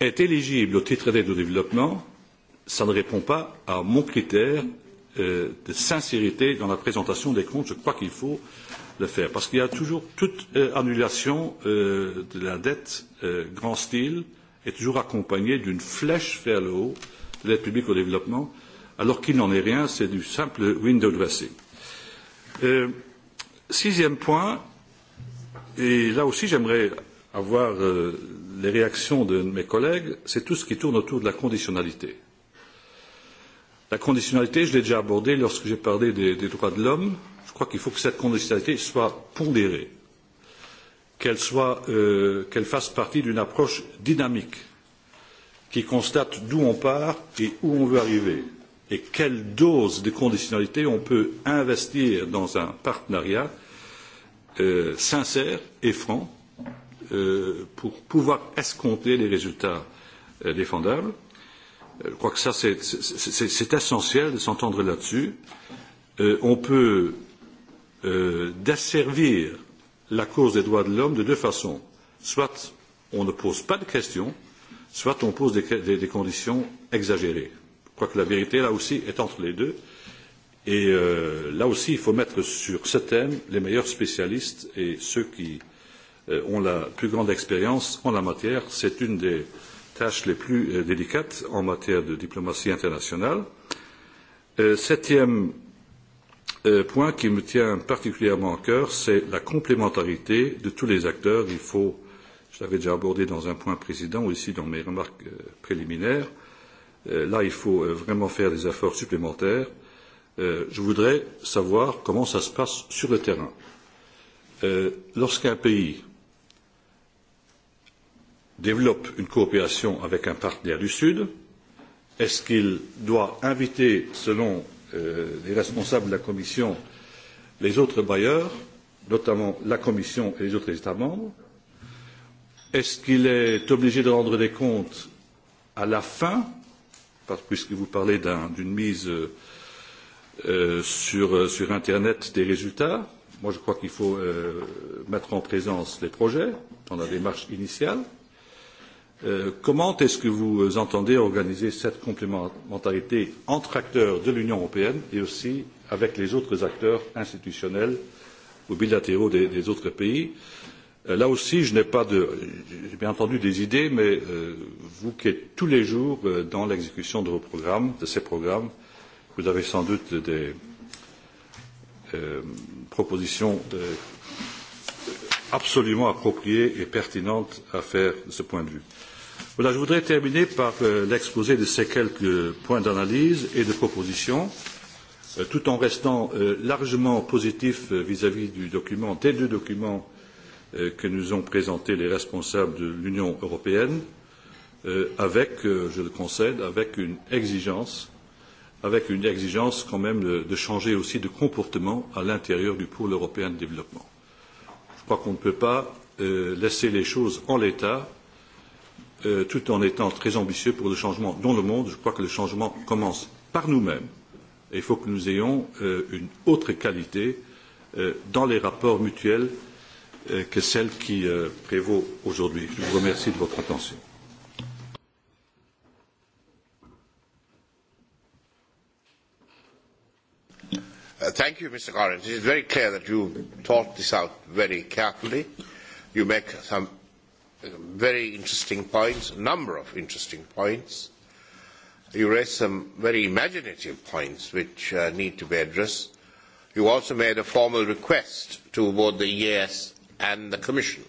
est éligible au titre d'aide au développement, cela ne répond pas à mon critère de sincérité dans la présentation des comptes. Je crois qu'il faut le faire parce qu'il y a toujours toute annulation de la dette grand style est toujours accompagné d'une flèche vers le haut de l'aide publique au développement, alors qu'il n'en est rien, c'est du simple window dressing. sixième point, et là aussi j'aimerais avoir les réactions de mes collègues, c'est tout ce qui tourne autour de la conditionnalité. La conditionnalité, je l'ai déjà abordée lorsque j'ai parlé des, droits de l'homme. Je crois qu'il faut que cette conditionnalité soit pondérée qu'elle fasse partie d'une approche dynamique qui constate d'où on part et où on veut arriver et quelle dose de conditionnalité on peut investir dans un partenariat sincère et franc pour pouvoir escompter des résultats défendables. Je crois que c'est essentiel de s'entendre là-dessus. on peut desservir la cause des droits de l'homme de deux façons soit on ne pose pas de questions, soit on pose des, conditions exagérées. Je crois que la vérité, là aussi, est entre les deux. Et là aussi, il faut mettre sur ce thème les meilleurs spécialistes et ceux qui ont la plus grande expérience en la matière. C'est une des tâches les plus délicates en matière de diplomatie internationale. septième point qui me tient particulièrement à cœur, c'est la complémentarité de tous les acteurs. Il faut, je l'avais déjà abordé dans un point précédent, aussi dans mes remarques préliminaires, là, il faut vraiment faire des efforts supplémentaires. je voudrais savoir comment cela se passe sur le terrain. Lorsqu'un pays développe une coopération avec un partenaire du Sud, est-ce qu'il doit inviter, selon les responsables de la Commission, les autres bailleurs, notamment la Commission et les autres États membres Est-ce qu'il est obligé de rendre des comptes à la fin, puisque vous parlez d'une mise sur, Internet des résultats Moi, je crois qu'il faut mettre en présence les projets dans la démarche initiale comment est-ce que vous entendez organiser cette complémentarité entre acteurs de l'Union européenne et aussi avec les autres acteurs institutionnels ou bilatéraux des, autres pays Là aussi, je n'ai pas de. J'ai bien entendu des idées, mais vous qui êtes tous les jours dans l'exécution de vos programmes, de ces programmes, vous avez sans doute des propositions absolument appropriées et pertinentes à faire de ce point de vue. Voilà, je voudrais terminer par l'exposé de ces quelques points d'analyse et de propositions, tout en restant largement positif vis-à-vis du document, des deux documents que nous ont présentés les responsables de l'Union européenne, avec, je le concède, avec une exigence, avec une exigence quand même de changer aussi de comportement à l'intérieur du pôle européen de développement. Je crois qu'on ne peut pas laisser les choses en l'état tout en étant très ambitieux pour le changement dans le monde. Je crois que le changement commence par nous-mêmes et il faut que nous ayons une autre qualité dans les rapports mutuels que celle qui prévaut aujourd'hui. Je vous remercie de votre attention. Thank you, Mr. It is very clear that you thought this out very carefully. You make some very interesting points, a number of interesting points. You raised some very imaginative points which uh, need to be addressed. You also made a formal request to both the EAS and the Commission,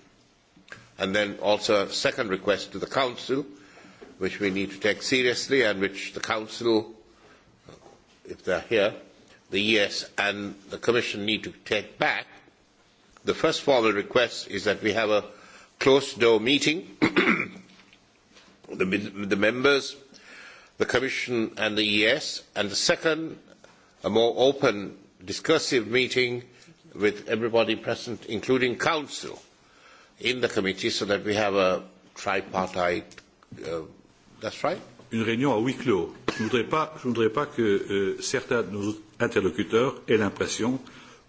and then also a second request to the Council, which we need to take seriously and which the Council, if they are here, the EAS and the Commission need to take back. The first formal request is that we have a closed door meeting. the, members, the Commission and the ES, and the second, a more open discursive meeting with everybody present, including Council, in the committee so that we have a tripartite. Uh, that's right? Une réunion à huis clos. Je ne voudrais pas, que euh, certains de nos interlocuteurs aient l'impression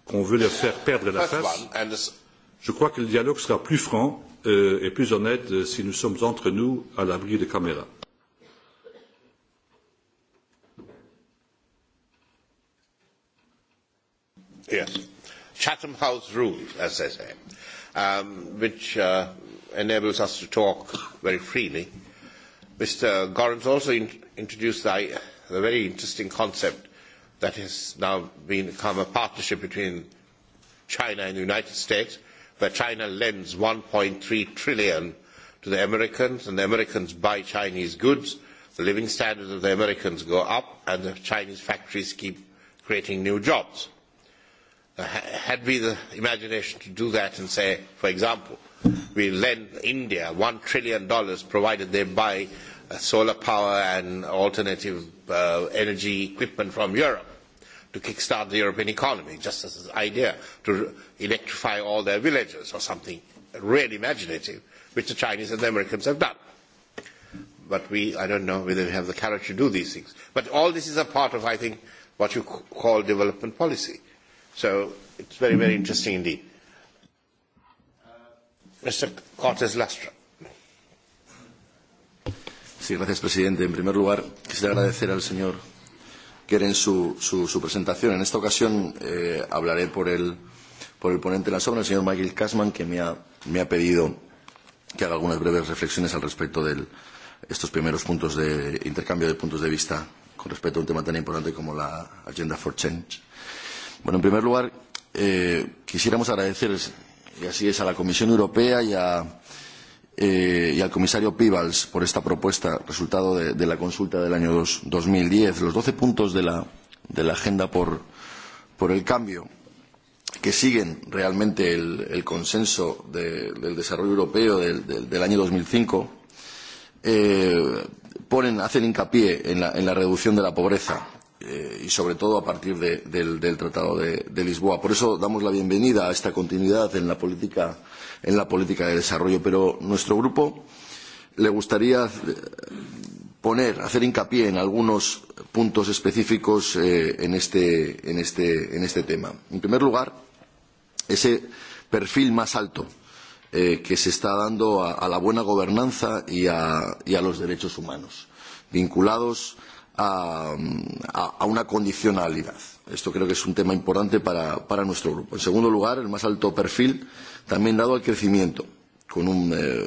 qu'on veut leur faire perdre la face. Je crois que le dialogue sera plus franc et plus honnête si nous sommes entre nous à l'abri de caméras. Yes. Chatham House rules, as they say, um, which uh, enables us to talk very freely. Mr. Gorans also in- introduced the, the very interesting concept that has now become a partnership between China and the United States, where China lends one three trillion to the Americans, and the Americans buy Chinese goods. The living standards of the Americans go up, and the Chinese factories keep creating new jobs. Had we the imagination to do that and say, for example, we lend India one trillion dollars provided they buy solar power and alternative energy equipment from Europe to kickstart the European economy, just as an idea to electrify all their villages or something really imaginative, which the Chinese and the Americans have done. But we, I don't know whether we have the courage to do these things. But all this is a part of, I think, what you call development policy. So it's very, very interesting indeed. Mr. Cortes Lastra. Sí, gracias, presidente. En primer lugar, quisiera agradecer al señor quieren su, su, su presentación. En esta ocasión eh, hablaré por el, por el ponente de la sombra, el señor Michael Kasman, que me ha, me ha pedido que haga algunas breves reflexiones al respecto de estos primeros puntos de intercambio de puntos de vista con respecto a un tema tan importante como la Agenda for Change. Bueno, en primer lugar, eh, quisiéramos agradecer, y así es, a la Comisión Europea y a y al comisario pivals por esta propuesta, resultado de, la consulta del año dos mil diez, Los doce puntos de la, agenda por, el cambio, que siguen realmente el, consenso del desarrollo europeo del, año dos mil cinco, ponen, hacen hincapié en la, reducción de la pobreza y sobre todo a partir del, Tratado de, Lisboa. Por eso damos la bienvenida a esta continuidad en la política en la política de desarrollo. Pero a nuestro grupo le gustaría poner, hacer hincapié en algunos puntos específicos en, este, tema. En primer lugar, ese perfil más alto que se está dando a, la buena gobernanza y a, los derechos humanos, vinculados a, una condicionalidad. Esto creo que es un tema importante para, nuestro grupo. En segundo lugar, el más alto perfil también dado al crecimiento, con un eh,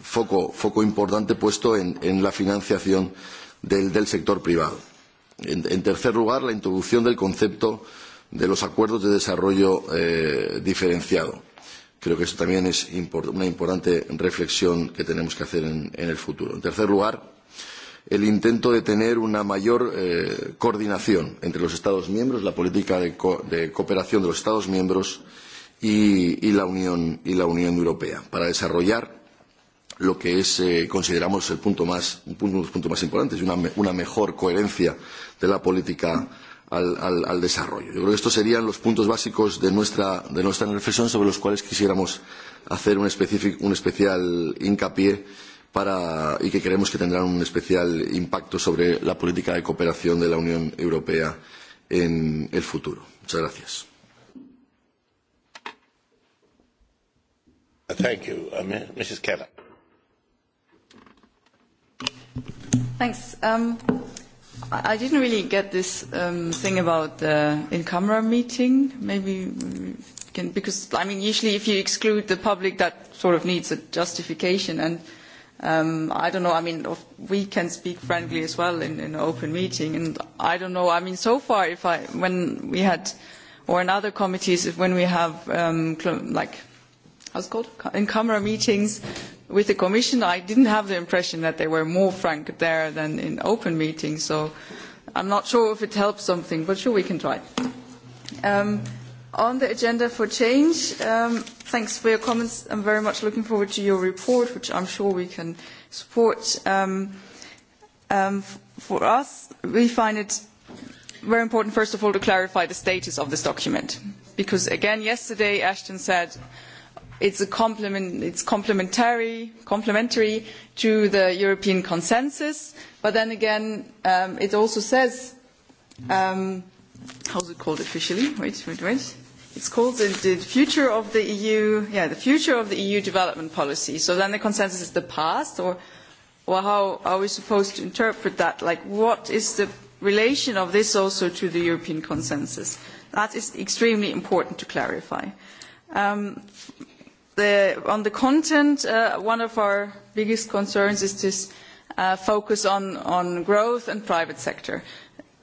foco, foco importante puesto en, en la financiación del, del sector privado. En, en tercer lugar, la introducción del concepto de los acuerdos de desarrollo eh, diferenciado. Creo que eso también es import una importante reflexión que tenemos que hacer en, en el futuro. En tercer lugar, el intento de tener una mayor eh, coordinación entre los Estados miembros, la política de, co de cooperación de los Estados miembros y, y, la, Unión, y la Unión Europea para desarrollar lo que es, eh, consideramos el punto más, un punto, los puntos más importantes, una, una mejor coherencia de la política al, al, al desarrollo. Yo creo que estos serían los puntos básicos de nuestra, de nuestra reflexión sobre los cuales quisiéramos hacer un, un especial hincapié para, y que creemos que tendrán un especial impacto sobre la política de cooperación de la Unión Europea en el futuro. Muchas gracias. Thank you. Uh, Mrs. Keller. Thanks. Um, I didn't really get this um, thing about the in-camera meeting. Maybe we can, because I mean, usually if you exclude the public, that sort of needs a justification. And um, I don't know. I mean, of, we can speak frankly as well in, in an open meeting. And I don't know. I mean, so far, if I when we had or in other committees, if when we have um, like how's it called? In camera meetings with the Commission, I didn't have the impression that they were more frank there than in open meetings. So I'm not sure if it helps something, but sure we can try. Um, on the agenda for change, um, thanks for your comments. I'm very much looking forward to your report, which I'm sure we can support. Um, um, for us, we find it very important, first of all, to clarify the status of this document. Because again, yesterday Ashton said it's a complement it's complementary complementary to the European consensus but then again um, it also says um, how's it called officially wait wait wait it's called the, the future of the EU yeah the future of the EU development policy so then the consensus is the past or well how are we supposed to interpret that like what is the relation of this also to the European consensus that is extremely important to clarify um, on the content, one of our biggest concerns is this focus on growth and private sector.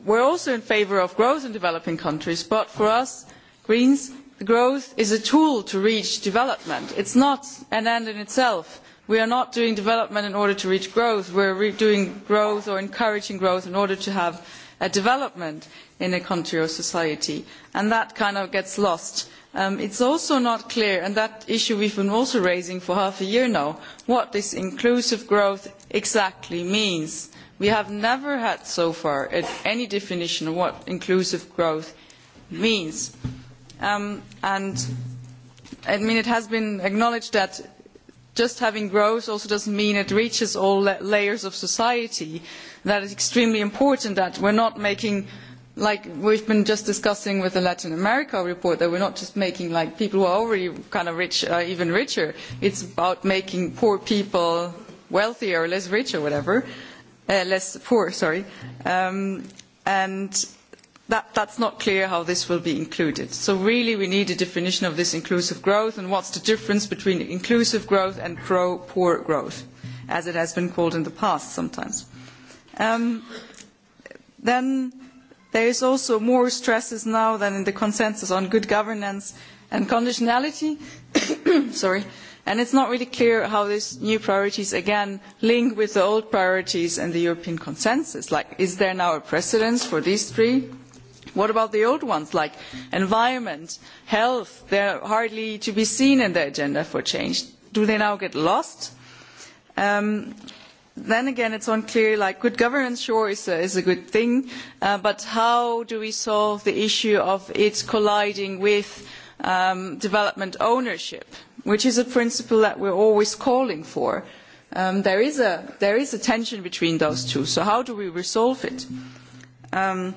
We are also in favour of growth in developing countries, but for us Greens, growth is a tool to reach development. It is not an end in itself. We are not doing development in order to reach growth. We are doing growth or encouraging growth in order to have a development in a country or society. And that kind of gets lost It is also not clear, and that issue we have been also raising for half a year now, what this inclusive growth exactly means. We have never had so far any definition of what inclusive growth means. it has been acknowledged that just having growth also does not mean it reaches all layers of society. That is extremely important that we are not making like we've been just discussing with the Latin America report, that we're not just making like people who are already kind of rich uh, even richer. It's about making poor people wealthier or less rich or whatever, uh, less poor. Sorry, um, and that that's not clear how this will be included. So really, we need a definition of this inclusive growth and what's the difference between inclusive growth and pro-poor growth, as it has been called in the past sometimes. Um, then There is also more stress now than in the consensus on good governance and conditionality. Sorry. And it's not really clear how these new priorities again link with the old priorities and the European consensus. Like, is there now a precedence for these three? What about the old ones like environment, health? They're hardly to be seen in the agenda for change. Do they now get lost? then again, it's unclear, like, good governance, sure, is a, is a good thing, uh, but how do we solve the issue of its colliding with um, development ownership, which is a principle that we're always calling for? Um, there, is a, there is a tension between those two, so how do we resolve it? Um,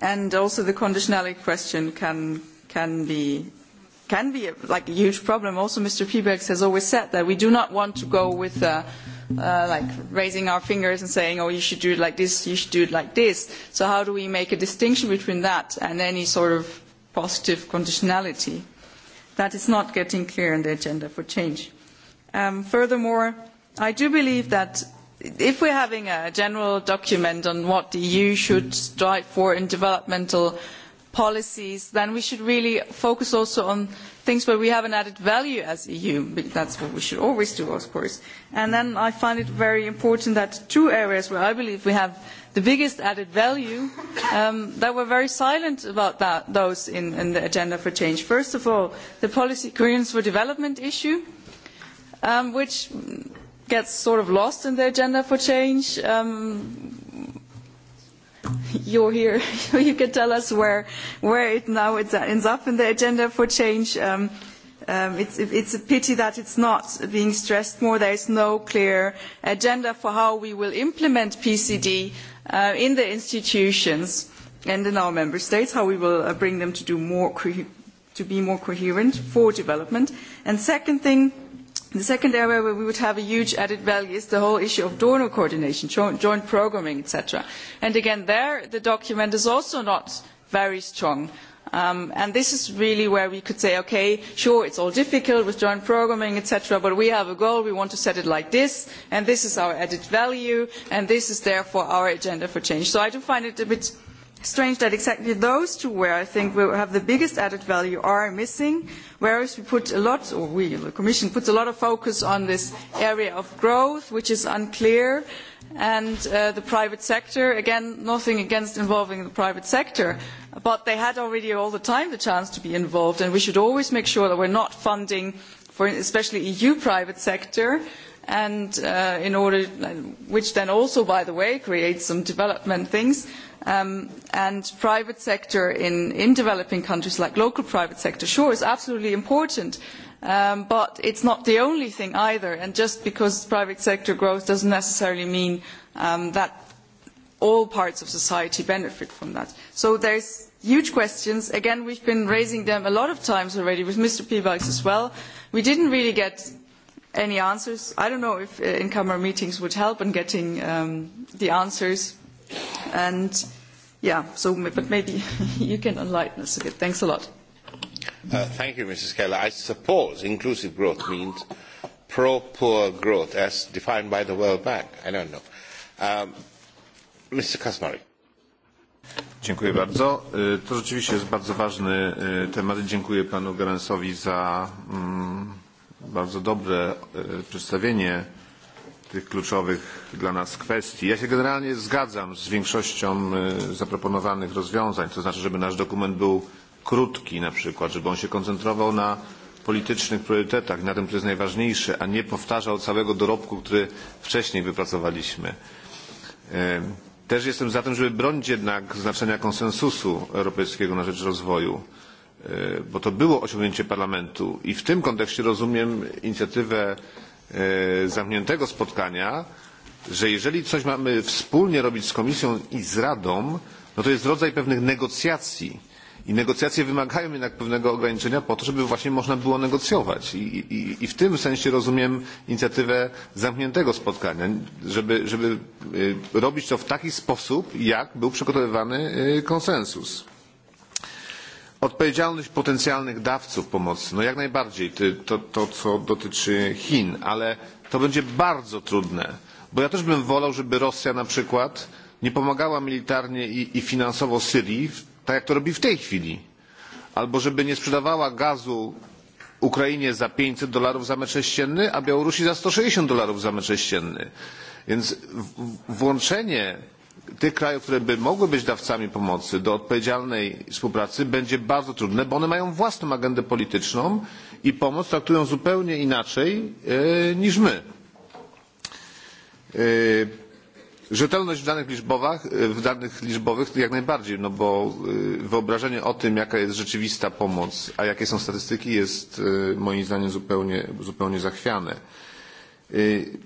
and also the conditionality question can, can be can be like a huge problem. Also, Mr. Piebergs has always said that we do not want to go with uh, like raising our fingers and saying, oh, you should do it like this, you should do it like this. So how do we make a distinction between that and any sort of positive conditionality? That is not getting clear in the agenda for change. furthermore, I do believe that if we are having a general document on what the EU should strive for in developmental policies, then we should really focus also on things where we have an added value as EU. That's what we should always do, of course. And then I find it very important that two areas where I believe we have the biggest added value, um, that we're very silent about that, those in, in the agenda for change. First of all, the policy coherence for development issue, um, which gets sort of lost in the agenda for change. Um, you're here, you can tell us where, where it now it ends up in the agenda for change. Um, um, it's, it's a pity that it's not being stressed more. There is no clear agenda for how we will implement PCD uh, in the institutions and in our member states, how we will uh, bring them to do more, to be more coherent for development. And second thing, The second area where we would have a huge added value is the whole issue of donor coordination, joint programming, etc. And again, there the document is also not very strong. and this is really where we could say, okay, sure, it's all difficult with joint programming, etc., but we have a goal, we want to set it like this, and this is our added value, and this is therefore our agenda for change. So I do find it a bit strange that exactly those two where I think we have the biggest added value are missing, whereas we put a lot, or we, the Commission, puts a lot of focus on this area of growth, which is unclear, and the private sector, again, nothing against involving the private sector, but they had already all the time the chance to be involved, and we should always make sure that we are not funding, for especially EU private sector, uh, and in order, which then also, by the way, creates some development things. and private sector in, in developing countries, like local private sector, sure, is absolutely important, but it is not the only thing either. And just because private sector growth does not necessarily mean that all parts of society benefit from that. So there are huge questions. Again, we have been raising them a lot of times already with Mr. Piebalgs as well. We did not really get any answers. I don't know if uh, in-camera meetings would help in getting um, the answers. And yeah, so but maybe you can enlighten us a bit. Thanks a lot. Uh, thank you, Mrs. Keller. I suppose inclusive growth means pro-poor growth as defined by the World Bank. I don't know. Um, Mr. Kasmari. Dziękuję bardzo. To rzeczywiście jest bardzo ważny temat. Dziękuję panu Gerensowi za mm, bardzo dobre przedstawienie tych kluczowych dla nas kwestii. Ja się generalnie zgadzam z większością zaproponowanych rozwiązań, to znaczy, żeby nasz dokument był krótki na przykład, żeby on się koncentrował na politycznych priorytetach, na tym, co jest najważniejsze, a nie powtarzał całego dorobku, który wcześniej wypracowaliśmy. Też jestem za tym, żeby bronić jednak znaczenia konsensusu europejskiego na rzecz rozwoju bo to było osiągnięcie parlamentu i w tym kontekście rozumiem inicjatywę zamkniętego spotkania, że jeżeli coś mamy wspólnie robić z Komisją i z Radą, no to jest rodzaj pewnych negocjacji. I negocjacje wymagają jednak pewnego ograniczenia po to, żeby właśnie można było negocjować. I, w tym sensie rozumiem inicjatywę zamkniętego spotkania, żeby, robić to w taki sposób, jak był przygotowywany konsensus. Odpowiedzialność potencjalnych dawców pomocy, no jak najbardziej, to, to co dotyczy Chin, ale to będzie bardzo trudne, bo ja też bym wolał, żeby Rosja na przykład nie pomagała militarnie i, finansowo Syrii, tak jak to robi w tej chwili, albo żeby nie sprzedawała gazu Ukrainie za 500 dolarów za mecz sześcienny, a Białorusi za 160 dolarów za mecz sześcienny. Więc włączenie tych krajów, które by mogły być dawcami pomocy do odpowiedzialnej współpracy będzie bardzo trudne, bo one mają własną agendę polityczną i pomoc traktują zupełnie inaczej niż my. Rzetelność w danych, liczbowych, w danych liczbowych jak najbardziej, no bo wyobrażenie o tym, jaka jest rzeczywista pomoc, a jakie są statystyki, jest moim zdaniem zupełnie, zupełnie zachwiane.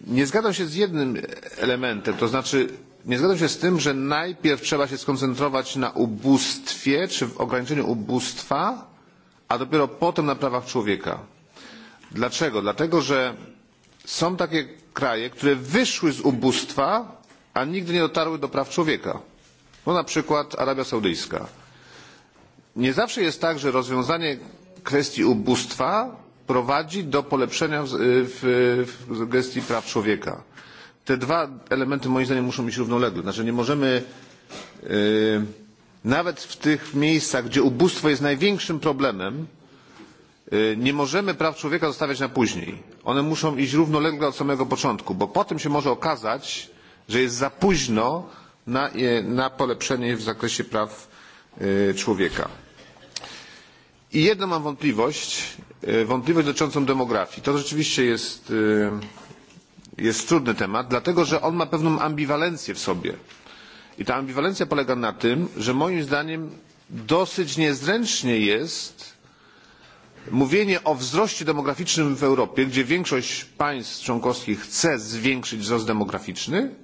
Nie zgadzam się z jednym elementem, to znaczy Nie zgadzam się z tym, że najpierw trzeba się skoncentrować na ubóstwie czy w ograniczeniu ubóstwa, a dopiero potem na prawach człowieka. Dlaczego? Dlatego, że są takie kraje, które wyszły z ubóstwa, a nigdy nie dotarły do praw człowieka. No na przykład Arabia Saudyjska. Nie zawsze jest tak, że rozwiązanie kwestii ubóstwa prowadzi do polepszenia w, w, w gestii praw człowieka te dwa elementy moim zdaniem muszą być równolegle. Znaczy nie możemy nawet w tych miejscach, gdzie ubóstwo jest największym problemem, nie możemy praw człowieka zostawiać na później. One muszą iść równolegle od samego początku, bo potem się może okazać, że jest za późno na, polepszenie w zakresie praw człowieka. I jedną mam wątpliwość, wątpliwość dotyczącą demografii. To rzeczywiście jest jest trudny temat, dlatego że on ma pewną ambiwalencję w sobie. I ta ambiwalencja polega na tym, że moim zdaniem dosyć niezręcznie jest mówienie o wzroście demograficznym w Europie, gdzie większość państw członkowskich chce zwiększyć wzrost demograficzny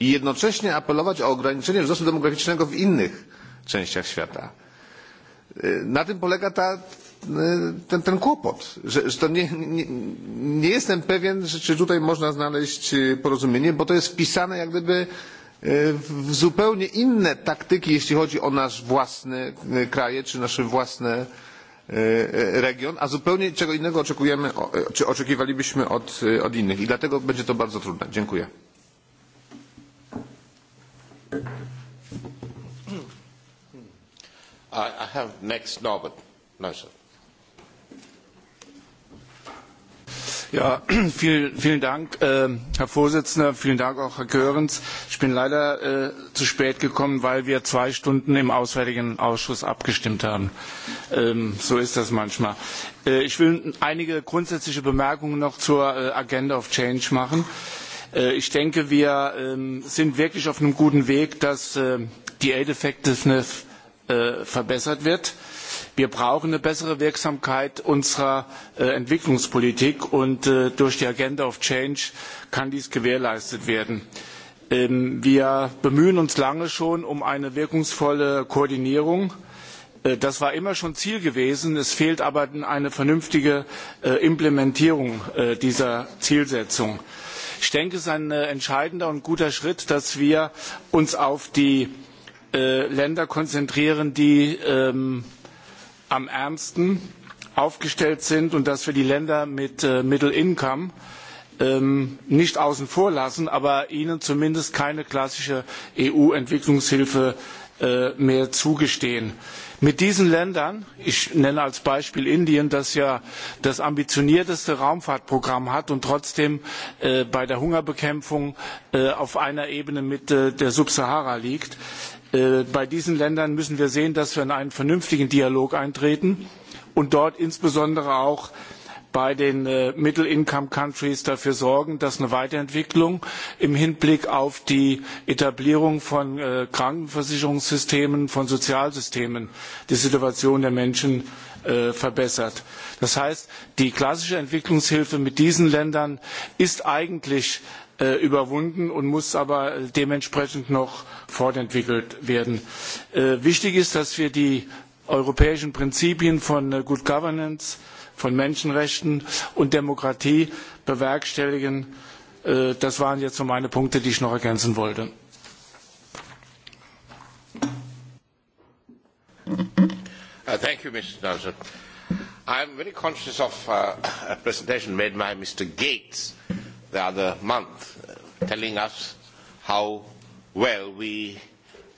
i jednocześnie apelować o ograniczenie wzrostu demograficznego w innych częściach świata. Na tym polega ta, ten, ten kłopot, że, że to nie, nie, nie jestem pewien, że, czy tutaj można znaleźć porozumienie, bo to jest wpisane jak gdyby w zupełnie inne taktyki, jeśli chodzi o nasz własny kraje czy nasze własne region, a zupełnie czego innego oczekujemy, czy oczekiwalibyśmy od, od innych i dlatego będzie to bardzo trudne. Dziękuję. I have next Norbert. No, sir. Herr Vorsitzender. Vielen Dank auch, Herr Goerens. Ich bin leider zu spät gekommen, weil wir zwei Stunden im Auswärtigen Ausschuss abgestimmt haben. so ist das manchmal. ich will einige grundsätzliche Bemerkungen noch zur Agenda of Change machen. ich denke, wir sind wirklich auf einem guten Weg, dass die Aid Effectiveness verbessert wird. Wir brauchen eine bessere Wirksamkeit unserer Entwicklungspolitik und durch die Agenda of Change kann dies gewährleistet werden. Wir bemühen uns lange schon um eine wirkungsvolle Koordinierung. Das war immer schon Ziel gewesen. Es fehlt aber eine vernünftige Implementierung dieser Zielsetzung. Ich denke, es ist ein entscheidender und guter Schritt, dass wir uns auf die Länder konzentrieren, die am ärmsten aufgestellt sind und dass wir die Länder mit Middle Income nicht außen vor lassen, aber ihnen zumindest keine klassische EU-Entwicklungshilfe mehr zugestehen. Mit diesen Ländern, ich nenne als Beispiel Indien, das ja das ambitionierteste Raumfahrtprogramm hat und trotzdem bei der Hungerbekämpfung auf einer Ebene mit der Subsahara liegt, bei diesen ländern müssen wir sehen dass wir in einen vernünftigen dialog eintreten und dort insbesondere auch bei den middle income countries dafür sorgen dass eine weiterentwicklung im hinblick auf die etablierung von krankenversicherungssystemen von sozialsystemen die situation der menschen verbessert. das heißt die klassische entwicklungshilfe mit diesen ländern ist eigentlich überwunden und muss aber dementsprechend noch fortentwickelt werden. Wichtig ist, dass wir die europäischen Prinzipien von Good Governance, von Menschenrechten und Demokratie bewerkstelligen. Das waren jetzt so meine Punkte, die ich noch ergänzen wollte. Thank you, Mr. very conscious of a presentation made by Mr. Gates the other month telling us how well we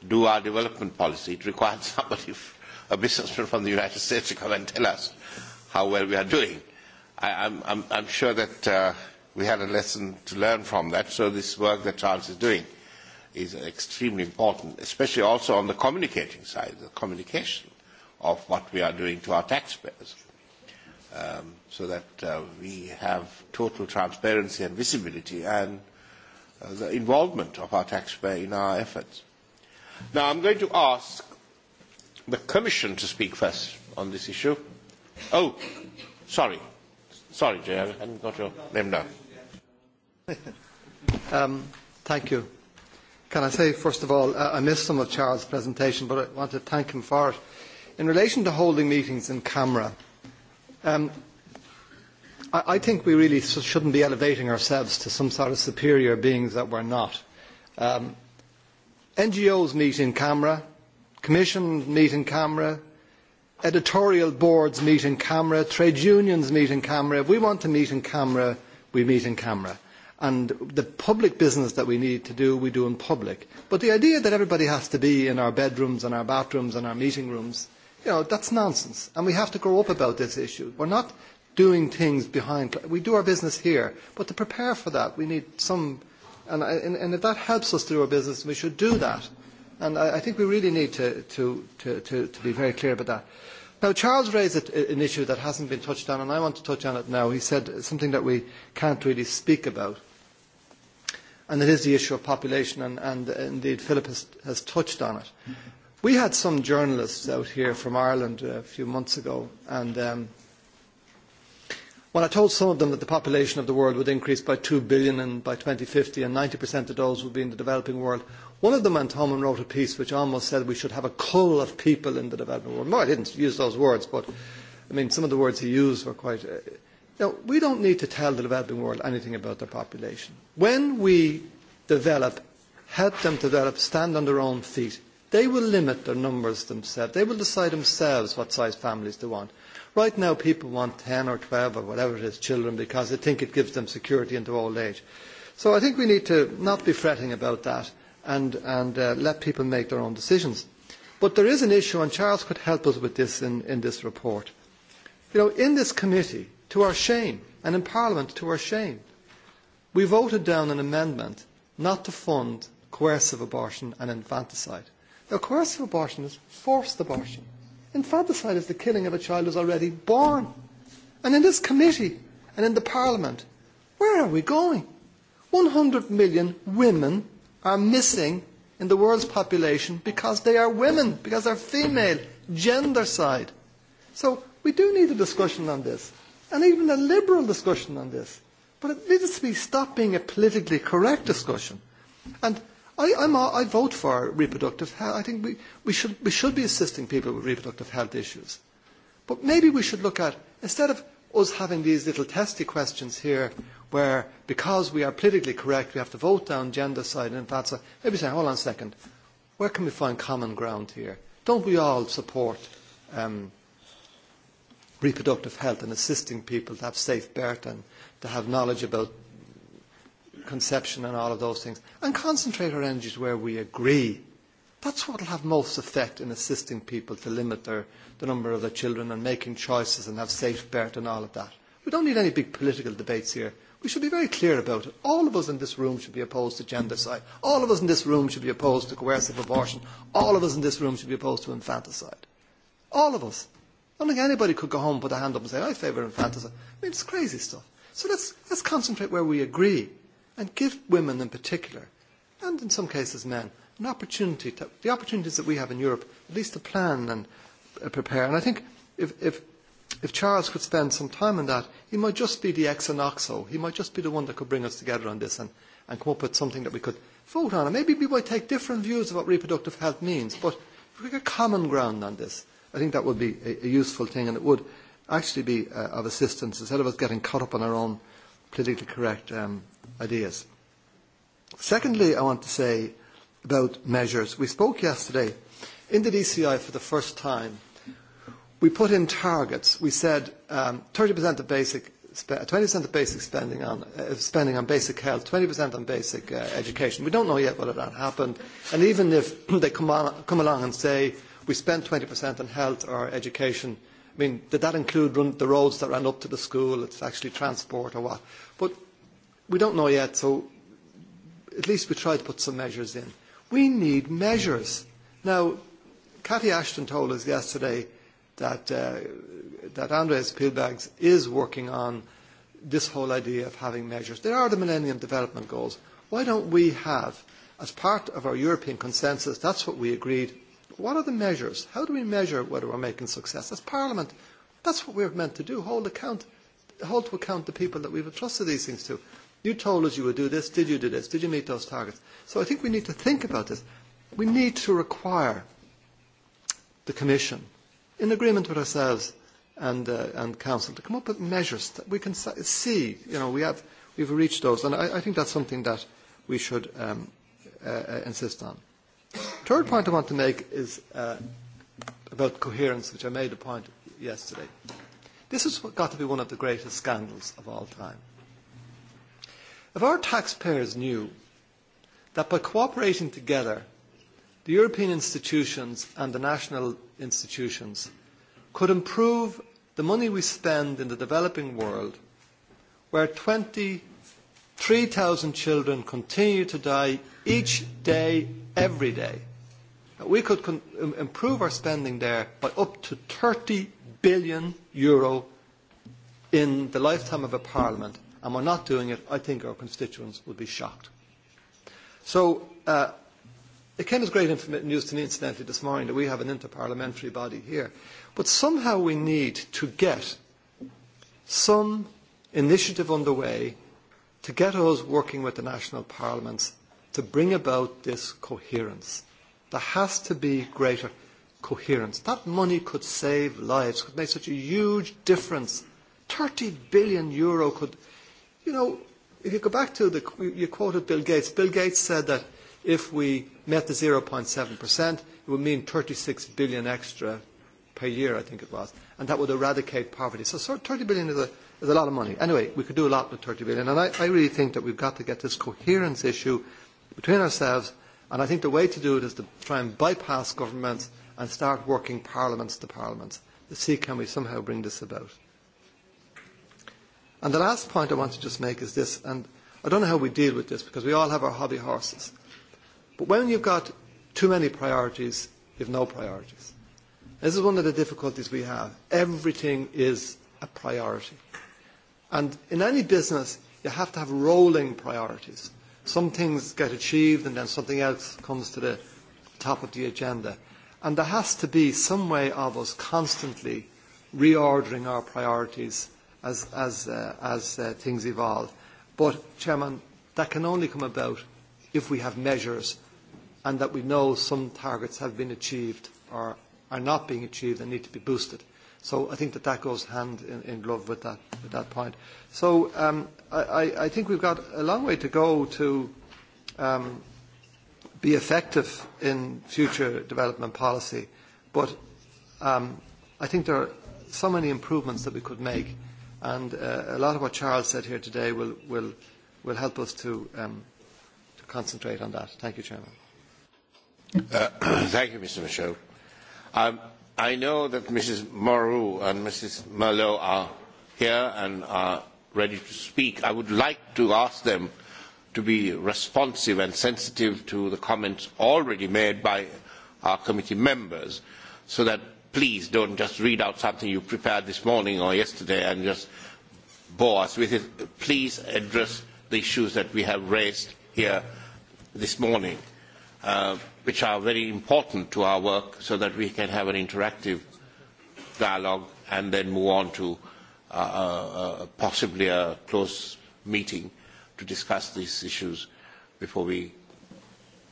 do our development policy. It required somebody, a businessman from the United States, to come and tell us how well we are doing. I, I'm, I'm, I'm sure that uh, we had a lesson to learn from that, so this work that Charles is doing is extremely important, especially also on the communicating side, the communication of what we are doing to our taxpayers, um, so that uh, we have total transparency and visibility and the involvement of our taxpayer in our efforts. Now, I'm going to ask the Commission to speak first on this issue. Oh, sorry. Sorry, Jay, I haven't got your name down. um, thank you. Can I say, first of all, I missed some of Charles' presentation, but I want to thank him for it. In relation to holding meetings in camera, um, I think we really shouldn't be elevating ourselves to some sort of superior beings that we're not. NGOs meet in camera, commissions meet in camera, editorial boards meet in camera, trade unions meet in camera. If we want to meet in camera, we meet in camera. And the public business that we need to do, we do in public. But the idea that everybody has to be in our bedrooms and our bathrooms and our meeting rooms, you know, that's nonsense. And we have to grow up about this issue. We're not doing things behind. We do our business here, but to prepare for that, we need some. And, and, and if that helps us to do our business, we should do that. And I, I think we really need to, to, to, to, to be very clear about that. Now, Charles raised an issue that hasn't been touched on, and I want to touch on it now. He said something that we can't really speak about, and it is the issue of population, and, and indeed Philip has, has touched on it. We had some journalists out here from Ireland a few months ago, and um, Well, I told some of them that the population of the world would increase by two billion and fifty and 90% of those would be in the developing world. One of them, and wrote a piece which almost said we should have a cull of people in the developing world. No, I didn't use those words, but I mean, some of the words he used were quite. Uh, now, we don't need to tell the developing world anything about their population. When we develop, help them develop, stand on their own feet, they will limit their numbers themselves. They will decide themselves what size families they want. Right now, people want 10 or 12 or whatever it is children because they think it gives them security into old age. So I think we need to not be fretting about that and, and uh, let people make their own decisions. But there is an issue, and Charles could help us with this in, in this report. You know, in this committee, to our shame, and in Parliament, to our shame, we voted down an amendment not to fund coercive abortion and infanticide. Now, coercive abortion is forced abortion. Infanticide is the killing of a child who's already born. And in this committee and in the Parliament, where are we going? 100 million women are missing in the world's population because they are women, because they're female, gender side. So we do need a discussion on this, and even a liberal discussion on this. But it needs to be stopped being a politically correct discussion. And I, I'm a, I vote for reproductive health. I think we, we, should, we should be assisting people with reproductive health issues. But maybe we should look at, instead of us having these little testy questions here where because we are politically correct we have to vote down gender side and that's a, maybe say, hold on a second, where can we find common ground here? Don't we all support um, reproductive health and assisting people to have safe birth and to have knowledge about conception and all of those things, and concentrate our energies where we agree. That's what will have most effect in assisting people to limit their, the number of their children and making choices and have safe birth and all of that. We don't need any big political debates here. We should be very clear about it. All of us in this room should be opposed to gendercide. All of us in this room should be opposed to coercive abortion. All of us in this room should be opposed to infanticide. All of us. I don't think anybody could go home, and put a hand up and say, I favour infanticide. I mean, it's crazy stuff. So let's, let's concentrate where we agree and give women in particular, and in some cases men, an opportunity to, the opportunities that we have in Europe, at least to plan and uh, prepare. And I think if, if, if Charles could spend some time on that, he might just be the ex and oxo. He might just be the one that could bring us together on this and, and come up with something that we could vote on. And maybe we might take different views of what reproductive health means, but if we get common ground on this, I think that would be a, a useful thing and it would actually be uh, of assistance instead of us getting caught up on our own politically correct um, ideas. Secondly, I want to say about measures. We spoke yesterday in the DCI for the first time. We put in targets. We said um, 30% of basic, 20% of basic spending on uh, spending on basic health, 20% on basic uh, education. We don't know yet whether that happened. And even if they come, on, come along and say we spent 20% on health or education, I mean, did that include run, the roads that ran up to the school? It's actually transport or what? we don't know yet, so at least we try to put some measures in. We need measures. Now, Cathy Ashton told us yesterday that, uh, that Andreas Pilbags is working on this whole idea of having measures. There are the Millennium Development Goals. Why don't we have, as part of our European consensus, that's what we agreed, what are the measures? How do we measure whether we're making success? As Parliament, that's what we're meant to do, hold, account, hold to account the people that we've entrusted these things to. You told us you would do this. Did you do this? Did you meet those targets? So I think we need to think about this. We need to require the Commission, in agreement with ourselves and, uh, and Council, to come up with measures that we can see, you know, we have we've reached those. And I, I think that's something that we should um, uh, insist on. Third point I want to make is uh, about coherence, which I made a point yesterday. This has got to be one of the greatest scandals of all time. If our taxpayers knew that by cooperating together, the European institutions and the national institutions could improve the money we spend in the developing world, where twenty three children continue to die each day, every day, we could improve our spending there by up to EUR thirty billion in the lifetime of a parliament and we are not doing it, I think our constituents would be shocked. So it came as great news to me, incidentally, this morning that we have an interparliamentary body here. But somehow we need to get some initiative underway to get us working with the national parliaments to bring about this coherence. There has to be greater coherence. That money could save lives, could make such a huge difference. 30 billion euro could You know, if you go back to the, you quoted Bill Gates. Bill Gates said that if we met the 0.7%, it would mean 36 billion extra per year, I think it was, and that would eradicate poverty. So, so 30 billion is a, is a lot of money. Anyway, we could do a lot with 30 billion, and I, I really think that we've got to get this coherence issue between ourselves, and I think the way to do it is to try and bypass governments and start working parliaments to parliaments to see can we somehow bring this about. And the last point I want to just make is this, and I don't know how we deal with this because we all have our hobby horses. But when you've got too many priorities, you've no priorities. This is one of the difficulties we have. Everything is a priority. And in any business, you have to have rolling priorities. Some things get achieved and then something else comes to the top of the agenda. And there has to be some way of us constantly reordering our priorities as, as, uh, as uh, things evolve. But, Chairman, that can only come about if we have measures and that we know some targets have been achieved or are not being achieved and need to be boosted. So I think that that goes hand in, in glove with that, with that point. So um, I, I I think we've got a long way to go to um, be effective in future development policy, but um, I think there are so many improvements that we could make And uh, a lot of what Charles said here today will, will, will help us to, um, to concentrate on that. Thank you, Chairman. Uh, thank you, Mr. Michaud. Um, I know that Mrs. Moreau and Mrs. Merlot are here and are ready to speak. I would like to ask them to be responsive and sensitive to the comments already made by our committee members so that please don't just read out something you prepared this morning or yesterday and just bore us with it. Please address the issues that we have raised here this morning, which are very important to our work so that we can have an interactive dialogue and then move on to possibly a close meeting to discuss these issues before we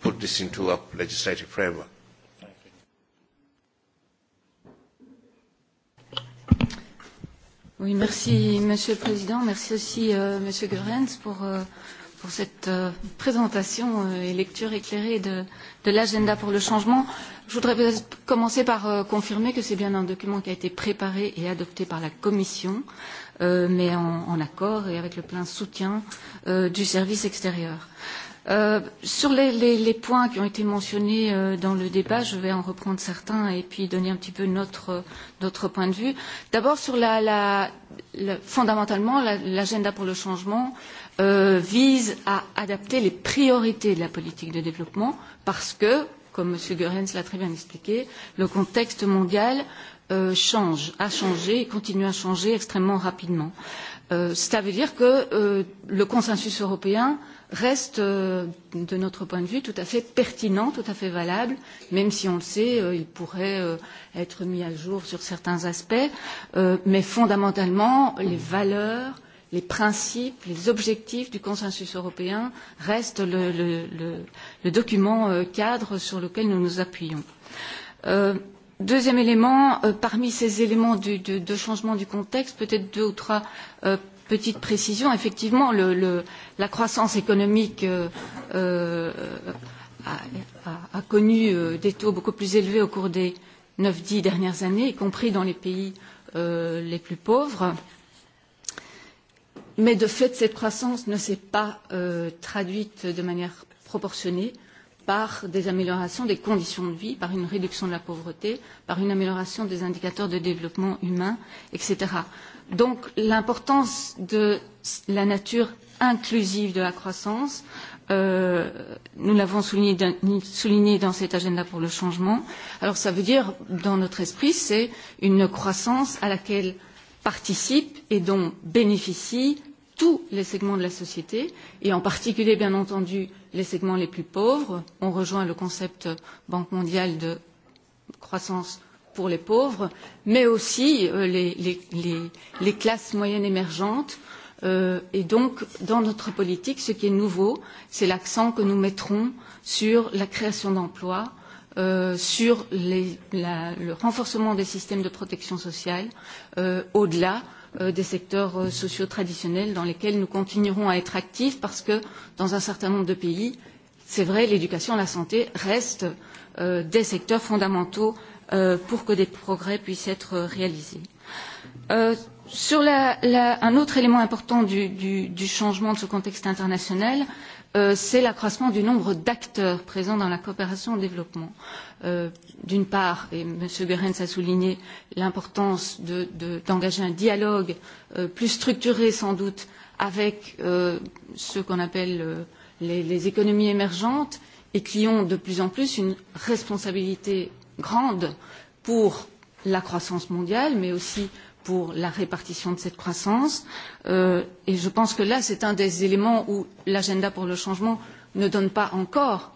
put this into a legislative framework. Oui, merci Monsieur le Président. Merci aussi euh, Monsieur Goerens pour, euh, pour cette euh, présentation euh, et lecture éclairée de, de l'agenda pour le changement. Je voudrais peut-être commencer par euh, confirmer que c'est bien un document qui a été préparé et adopté par la Commission, euh, mais en, en accord et avec le plein soutien euh, du service extérieur. Euh, sur les, les, les points qui ont été mentionnés euh, dans le débat, je vais en reprendre certains et puis donner un petit peu notre, notre point de vue. D'abord, sur la, la, la, fondamentalement, l'agenda la, pour le changement euh, vise à adapter les priorités de la politique de développement parce que, comme M. Goerens l'a très bien expliqué, le contexte mondial euh, change, a changé et continue à changer extrêmement rapidement. Euh, cela veut dire que euh, le consensus européen reste, de notre point de vue, tout à fait pertinent, tout à fait valable, même si on le sait, il pourrait être mis à jour sur certains aspects, mais fondamentalement, les valeurs, les principes, les objectifs du consensus européen restent le, le, le, le document cadre sur lequel nous nous appuyons. Deuxième élément, parmi ces éléments de changement du contexte, peut-être deux ou trois petite précision. Effectivement, le, le, la croissance économique euh, euh, a, a, a connu des taux beaucoup plus élevés au cours des neuf dix dernières années, y compris dans les pays euh, les plus pauvres. Mais de fait, cette croissance ne s'est pas euh, traduite de manière proportionnée par des améliorations des conditions de vie, par une réduction de la pauvreté, par une amélioration des indicateurs de développement humain, etc. Donc l'importance de la nature inclusive de la croissance, nous l'avons souligné, dans cet agenda pour le changement. Alors ça veut dire, dans notre esprit, c'est une croissance à laquelle participent et dont bénéficient tous les segments de la société, et en particulier, bien entendu, les segments les plus pauvres. On rejoint le concept Banque mondiale de croissance pour les pauvres, mais aussi les, classes moyennes émergentes. et donc, dans notre politique, ce qui est nouveau, c'est l'accent que nous mettrons sur la création d'emplois, sur le renforcement des systèmes de protection sociale, au-delà des secteurs sociaux traditionnels dans lesquels nous continuerons à être actifs parce que dans un certain nombre de pays, c'est vrai, l'éducation, la santé restent des secteurs fondamentaux pour que des progrès puissent être réalisés. Euh, sur la, la, un autre élément important du, du, du changement de ce contexte international, euh, c'est l'accroissement du nombre d'acteurs présents dans la coopération au développement. Euh, D'une part, et M. Goerens a souligné l'importance d'engager de, un dialogue euh, plus structuré sans doute avec euh, ce qu'on appelle euh, les, les économies émergentes et qui ont de plus en plus une responsabilité grande pour la croissance mondiale, mais aussi pour la répartition de cette croissance. et je pense que là, c'est un des éléments où l'agenda pour le changement ne donne pas encore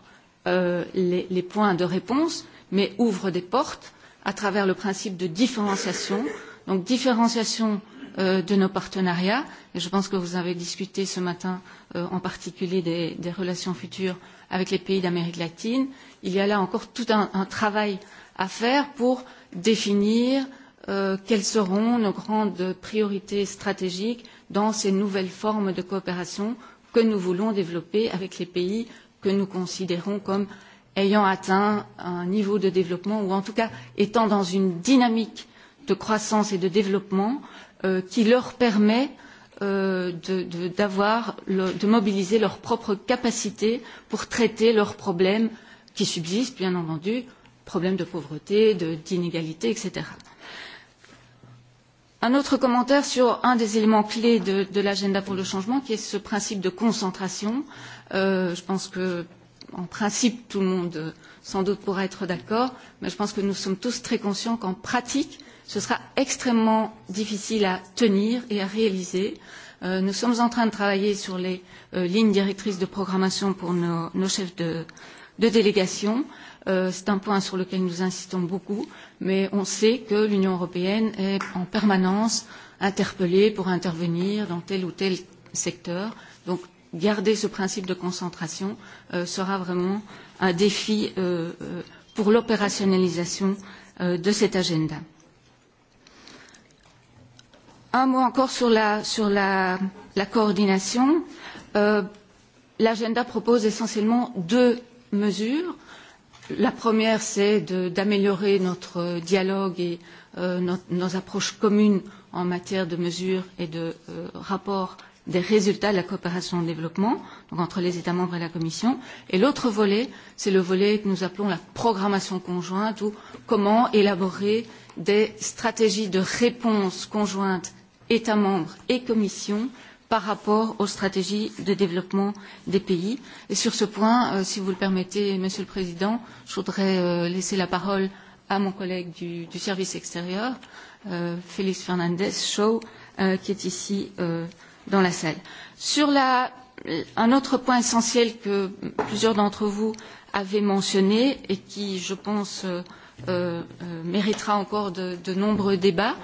les, points de réponse, mais ouvre des portes à travers le principe de différenciation. Donc différenciation euh, de nos partenariats. Et je pense que vous avez discuté ce matin en particulier des, relations futures avec les pays d'Amérique latine. Il y a là encore tout un, travail à faire pour définir quelles seront nos grandes priorités stratégiques dans ces nouvelles formes de coopération que nous voulons développer avec les pays que nous considérons comme ayant atteint un niveau de développement ou en tout cas étant dans une dynamique de croissance et de développement qui leur permet de, mobiliser leurs propres capacités pour traiter leurs problèmes qui subsistent, bien entendu, problèmes de pauvreté, d'inégalité, etc. Un autre commentaire sur un des éléments clés de, l'agenda pour le changement, qui est ce principe de concentration. je pense que, en principe, tout le monde sans doute pourra être d'accord, mais je pense que nous sommes tous très conscients qu'en pratique, ce sera extrêmement difficile à tenir et à réaliser. nous sommes en train de travailler sur les lignes directrices de programmation pour nos, chefs de, délégation. C'est un point sur lequel nous insistons beaucoup, mais on sait que l'Union européenne est en permanence interpellée pour intervenir dans tel ou tel secteur. Donc garder ce principe de concentration sera vraiment un défi pour l'opérationnalisation de cet agenda. Un mot encore sur la, sur la, la coordination. Euh, L'agenda propose essentiellement deux mesures. La première, c'est d'améliorer notre dialogue et euh, notre, nos approches communes en matière de mesures et de euh, rapports des résultats de la coopération au développement, donc entre les États membres et la Commission. Et l'autre volet, c'est le volet que nous appelons la programmation conjointe, ou comment élaborer des stratégies de réponse conjointe États membres et Commission par rapport aux stratégies de développement des pays. Et sur ce point, si vous le permettez, Monsieur le Président, je voudrais laisser la parole à mon collègue du, service extérieur, Félix Fernandez Shaw, qui est ici dans la salle. Sur un autre point essentiel que plusieurs d'entre vous avaient mentionné et qui, je pense, méritera encore de, nombreux débats,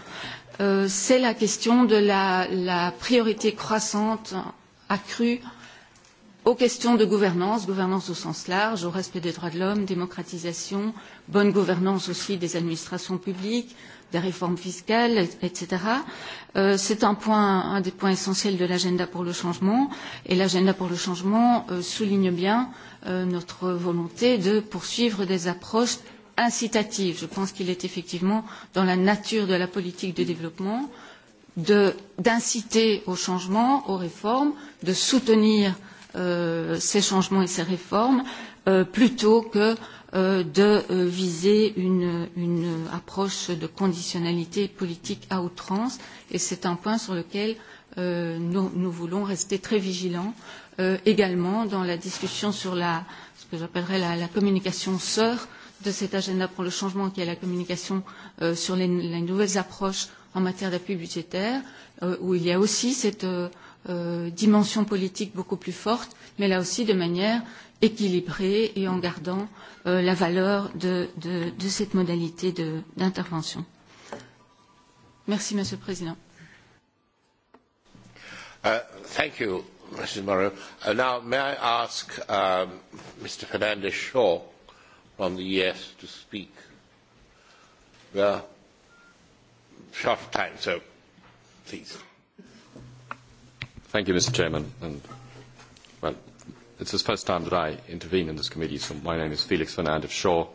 c'est la question de la, priorité croissante accrue aux questions de gouvernance, gouvernance au sens large, au respect des droits de l'homme, démocratisation, bonne gouvernance aussi des administrations publiques, des réformes fiscales, etc. c'est un, un des points essentiels de l'agenda pour le changement et l'agenda pour le changement souligne bien notre volonté de poursuivre des approches incitative. Je pense qu'il est effectivement dans la nature de la politique de développement d'inciter au changement, aux réformes, de soutenir ces changements et ces réformes plutôt que de viser une, approche de conditionnalité politique à outrance. Et c'est un point sur lequel nous, voulons rester très vigilants également dans la discussion sur la, ce que j'appellerais la, communication sœur de cet agenda pour le changement, qui est la communication euh, sur les, les nouvelles approches en matière d'appui budgétaire, euh, où il y a aussi cette euh, euh, dimension politique beaucoup plus forte, mais là aussi de manière équilibrée et en gardant euh, la valeur de, de, de cette modalité d'intervention. Merci, Monsieur le Président. Uh, thank you, Mrs. Morrow. now, may I ask Mr. Fernandez Shaw on the yes to speak. We are short of time, so please. Thank you, Mr. Chairman. And, well, it's the first time that I intervene in this committee, so my name is Felix Fernandez Shaw.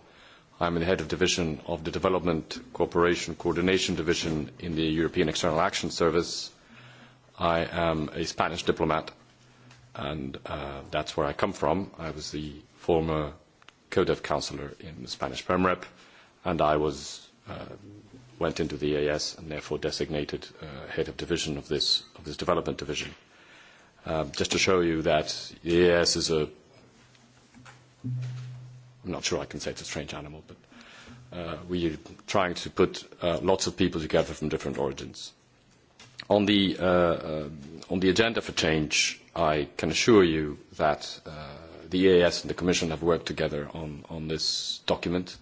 I'm the head of division of the Development Cooperation Coordination Division in the European External Action Service. I am a Spanish diplomat, and uh, that's where I come from. I was the former CODEF counselor in the Spanish Rep and I was uh, went into the EAS and therefore designated uh, head of division of this of this development division. Uh, just to show you that the EAS is a I'm not sure I can say it's a strange animal, but uh, we are trying to put uh, lots of people together from different origins. On the, uh, uh, on the agenda for change, I can assure you that uh, the EAS and the Commission have worked together on, this document,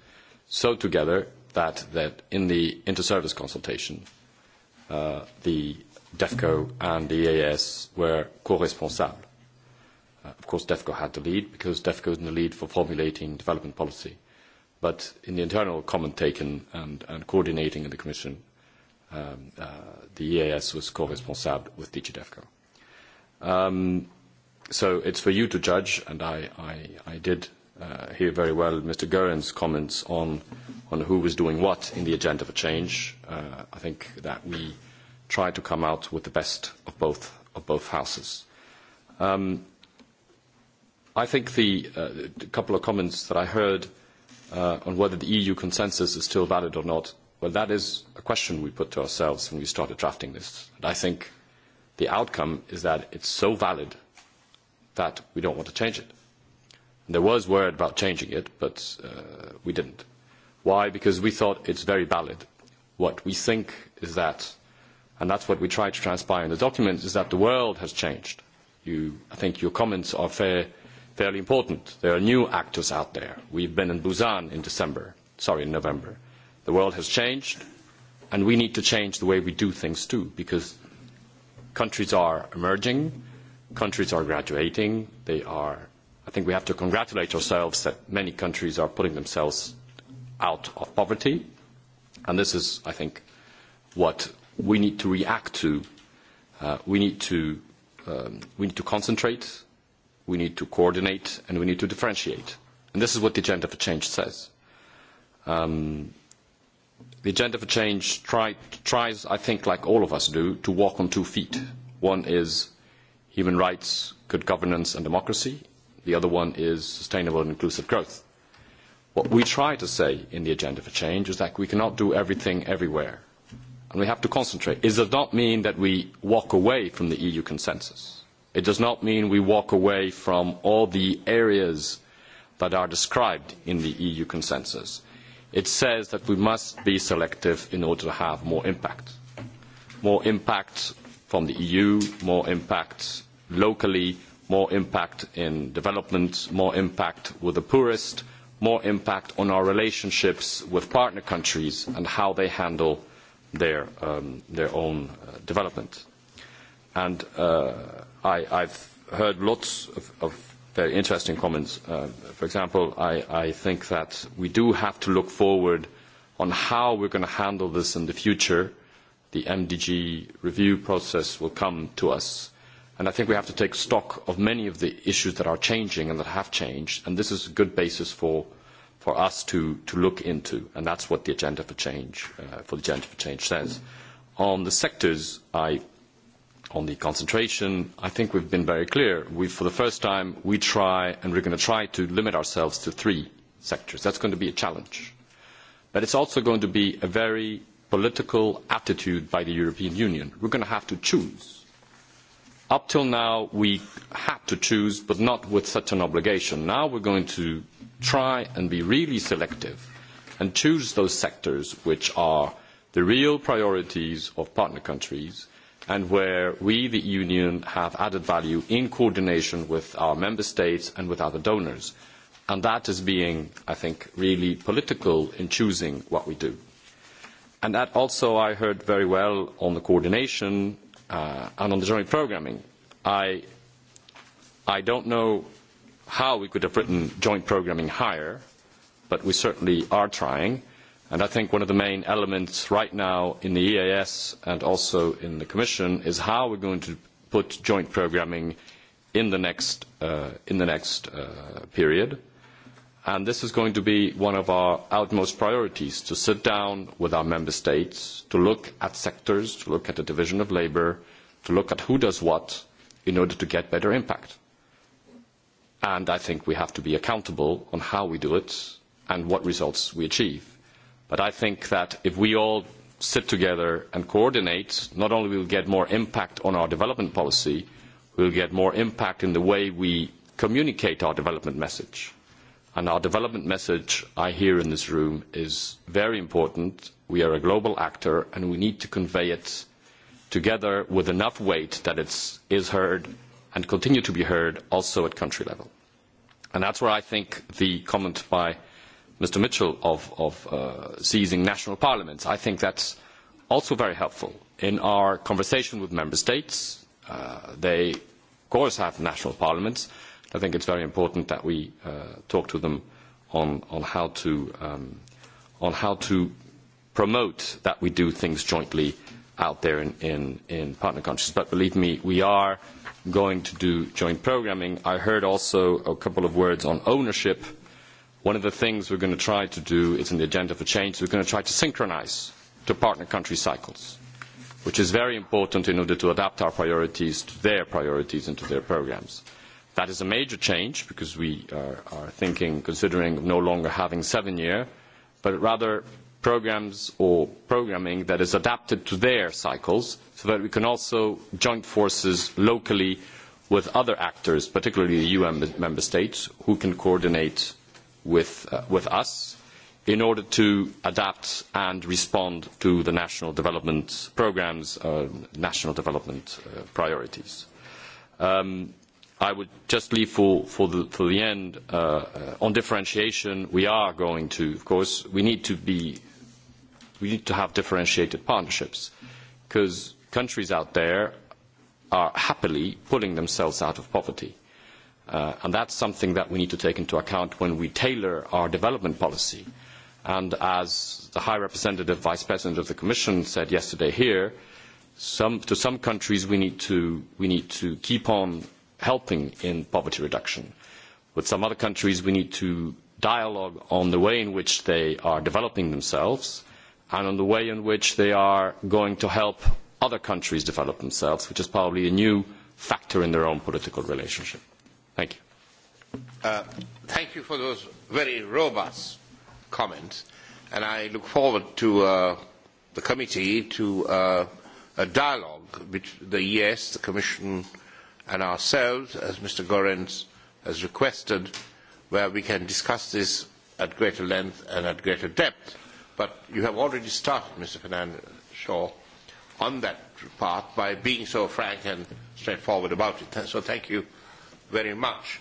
so together that, that in the inter-service consultation, uh, the DEFCO and the EAS were co responsable. of course, DEFCO had the lead because DEFCO is in the lead for formulating development policy. But in the internal comment taken and, and coordinating in the Commission, the EAS was co-responsible with DG DEFCO. Um, So it's for you to judge, and I, I, I did uh, hear very well Mr. Goren's comments on, on who was doing what in the agenda for change. Uh, I think that we try to come out with the best of both, of both houses. Um, I think the, uh, couple of comments that I heard uh, on whether the EU consensus is still valid or not, well, that is a question we put to ourselves when we started drafting this. And I think the outcome is that it's so valid that we don't want to change it. And there was word about changing it, but uh, we didn't. Why? Because we thought it's very valid. What we think is that, and that's what we try to transpire in the document, is that the world has changed. You, I think your comments are fair, fairly important. There are new actors out there. We've been in Busan in December, sorry, in November. The world has changed, and we need to change the way we do things too, because countries are emerging, countries are graduating. They are, I think we have to congratulate ourselves that many countries are putting themselves out of poverty. And this is, I think, what we need to react to. Uh, we need to um, we need to concentrate, we need to coordinate, and we need to differentiate. And this is what the agenda for change says. Um, the agenda for change try, tries, I think, like all of us do, to walk on two feet. One is human rights, good governance and democracy. The other one is sustainable and inclusive growth. What we try to say in the agenda for change is that we cannot do everything everywhere, and we have to concentrate. It does not mean that we walk away from the EU consensus. It does not mean we walk away from all the areas that are described in the EU consensus. It says that we must be selective in order to have more impact. More impact from the EU, more impact locally, more impact in development, more impact with the poorest, more impact on our relationships with partner countries and how they handle their own development. And I've heard lots of very interesting comments. For example, I think that we do have to look forward on how we're going to handle this in the future. The MDG review process will come to us And I think we have to take stock of many of the issues that are changing and that have changed, and this is a good basis for for us to to look into, and that's what the agenda for change uh, for the agenda for change says. On the sectors, I on the concentration, I think we've been very clear. We, for the first time, we try and we're going to try to limit ourselves to three sectors. That's going to be a challenge, but it's also going to be a very political attitude by the European Union. We're going to have to choose Up till now, we had to choose, but not with such an obligation. Now we're going to try and be really selective and choose those sectors which are the real priorities of partner countries and where we, the Union, have added value in coordination with our member states and with other donors. And that is being, I think, really political in choosing what we do. And that also I heard very well on the coordination and on the joint programming, I, I don't know how we could have written joint programming higher, but we certainly are trying. And I think one of the main elements right now in the EAS and also in the Commission is how we're going to put joint programming in the next, period And this is going to be one of our utmost priorities to sit down with our member states, to look at sectors, to look at the division of labour, to look at who does what in order to get better impact. And I think we have to be accountable on how we do it and what results we achieve. But I think that if we all sit together and coordinate, not only will we get more impact on our development policy, we will get more impact in the way we communicate our development message And our development message, I hear in this room, is very important. We are a global actor, and we need to convey it together with enough weight that it is heard and continue to be heard also at country level. And that's where I think the comment by Mr. Mitchell of, of uh, seizing national parliaments, I think that's also very helpful. In our conversation with member states, uh, they, of course, have national parliaments, I think it's very important that we talk to them on, how to, promote that we do things jointly out there in, partner countries. But believe me, we are going to do joint programming. I heard also a couple of words on ownership. One of the things we're going to try to do, is in the agenda for change, we're going to try to synchronise to partner country cycles, which is very important in order to adapt our priorities to their priorities and to their programmes That is a major change because we are, are thinking, considering no longer having seven year, but rather programmes or programming that is adapted to their cycles so that we can also join forces locally with other actors, particularly the UN member states, who can coordinate with, us in order to adapt and respond to the national development programmes, uh, national development priorities. I would just leave for the end on differentiation. We are going to, of course, we need to be, we need to have differentiated partnerships because countries out there are happily pulling themselves out of poverty. And that's something that we need to take into account when we tailor our development policy. And as the High Representative Vice President of the Commission said yesterday here, to some countries, we need to keep on helping in poverty reduction. With some other countries, we need to dialogue on the way in which they are developing themselves and on the way in which they are going to help other countries develop themselves, which is probably a new factor in their own political relationship. Thank you. thank you for those very robust comments, and I look forward to the committee to a dialogue between the ES, the Commission, and ourselves, as Mr. Gorenz has requested, where we can discuss this at greater length and at greater depth. But you have already started, Mr. Fernandez Shaw, on that part by being so frank and straightforward about it. So thank you very much.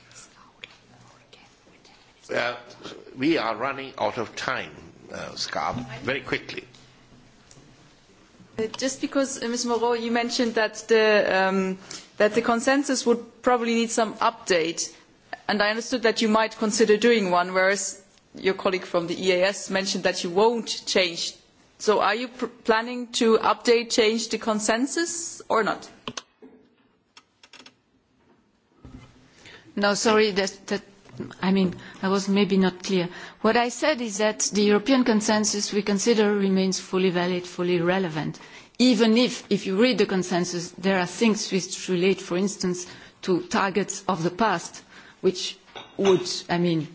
Uh, we are running out of time, uh, Scarb, very quickly. Just because, Ms. Moreau, you mentioned that the um, that the consensus would probably need some update, and I understood that you might consider doing one, whereas your colleague from the EAS mentioned that you won't change. So are you planning to update, change the consensus or not? No, sorry, that, I mean, I was maybe not clear. What I said is that the European consensus we consider remains fully valid, fully relevant even if, if you read the consensus, there are things which relate, for instance, to targets of the past, which would, I mean,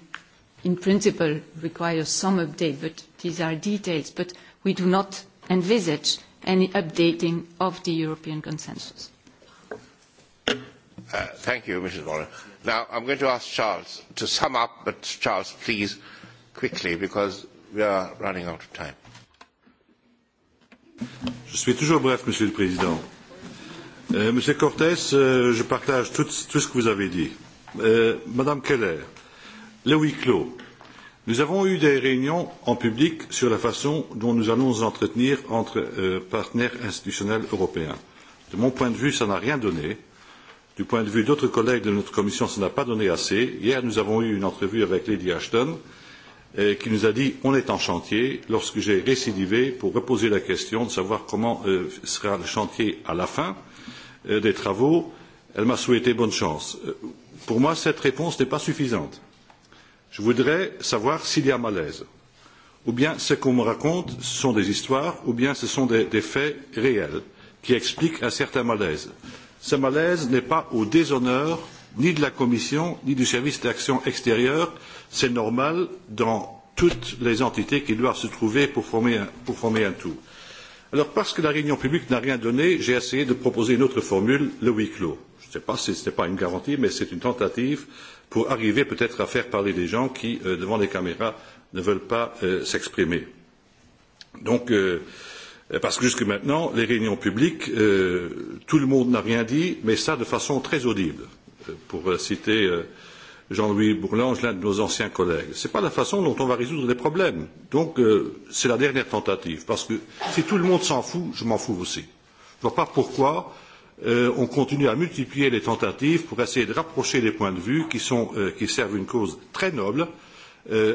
in principle, require some update, but these are details. But we do not envisage any updating of the European consensus. thank you, Mrs. Warren. Now, I'm going to ask Charles to sum up, but Charles, please, quickly, because we are running out of time. Je suis toujours bref, Monsieur le Président. Euh, Monsieur Cortés, euh, je partage tout, tout ce que vous avez dit. Euh, Madame Keller, le huis clos. Nous avons eu des réunions en public sur la façon dont nous allons nous entretenir entre euh, partenaires institutionnels européens. De mon point de vue, ça n'a rien donné. Du point de vue d'autres collègues de notre commission, ça n'a pas donné assez. Hier, nous avons eu une entrevue avec Lady Ashton. Euh, qui nous a dit on est en chantier lorsque j'ai récidivé pour reposer la question de savoir comment sera le chantier à la fin des travaux, elle m'a souhaité bonne chance. Pour moi, cette réponse n'est pas suffisante. Je voudrais savoir s'il y a malaise, ou bien ce qu'on me raconte, ce sont des histoires, ou bien ce sont des, faits réels qui expliquent un certain malaise. Ce malaise n'est pas au déshonneur ni de la Commission, ni du service d'action extérieure. C'est normal dans toutes les entités qui doivent se trouver pour former un, tout. Alors, parce que la réunion publique n'a rien donné, j'ai essayé de proposer une autre formule, le huis clos. Je ne sais pas si ce n'est pas une garantie, mais c'est une tentative pour arriver peut-être à faire parler des gens qui, devant les caméras, ne veulent pas s'exprimer. Donc, parce que jusque maintenant, les réunions publiques, tout le monde n'a rien dit, mais ça de façon très audible pour citer Jean-Louis Bourlange, l'un de nos anciens collègues. Ce n'est pas la façon dont on va résoudre les problèmes. Donc, c'est la dernière tentative. Parce que si tout le monde s'en fout, je m'en fous aussi. Je ne vois pas pourquoi on continue à multiplier les tentatives pour essayer de rapprocher les points de vue qui, servent une cause très noble,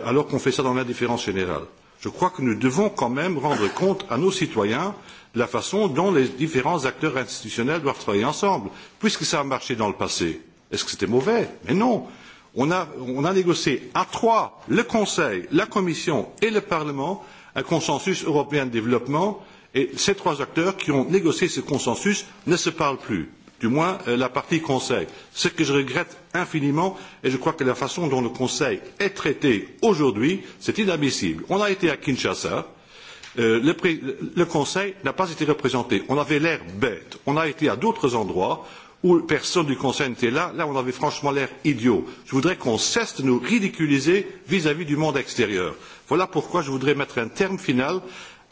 alors qu'on fait cela dans l'indifférence générale. Je crois que nous devons quand même rendre compte à nos citoyens de la façon dont les différents acteurs institutionnels doivent travailler ensemble, puisque cela a marché dans le passé Est-ce que c'était mauvais Mais non. On a, on a négocié à trois, le Conseil, la Commission et le Parlement, un consensus européen de développement et ces trois acteurs qui ont négocié ce consensus ne se parlent plus, du moins la partie Conseil, ce que je regrette infiniment et je crois que la façon dont le Conseil est traité aujourd'hui, c'est inadmissible. On a été à Kinshasa, le, Conseil n'a pas été représenté, on avait l'air bête, on a été à d'autres endroits, où personne du Conseil n'était là, là on avait franchement l'air idiot. Je voudrais qu'on cesse de nous ridiculiser vis-à-vis du monde extérieur. Voilà pourquoi je voudrais mettre un terme final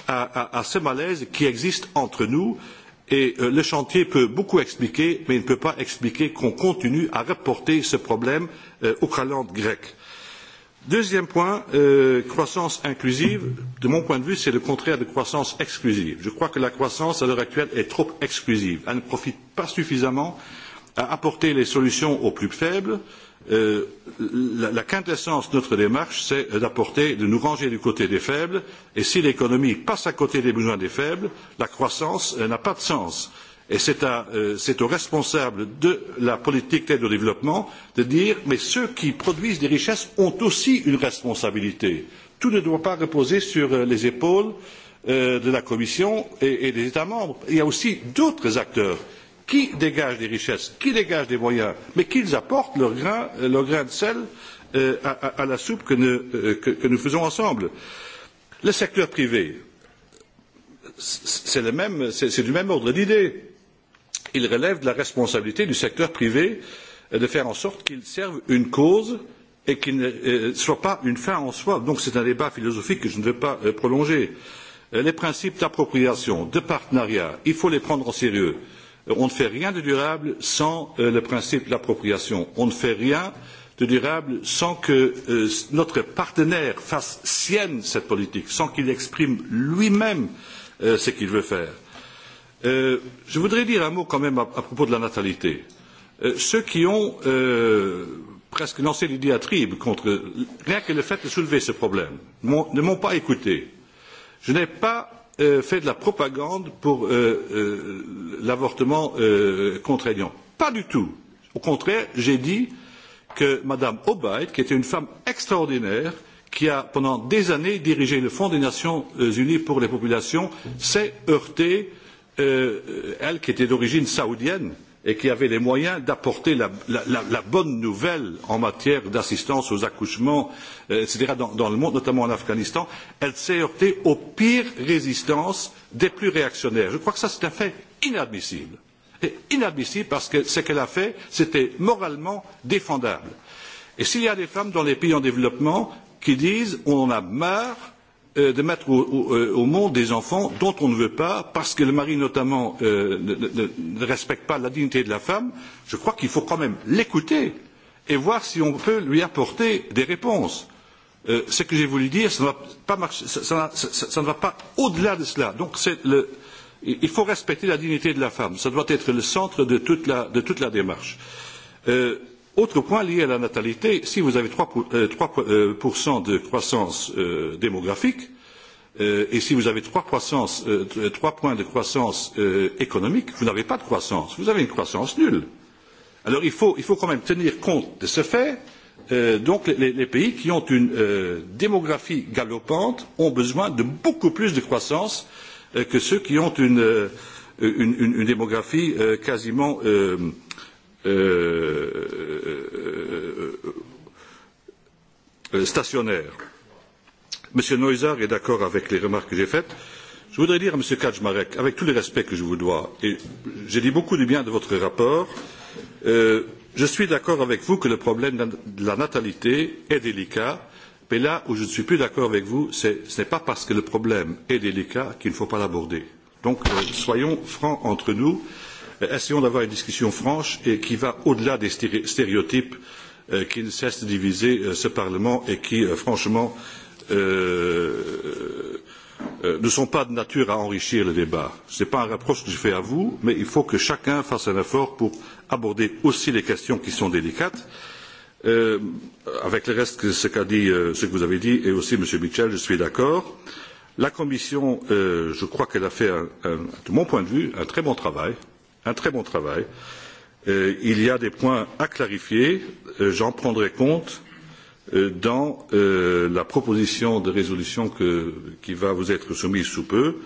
à, ce malaise qui existe entre nous. Et le chantier peut beaucoup expliquer, mais il ne peut pas expliquer qu'on continue à reporter ce problème aux calendes grecques Deuxième point, croissance inclusive, de mon point de vue, c'est le contraire de croissance exclusive. Je crois que la croissance, à l'heure actuelle, est trop exclusive. Elle ne profite pas suffisamment à apporter les solutions aux plus faibles. la, quintessence de notre démarche, c'est d'apporter, de nous ranger du côté des faibles, et si l'économie passe à côté des besoins des faibles, la croissance n'a pas de sens Et c'est aux responsables de la politique d'aide au développement de dire mais ceux qui produisent des richesses ont aussi une responsabilité. Tout ne doit pas reposer sur les épaules de la Commission et des États membres. Il y a aussi d'autres acteurs qui dégagent des richesses, qui dégagent des moyens, mais qui apportent leur grain, de sel à, la soupe que nous, faisons ensemble. Le secteur privé, c'est du même ordre d'idées il relève de la responsabilité du secteur privé de faire en sorte qu'il serve une cause et qu'il ne soit pas une fin en soi. Donc c'est un débat philosophique que je ne vais pas prolonger. Les principes d'appropriation, de partenariat, il faut les prendre au sérieux. On ne fait rien de durable sans le principe d'appropriation. On ne fait rien de durable sans que notre partenaire fasse sienne cette politique, sans qu'il exprime lui-même ce qu'il veut faire je voudrais dire un mot quand même à, propos de la natalité. ceux qui ont presque lancé des diatribes contre rien que le fait de soulever ce problème ne m'ont pas écouté. Je n'ai pas fait de la propagande pour l'avortement contraignant. Pas du tout. Au contraire, j'ai dit que Mme Obaid, qui était une femme extraordinaire, qui a pendant des années dirigé le Fonds des Nations Unies pour les populations, s'est heurtée elle qui était d'origine saoudienne et qui avait les moyens d'apporter la, bonne nouvelle en matière d'assistance aux accouchements, etc., dans, le monde, notamment en Afghanistan, elle s'est heurtée aux pires résistances des plus réactionnaires. Je crois que c'est un fait inadmissible. Et inadmissible parce que ce qu'elle a fait, c'était moralement défendable. Et s'il y a des femmes dans les pays en développement qui disent on en a marre de mettre au, monde des enfants dont on ne veut pas, parce que le mari notamment ne, respecte pas la dignité de la femme, je crois qu'il faut quand même l'écouter et voir si on peut lui apporter des réponses. ce que j'ai voulu dire, ça ne va pas, au-delà de cela. Donc il faut respecter la dignité de la femme. Ça doit être le centre de toute la, démarche. Euh, Autre point lié à la natalité, si vous avez 3%, de croissance démographique et si vous avez 3, points de croissance économique, vous n'avez pas de croissance, vous avez une croissance nulle. Alors il faut, quand même tenir compte de ce fait. donc les, pays qui ont une démographie galopante ont besoin de beaucoup plus de croissance que ceux qui ont une, démographie quasiment stationnaire. M. Neuser est d'accord avec les remarques que j'ai faites. Je voudrais dire à M. Kaczmarek, avec tout le respect que je vous dois, et j'ai dit beaucoup de bien de votre rapport, je suis d'accord avec vous que le problème de la natalité est délicat, mais là où je ne suis plus d'accord avec vous, ce n'est pas parce que le problème est délicat qu'il ne faut pas l'aborder. Donc soyons francs entre nous. Euh, essayons d'avoir une discussion franche et qui va au-delà des stéréotypes qui ne cessent de diviser ce Parlement et qui, franchement, ne sont pas de nature à enrichir le débat. Ce n'est pas un reproche que je fais à vous, mais il faut que chacun fasse un effort pour aborder aussi les questions qui sont délicates. avec le reste de ce, que vous avez dit et aussi M. Mitchell, je suis d'accord. La Commission, je crois qu'elle a fait, de mon point de vue, un très bon travail un très bon travail. il y a des points à clarifier. J'en prendrai compte dans la proposition de résolution qui va vous être soumise sous peu.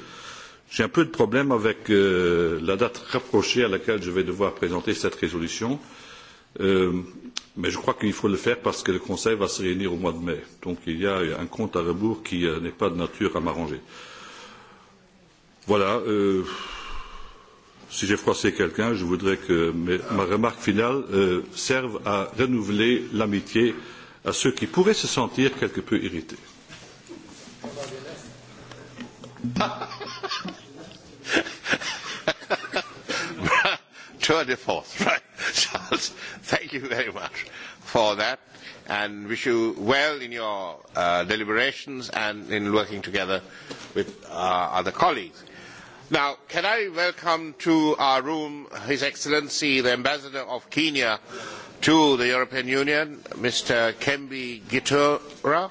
J'ai un peu de problème avec la date rapprochée à laquelle je vais devoir présenter cette résolution, mais je crois qu'il faut le faire parce que le Conseil va se réunir au mois de mai. Donc il y a un compte à rebours qui n'est pas de nature à m'arranger. Voilà. Euh, si j'ai froissé quelqu'un, je voudrais que ma remarque finale serve à renouveler l'amitié à ceux qui pourraient se sentir quelque peu irrités. Tour de force, right. Charles, thank you very much for that and wish you well in your uh, deliberations and in working together with uh, other colleagues. Now, can I welcome to our room His Excellency the Ambassador of Kenya to the European Union, Mr. Kembi Gitura,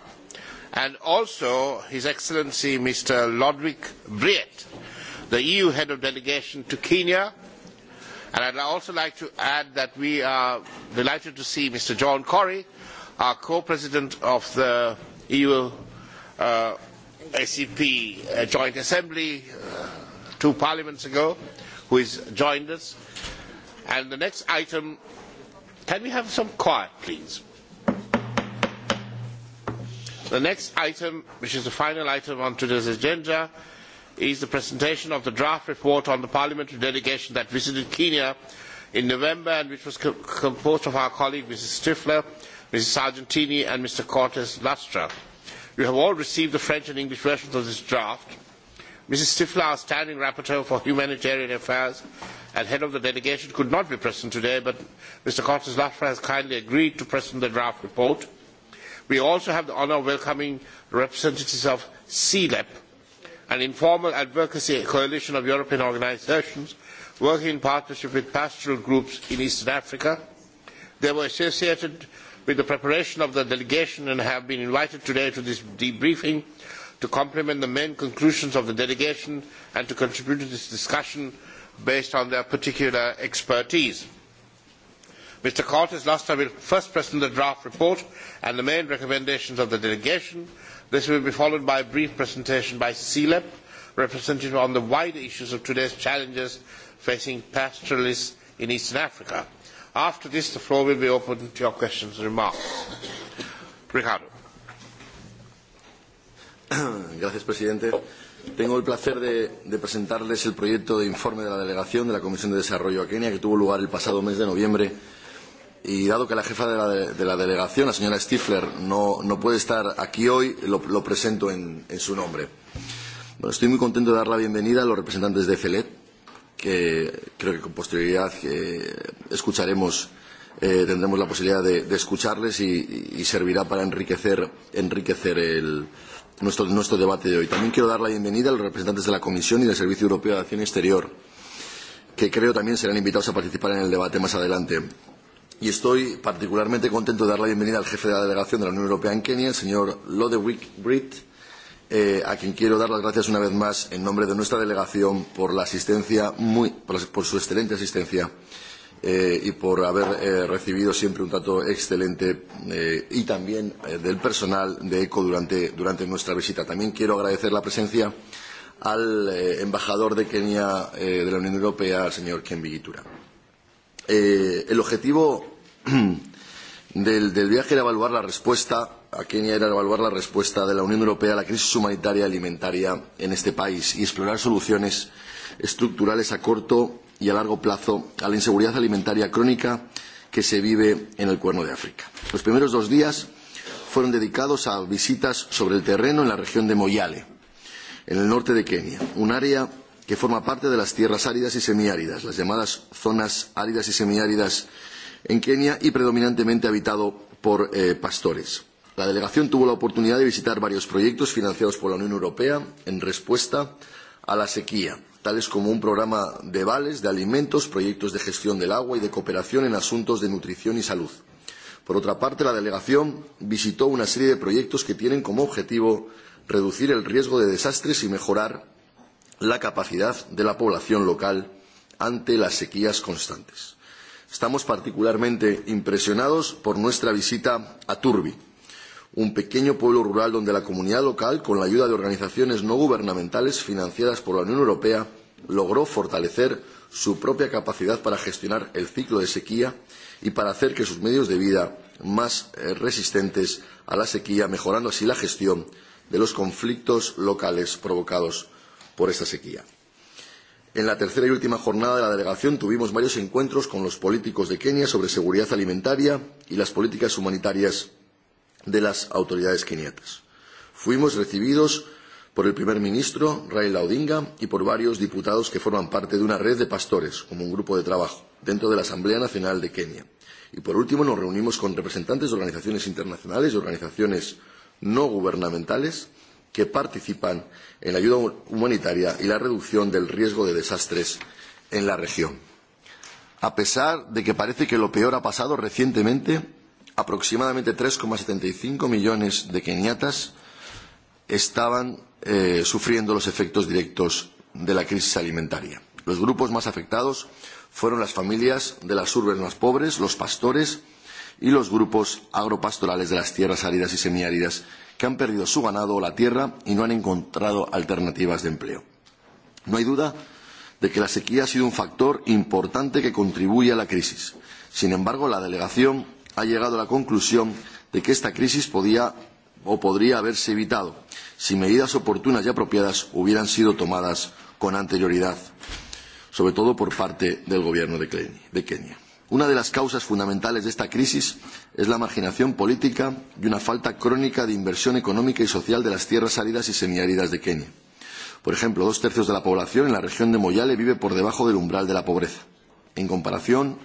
and also His Excellency Mr. Lodwick Briet, the EU head of delegation to Kenya. And I'd also like to add that we are delighted to see Mr. John Corrie, our co-president of the EU uh, ACP Joint Assembly. Uh, two parliaments ago, who has joined us. And the next item, can we have some quiet, please? The next item, which is the final item on today's agenda, is the presentation of the draft report on the parliamentary delegation that visited Kenya in November and which was composed of our colleague Mrs. Stifler, Mrs. Sargentini and Mr. Cortes Lastra. You have all received the French and English versions of this draft Mrs Stifler, standing rapporteur for humanitarian affairs and head of the delegation, could not be present today, but Mr. Cortes Lafra has kindly agreed to present the draft report. We also have the honour of welcoming representatives of CLEP, an informal advocacy coalition of European organisations working in partnership with pastoral groups in Eastern Africa. They were associated with the preparation of the delegation and have been invited today to this debriefing to complement the main conclusions of the delegation and to contribute to this discussion based on their particular expertise. Mr. Cortes last time will first present the draft report and the main recommendations of the delegation. This will be followed by a brief presentation by CLEP, representative on the wider issues of today's challenges facing pastoralists in Eastern Africa. After this, the floor will be open to your questions and remarks. Ricardo. Gracias, presidente. Tengo el placer de, de presentarles el proyecto de informe de la delegación de la Comisión de Desarrollo a Kenia, que tuvo lugar el pasado mes de noviembre. Y dado que la jefa de la, de la delegación, la señora Stifler, no, no puede estar aquí hoy, lo, lo presento en, en su nombre. Bueno, estoy muy contento de dar la bienvenida a los representantes de FELET, que creo que con posterioridad eh, escucharemos eh, tendremos la posibilidad de, de escucharles y, y servirá para enriquecer, enriquecer el, nuestro, nuestro debate de hoy. También quiero dar la bienvenida a los representantes de la Comisión y del Servicio Europeo de Acción Exterior, que creo también serán invitados a participar en el debate más adelante. Y estoy particularmente contento de dar la bienvenida al jefe de la delegación de la Unión Europea en Kenia, el señor Lodewick Britt, eh, a quien quiero dar las gracias una vez más en nombre de nuestra delegación por la asistencia muy, por, la, por su excelente asistencia y por haber recibido siempre un trato excelente y también del personal de ECO durante, nuestra visita. También quiero agradecer la presencia al embajador de Kenia de la Unión Europea, al señor Ken Vigitura. el objetivo del, viaje era evaluar la respuesta a Kenia era evaluar la respuesta de la Unión Europea a la crisis humanitaria y alimentaria en este país y explorar soluciones estructurales a corto y a largo plazo a la inseguridad alimentaria crónica que se vive en el Cuerno de África. Los primeros dos días fueron dedicados a visitas sobre el terreno en la región de Moyale, en el norte de Kenia, un área que forma parte de las tierras áridas y semiáridas, las llamadas zonas áridas y semiáridas en Kenia y predominantemente habitado por pastores. La delegación tuvo la oportunidad de visitar varios proyectos financiados por la Unión Europea en respuesta a la sequía tales como un programa de vales, de alimentos, proyectos de gestión del agua y de cooperación en asuntos de nutrición y salud. Por otra parte, la delegación visitó una serie de proyectos que tienen como objetivo reducir el riesgo de desastres y mejorar la capacidad de la población local ante las sequías constantes. Estamos particularmente impresionados por nuestra visita a Turbi, un pequeño pueblo rural donde la comunidad local, con la ayuda de organizaciones no gubernamentales financiadas por la Unión Europea, logró fortalecer su propia capacidad para gestionar el ciclo de sequía y para hacer que sus medios de vida más resistentes a la sequía, mejorando así la gestión de los conflictos locales provocados por esta sequía. En la tercera y última jornada de la delegación tuvimos varios encuentros con los políticos de Kenia sobre seguridad alimentaria y las políticas humanitarias de las autoridades keniatas. Fuimos recibidos por el primer ministro Raila Odinga y por varios diputados que forman parte de una red de pastores, como un grupo de trabajo, dentro de la Asamblea Nacional de Kenia. Y por último nos reunimos con representantes de organizaciones internacionales y organizaciones no gubernamentales que participan en la ayuda humanitaria y la reducción del riesgo de desastres en la región. A pesar de que parece que lo peor ha pasado recientemente, aproximadamente 3,75 millones de keniatas estaban eh, sufriendo los efectos directos de la crisis alimentaria. Los grupos más afectados fueron las familias de las urbes más pobres, los pastores y los grupos agropastorales de las tierras áridas y semiáridas que han perdido su ganado o la tierra y no han encontrado alternativas de empleo. No hay duda de que la sequía ha sido un factor importante que contribuye a la crisis. Sin embargo, la delegación ha llegado a la conclusión de que esta crisis podía o podría haberse evitado si medidas oportunas y apropiadas hubieran sido tomadas con anterioridad, sobre todo por parte del gobierno de Kenia. Una de las causas fundamentales de esta crisis es la marginación política y una falta crónica de inversión económica y social de las tierras áridas y semiáridas de Kenia. Por ejemplo, dos tercios de la población en la región de Moyale vive por debajo del umbral de la pobreza. En comparación,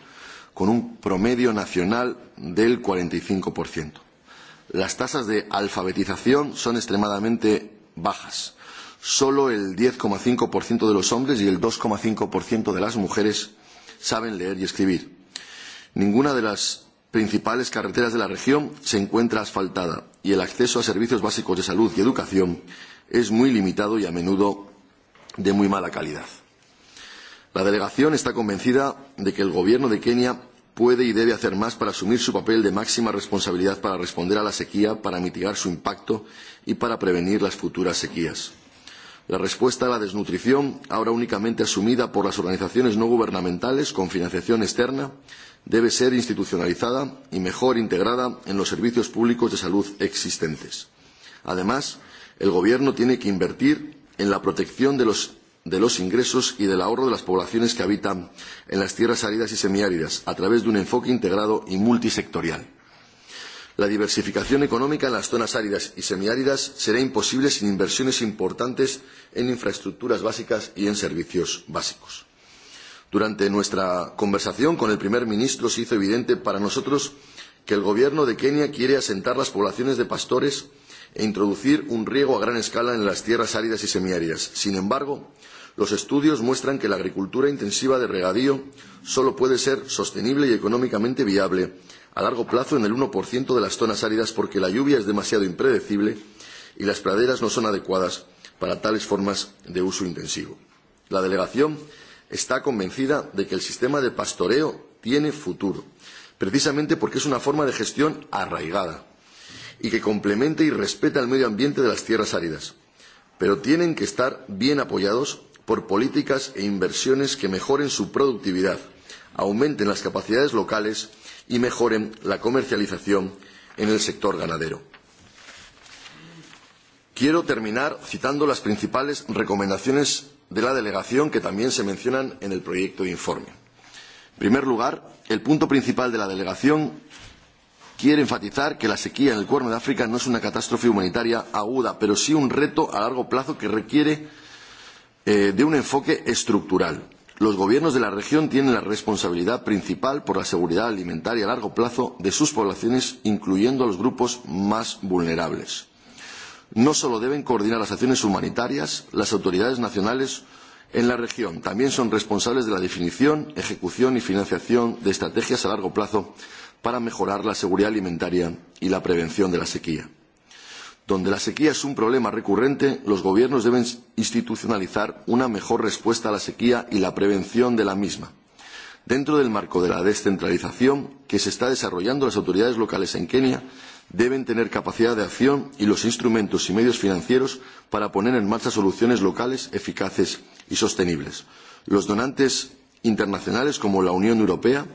con un promedio nacional del 45%. Las tasas de alfabetización son extremadamente bajas. Solo el 10,5% de los hombres y el 2,5% de las mujeres saben leer y escribir. Ninguna de las principales carreteras de la región se encuentra asfaltada y el acceso a servicios básicos de salud y educación es muy limitado y a menudo de muy mala calidad. La delegación está convencida de que el Gobierno de Kenia puede y debe hacer más para asumir su papel de máxima responsabilidad para responder a la sequía, para mitigar su impacto y para prevenir las futuras sequías. La respuesta a la desnutrición, ahora únicamente asumida por las organizaciones no gubernamentales con financiación externa, debe ser institucionalizada y mejor integrada en los servicios públicos de salud existentes. Además, el Gobierno tiene que invertir en la protección de los de los ingresos y del ahorro de las poblaciones que habitan en las tierras áridas y semiáridas, a través de un enfoque integrado y multisectorial. La diversificación económica en las zonas áridas y semiáridas será imposible sin inversiones importantes en infraestructuras básicas y en servicios básicos. Durante nuestra conversación con el primer ministro se hizo evidente para nosotros que el gobierno de Kenia quiere asentar las poblaciones de pastores e introducir un riego a gran escala en las tierras áridas y semiáridas. Sin embargo, los estudios muestran que la agricultura intensiva de regadío solo puede ser sostenible y económicamente viable a largo plazo en el 1% de las zonas áridas porque la lluvia es demasiado impredecible y las praderas no son adecuadas para tales formas de uso intensivo. La delegación está convencida de que el sistema de pastoreo tiene futuro, precisamente porque es una forma de gestión arraigada y que complemente y respete el medio ambiente de las tierras áridas. Pero tienen que estar bien apoyados por políticas e inversiones que mejoren su productividad, aumenten las capacidades locales y mejoren la comercialización en el sector ganadero. Quiero terminar citando las principales recomendaciones de la delegación que también se mencionan en el proyecto de informe. En primer lugar, el punto principal de la delegación quiere enfatizar que la sequía en el Cuerno de África no es una catástrofe humanitaria aguda, pero sí un reto a largo plazo que requiere de un enfoque estructural. Los gobiernos de la región tienen la responsabilidad principal por la seguridad alimentaria a largo plazo de sus poblaciones, incluyendo a los grupos más vulnerables. No solo deben coordinar las acciones humanitarias, las autoridades nacionales en la región también son responsables de la definición, ejecución y financiación de estrategias a largo plazo para mejorar la seguridad alimentaria y la prevención de la sequía. Donde la sequía es un problema recurrente, los gobiernos deben institucionalizar una mejor respuesta a la sequía y la prevención de la misma. Dentro del marco de la descentralización que se está desarrollando, las autoridades locales en Kenia deben tener capacidad de acción y los instrumentos y medios financieros para poner en marcha soluciones locales eficaces y sostenibles. Los donantes internacionales como la Unión Europea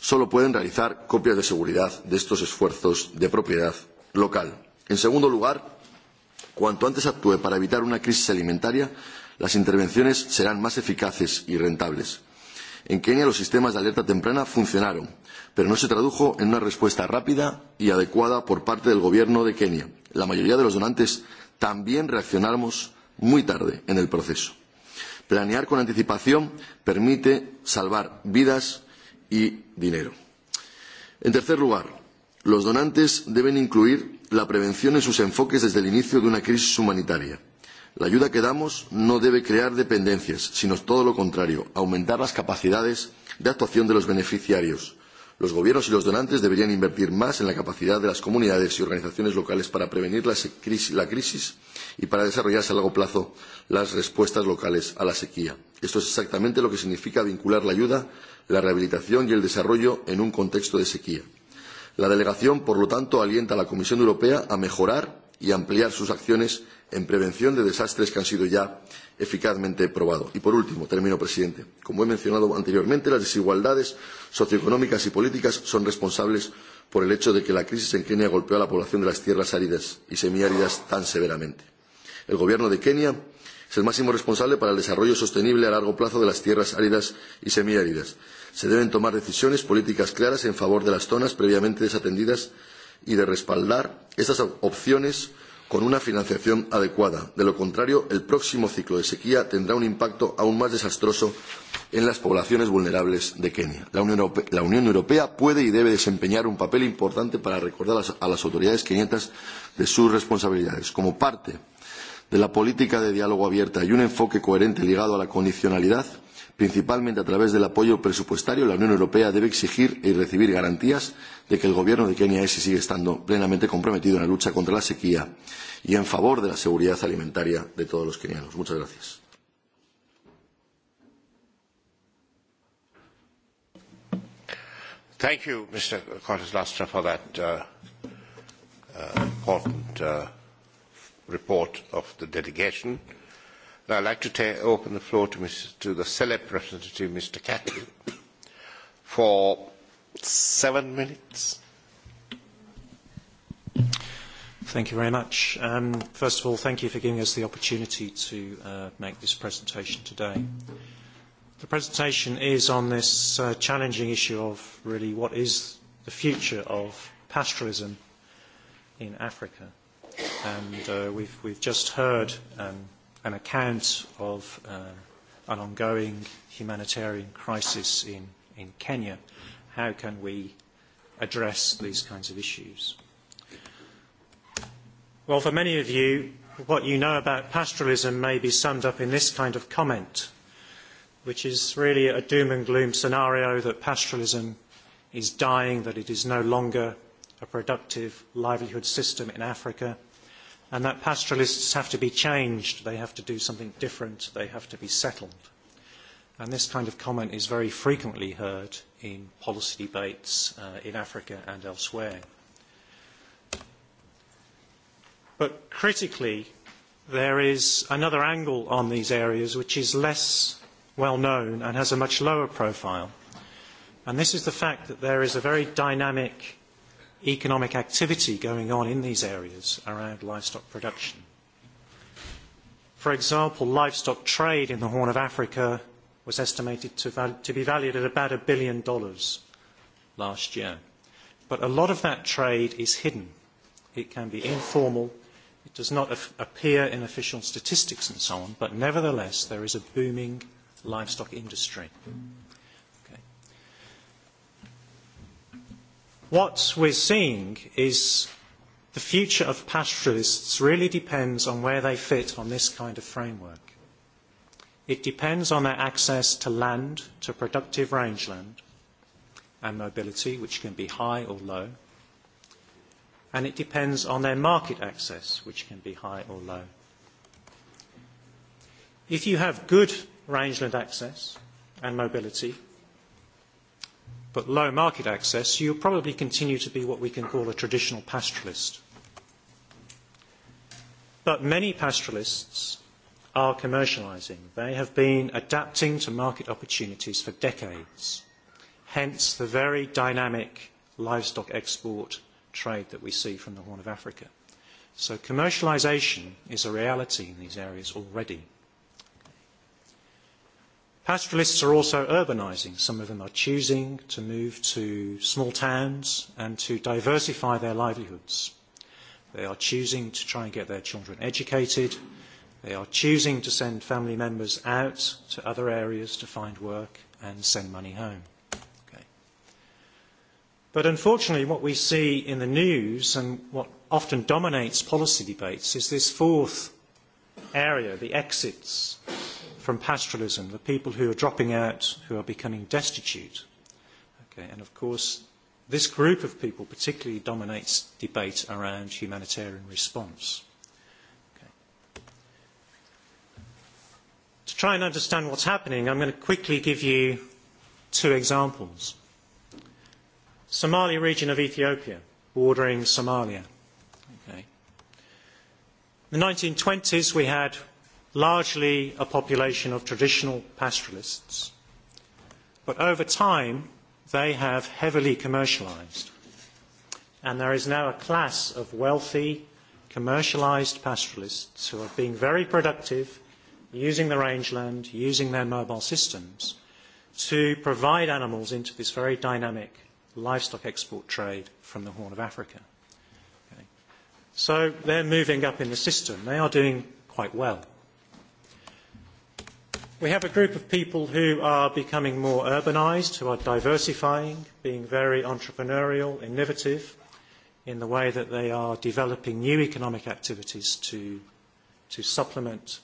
solo pueden realizar copias de seguridad de estos esfuerzos de propiedad local. En segundo lugar, cuanto antes actúe para evitar una crisis alimentaria, las intervenciones serán más eficaces y rentables. En Kenia los sistemas de alerta temprana funcionaron, pero no se tradujo en una respuesta rápida y adecuada por parte del gobierno de Kenia. La mayoría de los donantes también reaccionamos muy tarde en el proceso. Planear con anticipación permite salvar vidas y dinero. En tercer lugar, los donantes deben incluir la prevención en sus enfoques desde el inicio de una crisis humanitaria. La ayuda que damos no debe crear dependencias, sino todo lo contrario, aumentar las capacidades de actuación de los beneficiarios. Los gobiernos y los donantes deberían invertir más en la capacidad de las comunidades y organizaciones locales para prevenir la crisis y para desarrollarse a largo plazo las respuestas locales a la sequía. Esto es exactamente lo que significa vincular la ayuda la rehabilitación y el desarrollo en un contexto de sequía. La delegación, por lo tanto, alienta a la Comisión Europea a mejorar y ampliar sus acciones en prevención de desastres que han sido ya eficazmente probados. Y por último, termino, presidente. Como he mencionado anteriormente, las desigualdades socioeconómicas y políticas son responsables por el hecho de que la crisis en Kenia golpeó a la población de las tierras áridas y semiáridas tan severamente. El Gobierno de Kenia es el máximo responsable para el desarrollo sostenible a largo plazo de las tierras áridas y semiáridas Se deben tomar decisiones políticas claras en favor de las zonas previamente desatendidas y de respaldar estas opciones con una financiación adecuada. De lo contrario, el próximo ciclo de sequía tendrá un impacto aún más desastroso en las poblaciones vulnerables de Kenia. La Unión Europea, puede y debe desempeñar un papel importante para recordar a las autoridades keniatas de sus responsabilidades. Como parte de la política de diálogo abierta y un enfoque coherente ligado a la condicionalidad, principalmente a través del apoyo presupuestario, la Unión Europea debe exigir y recibir garantías de que el Gobierno de Kenia Esi sigue estando plenamente comprometido en la lucha contra la sequía y en favor de la seguridad alimentaria de todos los kenianos. Muchas gracias. Thank you, Mr. Cortes Lastra, for that uh, uh, important uh, report of the delegation. Now I'd like to open the floor to, Mr. to the CELEP representative, Mr. Catley for seven minutes. Thank you very much. Um, first of all, thank you for giving us the opportunity to uh, make this presentation today. The presentation is on this uh, challenging issue of really what is the future of pastoralism in Africa. And uh, we've, we've just heard um, an account of uh, an ongoing humanitarian crisis in, in Kenya, how can we address these kinds of issues? Well, for many of you, what you know about pastoralism may be summed up in this kind of comment, which is really a doom and gloom scenario that pastoralism is dying, that it is no longer a productive livelihood system in Africa, and that pastoralists have to be changed, they have to do something different, they have to be settled. And this kind of comment is very frequently heard in policy debates in Africa and elsewhere. But critically, there is another angle on these areas which is less well known and has a much lower profile. And this is the fact that there is a very dynamic economic activity going on in these areas around livestock production. For example, livestock trade in the Horn of Africa was estimated to, val- to be valued at about a billion dollars last year. But a lot of that trade is hidden. It can be informal, it does not appear in official statistics and so on, but nevertheless there is a booming livestock industry. Mm What we're seeing is the future of pastoralists really depends on where they fit on this kind of framework. It depends on their access to land, to productive rangeland, and mobility, which can be high or low. And it depends on their market access, which can be high or low. If you have good rangeland access and mobility, but low market access, you'll probably continue to be what we can call a traditional pastoralist. But many pastoralists are commercialising. They have been adapting to market opportunities for decades, hence the very dynamic livestock export trade that we see from the Horn of Africa. So commercialisation is a reality in these areas already. Pastoralists are also urbanising. Some of them are choosing to move to small towns and to diversify their livelihoods. They are choosing to try and get their children educated. They are choosing to send family members out to other areas to find work and send money home. But unfortunately, what we see in the news and what often dominates policy debates is this fourth area, the exits, from pastoralism, the people who are dropping out, who are becoming destitute. Okay, and of course, this group of people particularly dominates debate around humanitarian response. To try and understand what's happening, I'm going to quickly give you two examples. Somali region of Ethiopia, bordering Somalia. Okay. In the 1920s, we had largely a population of traditional pastoralists. But over time, they have heavily commercialised. And there is now a class of wealthy, commercialised pastoralists who are being very productive, using the rangeland, using their mobile systems to provide animals into this very dynamic livestock export trade from the Horn of Africa. So they're moving up in the system. They are doing quite well. We have a group of people who are becoming more urbanised, who are diversifying, being very entrepreneurial, innovative in the way that they are developing new economic activities to, to supplement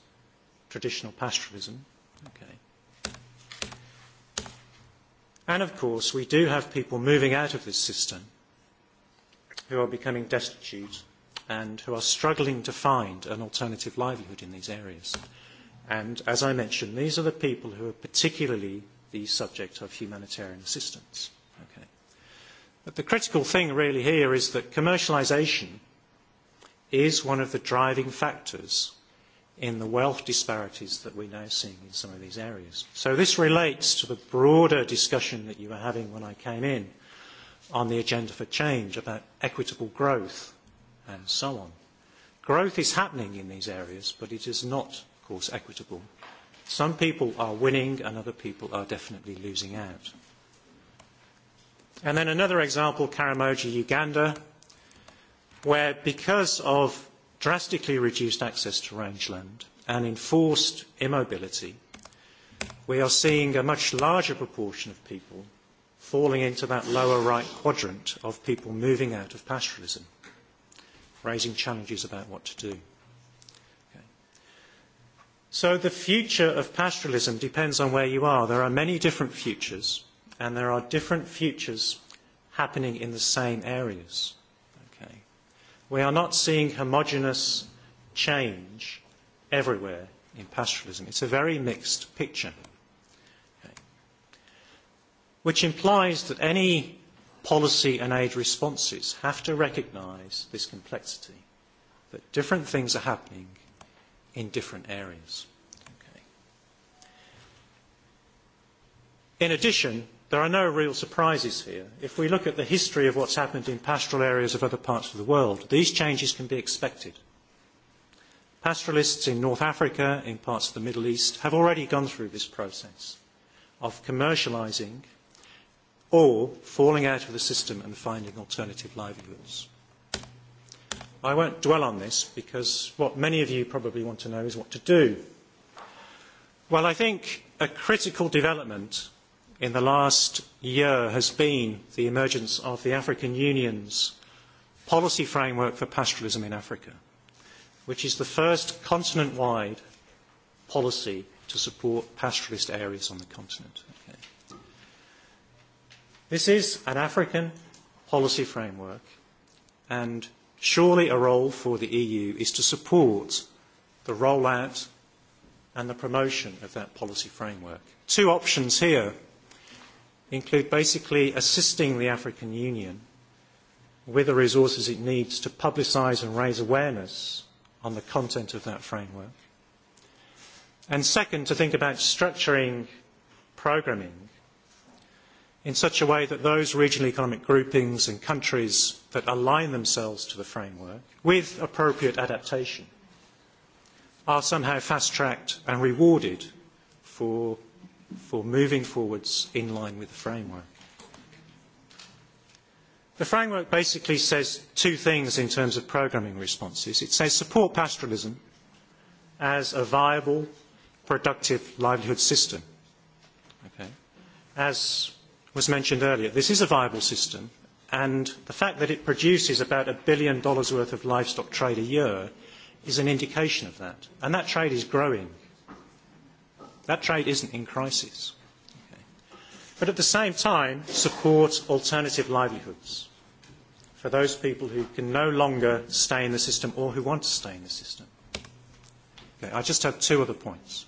traditional pastoralism. Okay. And of course, we do have people moving out of this system who are becoming destitute and who are struggling to find an alternative livelihood in these areas. And as I mentioned, these are the people who are particularly the subject of humanitarian assistance. Okay. But the critical thing really here is that commercialisation is one of the driving factors in the wealth disparities that we're now seeing in some of these areas. So this relates to the broader discussion that you were having when I came in on the agenda for change about equitable growth and so on. Growth is happening in these areas, but it is not course, equitable. Some people are winning and other people are definitely losing out. And then another example, Karamoji Uganda, where because of drastically reduced access to rangeland and enforced immobility, we are seeing a much larger proportion of people falling into that lower right quadrant of people moving out of pastoralism, raising challenges about what to do. So the future of pastoralism depends on where you are. There are many different futures, and there are different futures happening in the same areas. Okay. We are not seeing homogenous change everywhere in pastoralism. It's a very mixed picture, okay. which implies that any policy and aid responses have to recognise this complexity, that different things are happening in different areas. In addition, there are no real surprises here. If we look at the history of what's happened in pastoral areas of other parts of the world, these changes can be expected. Pastoralists in North Africa, in parts of the Middle East, have already gone through this process of commercialising or falling out of the system and finding alternative livelihoods. I won't dwell on this because what many of you probably want to know is what to do. Well, I think a critical development in the last year has been the emergence of the African Union's policy framework for pastoralism in Africa, which is the first continent-wide policy to support pastoralist areas on the continent. This is an African policy framework, and Surely a role for the EU is to support the rollout and the promotion of that policy framework. Two options here include basically assisting the African Union with the resources it needs to publicise and raise awareness on the content of that framework. And second, to think about structuring programming in such a way that those regional economic groupings and countries that align themselves to the framework with appropriate adaptation are somehow fast-tracked and rewarded for, for moving forwards in line with the framework. The framework basically says two things in terms of programming responses. It says support pastoralism as a viable, productive livelihood system, okay. as was mentioned earlier, this is a viable system, and the fact that it produces about a billion dollars worth of livestock trade a year is an indication of that. And that trade is growing. That trade isn't in crisis. But at the same time, support alternative livelihoods for those people who can no longer stay in the system or who want to stay in the system. Okay, I just have two other points.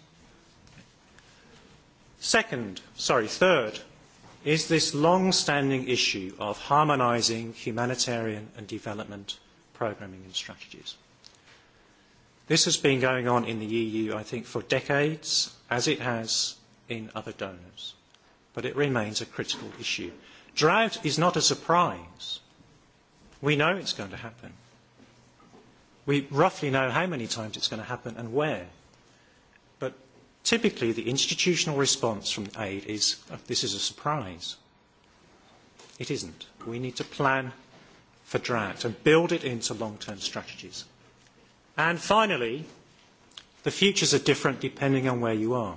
Second, sorry, third, is this long-standing issue of harmonising humanitarian and development programming and strategies. This has been going on in the EU, I think, for decades, as it has in other donors. But it remains a critical issue. Drought is not a surprise. We know it's going to happen. We roughly know how many times it's going to happen and where. Typically, the institutional response from aid is, this is a surprise. It isn't. We need to plan for drought and build it into long-term strategies. And finally, the futures are different depending on where you are.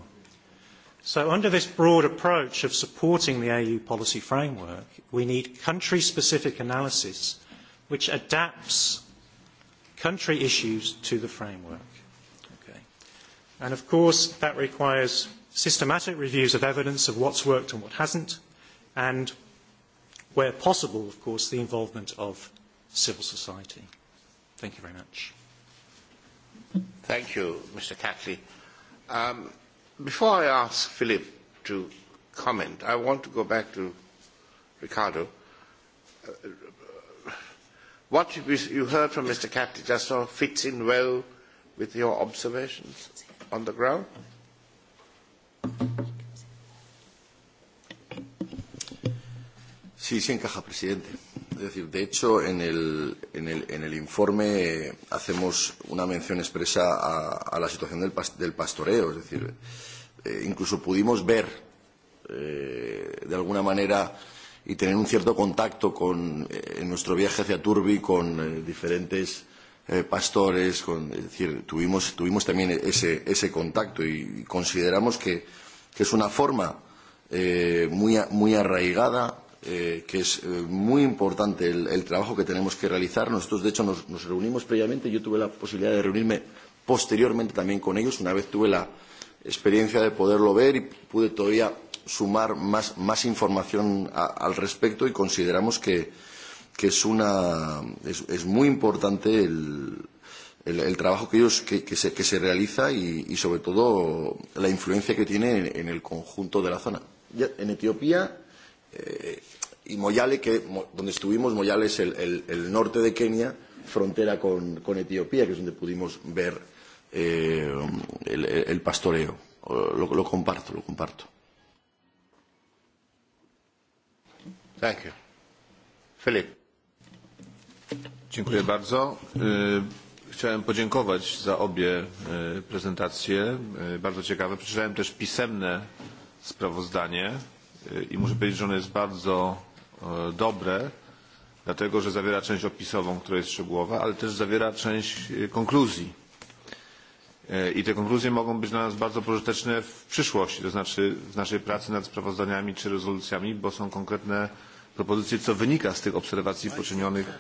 So under this broad approach of supporting the AU policy framework, we need country-specific analysis which adapts country issues to the framework. And of course, that requires systematic reviews of evidence of what's worked and what hasn't, and where possible, of course, the involvement of civil society. Thank you very much. Thank you, Mr. Catley. Um, before I ask Philip to comment, I want to go back to Ricardo. What you heard from Mr. Catley just sort of fits in well with your observations on the ground? Sí, sí encaja, presidente. Es decir, de hecho, en el, en el, en el informe hacemos una mención expresa a, a la situación del, past del pastoreo. Es decir, eh, incluso pudimos ver, eh, de alguna manera, y tener un cierto contacto con, eh, en nuestro viaje hacia Turbi con eh, diferentes pastores, con, es decir, tuvimos, tuvimos también ese, ese contacto y, consideramos que, que es una forma eh, muy, muy arraigada, eh, que es eh, muy importante el, el trabajo que tenemos que realizar. Nosotros, de hecho, nos, nos reunimos previamente, yo tuve la posibilidad de reunirme posteriormente también con ellos, una vez tuve la experiencia de poderlo ver y pude todavía sumar más, más información a, al respecto y consideramos que, que es, una, es, es muy importante el, el, el trabajo que, ellos, que, que, se, que se realiza y, y sobre todo la influencia que tiene en, en el conjunto de la zona. Ya, en Etiopía eh, y Moyale, que, donde estuvimos, Moyale es el, el, el norte de Kenia, frontera con, con Etiopía, que es donde pudimos ver eh, el, el pastoreo. Lo, lo comparto, lo comparto. Thank you. Philip. Dziękuję bardzo. Chciałem podziękować za obie prezentacje. Bardzo ciekawe. Przeczytałem też pisemne sprawozdanie i muszę powiedzieć, że ono jest bardzo dobre, dlatego że zawiera część opisową, która jest szczegółowa, ale też zawiera część konkluzji. I te konkluzje mogą być dla nas bardzo pożyteczne w przyszłości, to znaczy w naszej pracy nad sprawozdaniami czy rezolucjami, bo są konkretne propozycje, co wynika z tych obserwacji poczynionych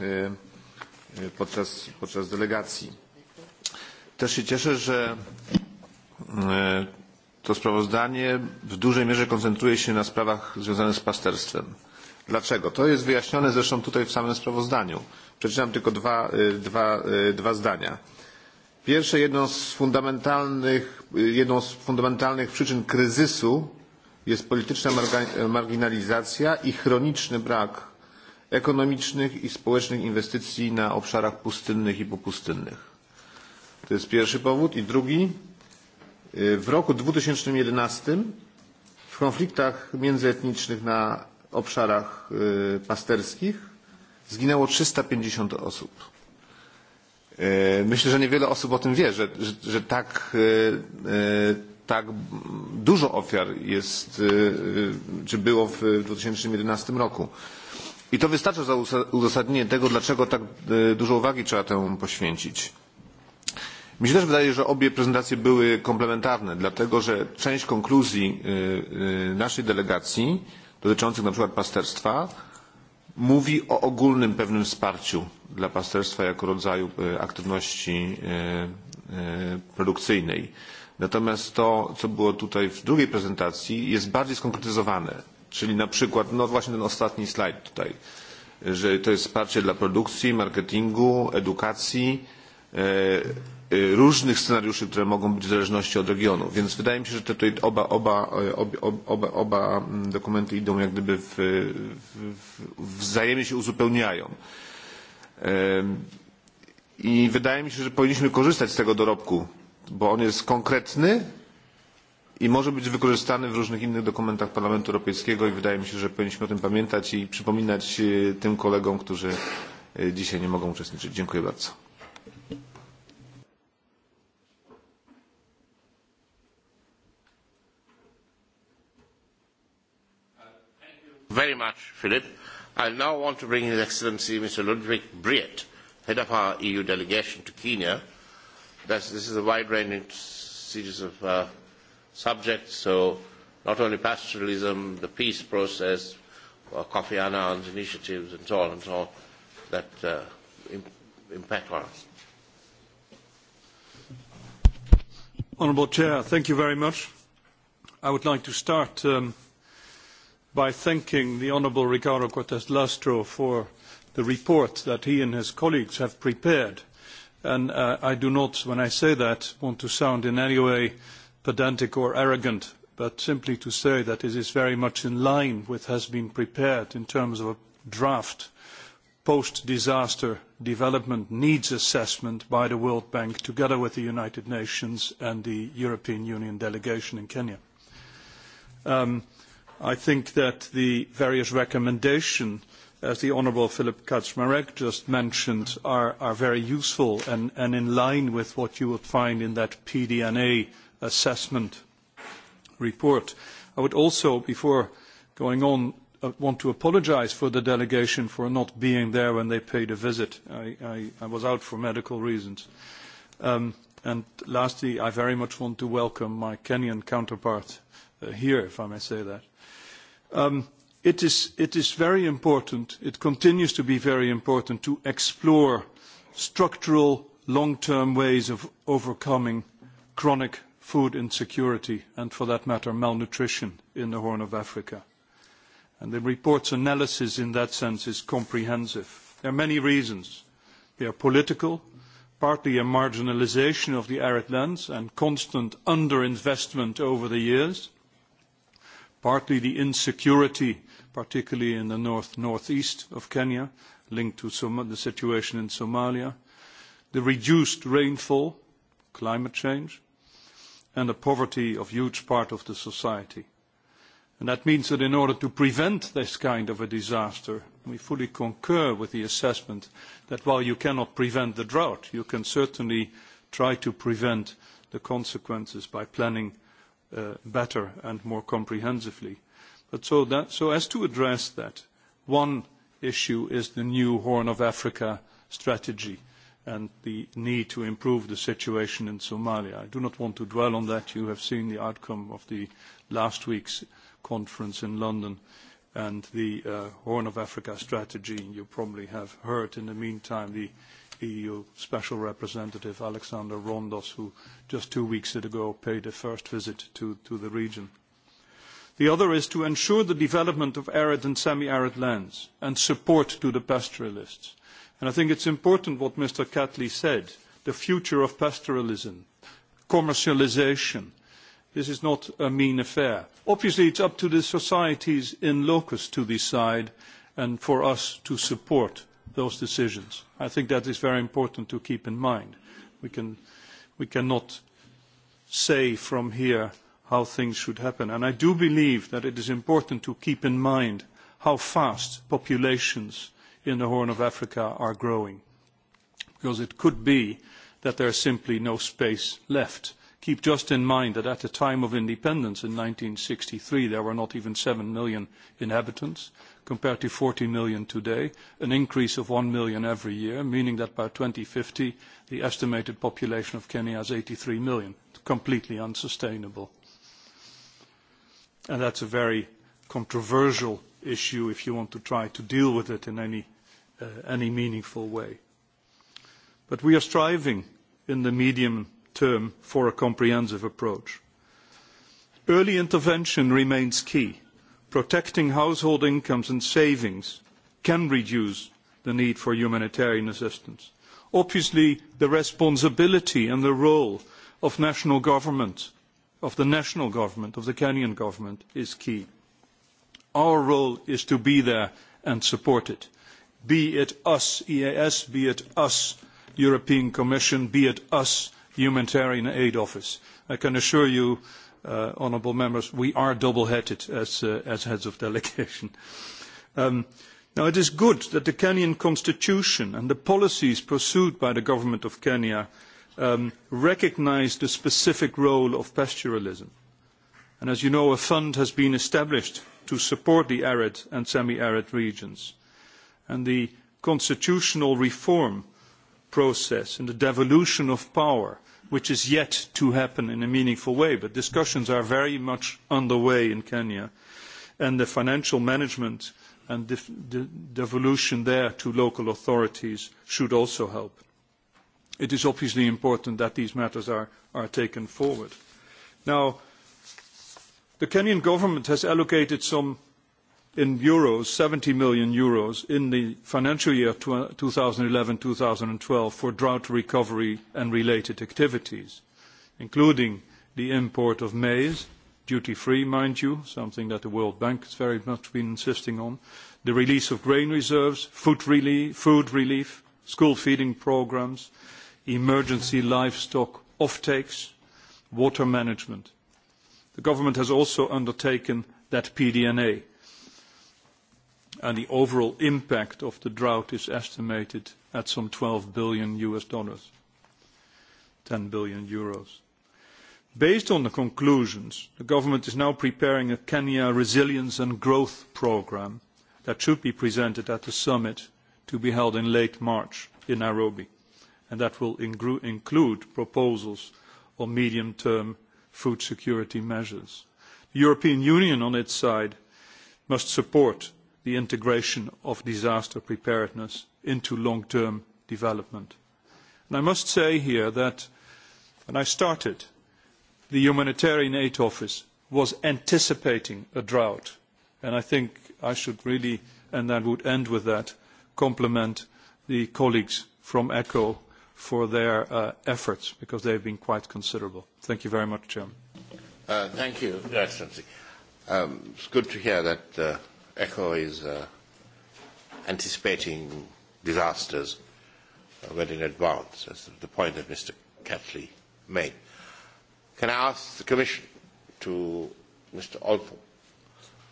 podczas, podczas delegacji. Też się cieszę, że to sprawozdanie w dużej mierze koncentruje się na sprawach związanych z pasterstwem. Dlaczego? To jest wyjaśnione zresztą tutaj w samym sprawozdaniu. Przeczytam tylko dwa, dwa, dwa zdania. Pierwsze, jedną z, fundamentalnych, jedną z fundamentalnych przyczyn kryzysu jest polityczna marginalizacja i chroniczny brak ekonomicznych i społecznych inwestycji na obszarach pustynnych i popustynnych. To jest pierwszy powód. I drugi, w roku 2011 w konfliktach międzyetnicznych na obszarach pasterskich zginęło 350 osób. Myślę, że niewiele osób o tym wie, że, że, że tak, tak dużo ofiar jest, czy było w 2011 roku. I to wystarczy za uzasadnienie tego, dlaczego tak dużo uwagi trzeba temu poświęcić. Mi się też wydaje, że obie prezentacje były komplementarne, dlatego że część konkluzji naszej delegacji dotyczących na przykład pasterstwa mówi o ogólnym pewnym wsparciu dla pasterstwa jako rodzaju aktywności produkcyjnej. Natomiast to, co było tutaj w drugiej prezentacji, jest bardziej skonkretyzowane Czyli na przykład, no właśnie ten ostatni slajd tutaj, że to jest wsparcie dla produkcji, marketingu, edukacji, różnych scenariuszy, które mogą być w zależności od regionu. Więc wydaje mi się, że tutaj oba, oba, oba, oba dokumenty idą jak gdyby w, w, wzajemnie się uzupełniają. I wydaje mi się, że powinniśmy korzystać z tego dorobku, bo on jest konkretny, i może być wykorzystany w różnych innych dokumentach Parlamentu Europejskiego i wydaje mi się, że powinniśmy o tym pamiętać i przypominać tym kolegom, którzy dzisiaj nie mogą uczestniczyć. Dziękuję bardzo. very much, Philip. I now want to bring His Excellency Mr. Ludwig Briet, head of our EU delegation to Kenya. That's, this is a wide-ranging series of uh, subjects, so not only pastoralism, the peace process, uh, Kofi Annan's initiatives and so on and so on that uh, impact on us. Honourable Chair, thank you very much. I would like to start um, by thanking the Honourable Ricardo Cortes Lastro for the report that he and his colleagues have prepared. And uh, I do not, when I say that, want to sound in any way pedantic or arrogant, but simply to say that it is very much in line with what has been prepared in terms of a draft post-disaster development needs assessment by the World Bank together with the United Nations and the European Union delegation in Kenya. I think that the various recommendations, as the Honourable Philip Kaczmarek just mentioned, are, very useful and, in line with what you would find in that PDNA assessment report. I would also, before going on, want to apologise for the delegation for not being there when they paid a visit. I, I, I was out for medical reasons. Um, and lastly, I very much want to welcome my Kenyan counterpart uh, here, if I may say that. Um, it, is, it is very important, it continues to be very important to explore structural long-term ways of overcoming chronic food insecurity and, for that matter, malnutrition in the Horn of Africa. And the report's analysis in that sense is comprehensive. There are many reasons. They are political, partly a marginalisation of the arid lands and constant underinvestment over the years, partly the insecurity, particularly in the north northeast of Kenya, linked to the situation in Somalia, the reduced rainfall, climate change, and the poverty of a huge part of the society. that means that in order to prevent this kind of a disaster, we fully concur with the assessment that while you cannot prevent the drought, you can certainly try to prevent the consequences by planning better and more comprehensively. so as to address that, one issue is the new Horn of Africa strategy and the need to improve the situation in Somalia. I do not want to dwell on that. You have seen the outcome of the last week's conference in London and the Horn of Africa strategy. You probably have heard in the meantime the EU Special Representative Alexander Rondos, who just two weeks ago paid a first visit to the region. The other is to ensure the development of arid and semi-arid lands and support to the pastoralists And I think it's important what Mr. Catley said, the future of pastoralism, commercialisation. This is not a mean affair. Obviously, it's up to the societies in locus to decide and for us to support those decisions. I think that is very important to keep in mind. We, can, we cannot say from here how things should happen. And I do believe that it is important to keep in mind how fast populations in the Horn of Africa are growing. Because it could be that there is simply no space left. Keep just in mind that at the time of independence in sixty three there were not even seven million inhabitants compared to forty million today, an increase of one million every year, meaning that by fifty the estimated population of Kenya is eighty three million. Completely unsustainable. And That's a very controversial issue if you want to try to deal with it in any, uh, any meaningful way. But we are striving in the medium term for a comprehensive approach. Early intervention remains key. Protecting household incomes and savings can reduce the need for humanitarian assistance. Obviously, the responsibility and the role of national government, of the national government, of the Kenyan government, is key Our role is to be there and support it. Be it us, EAS, be it us, European Commission, be it us, Humanitarian Aid Office. I can assure you, honourable members, we are double-headed as, heads of delegation. Now, it is good that the Kenyan constitution and the policies pursued by the government of Kenya recognise the specific role of pastoralism. And as you know, a fund has been established to support the arid and semi-arid regions. And the constitutional reform process and the devolution of power, which is yet to happen in a meaningful way, but discussions are very much underway in Kenya, and the financial management and the devolution there to local authorities should also help. It is obviously important that these matters are, taken forward. Now, The Kenyan government has allocated some in euros, 70 million euros in the financial year 2011-2012 for drought recovery and related activities, including the import of maize, duty-free, mind you, something that the World Bank has very much been insisting on, the release of grain reserves, food relief, school feeding programmes, emergency livestock offtakes, water management. The government has also undertaken that PDNA, and the overall impact of the drought is estimated at some $12 billion, US dollars, 10 billion euros. Based on the conclusions, the government is now preparing a Kenya resilience and growth programme that should be presented at the summit to be held in late March in Nairobi, and that will include proposals on medium-term food security measures. The European Union, on its side, must support the integration of disaster preparedness into long-term development. And I must say here that when I started, the Humanitarian Aid Office was anticipating a drought. And I think I should really, and I would end with that, compliment the colleagues from ECHO for their uh, efforts because they have been quite considerable. Thank you very much, Chairman. Uh, thank you, Your Excellency. Um, it's good to hear that uh, ECHO is uh, anticipating disasters well in advance. That's the point that Mr. Catley made. Can I ask the Commission to Mr. Olpo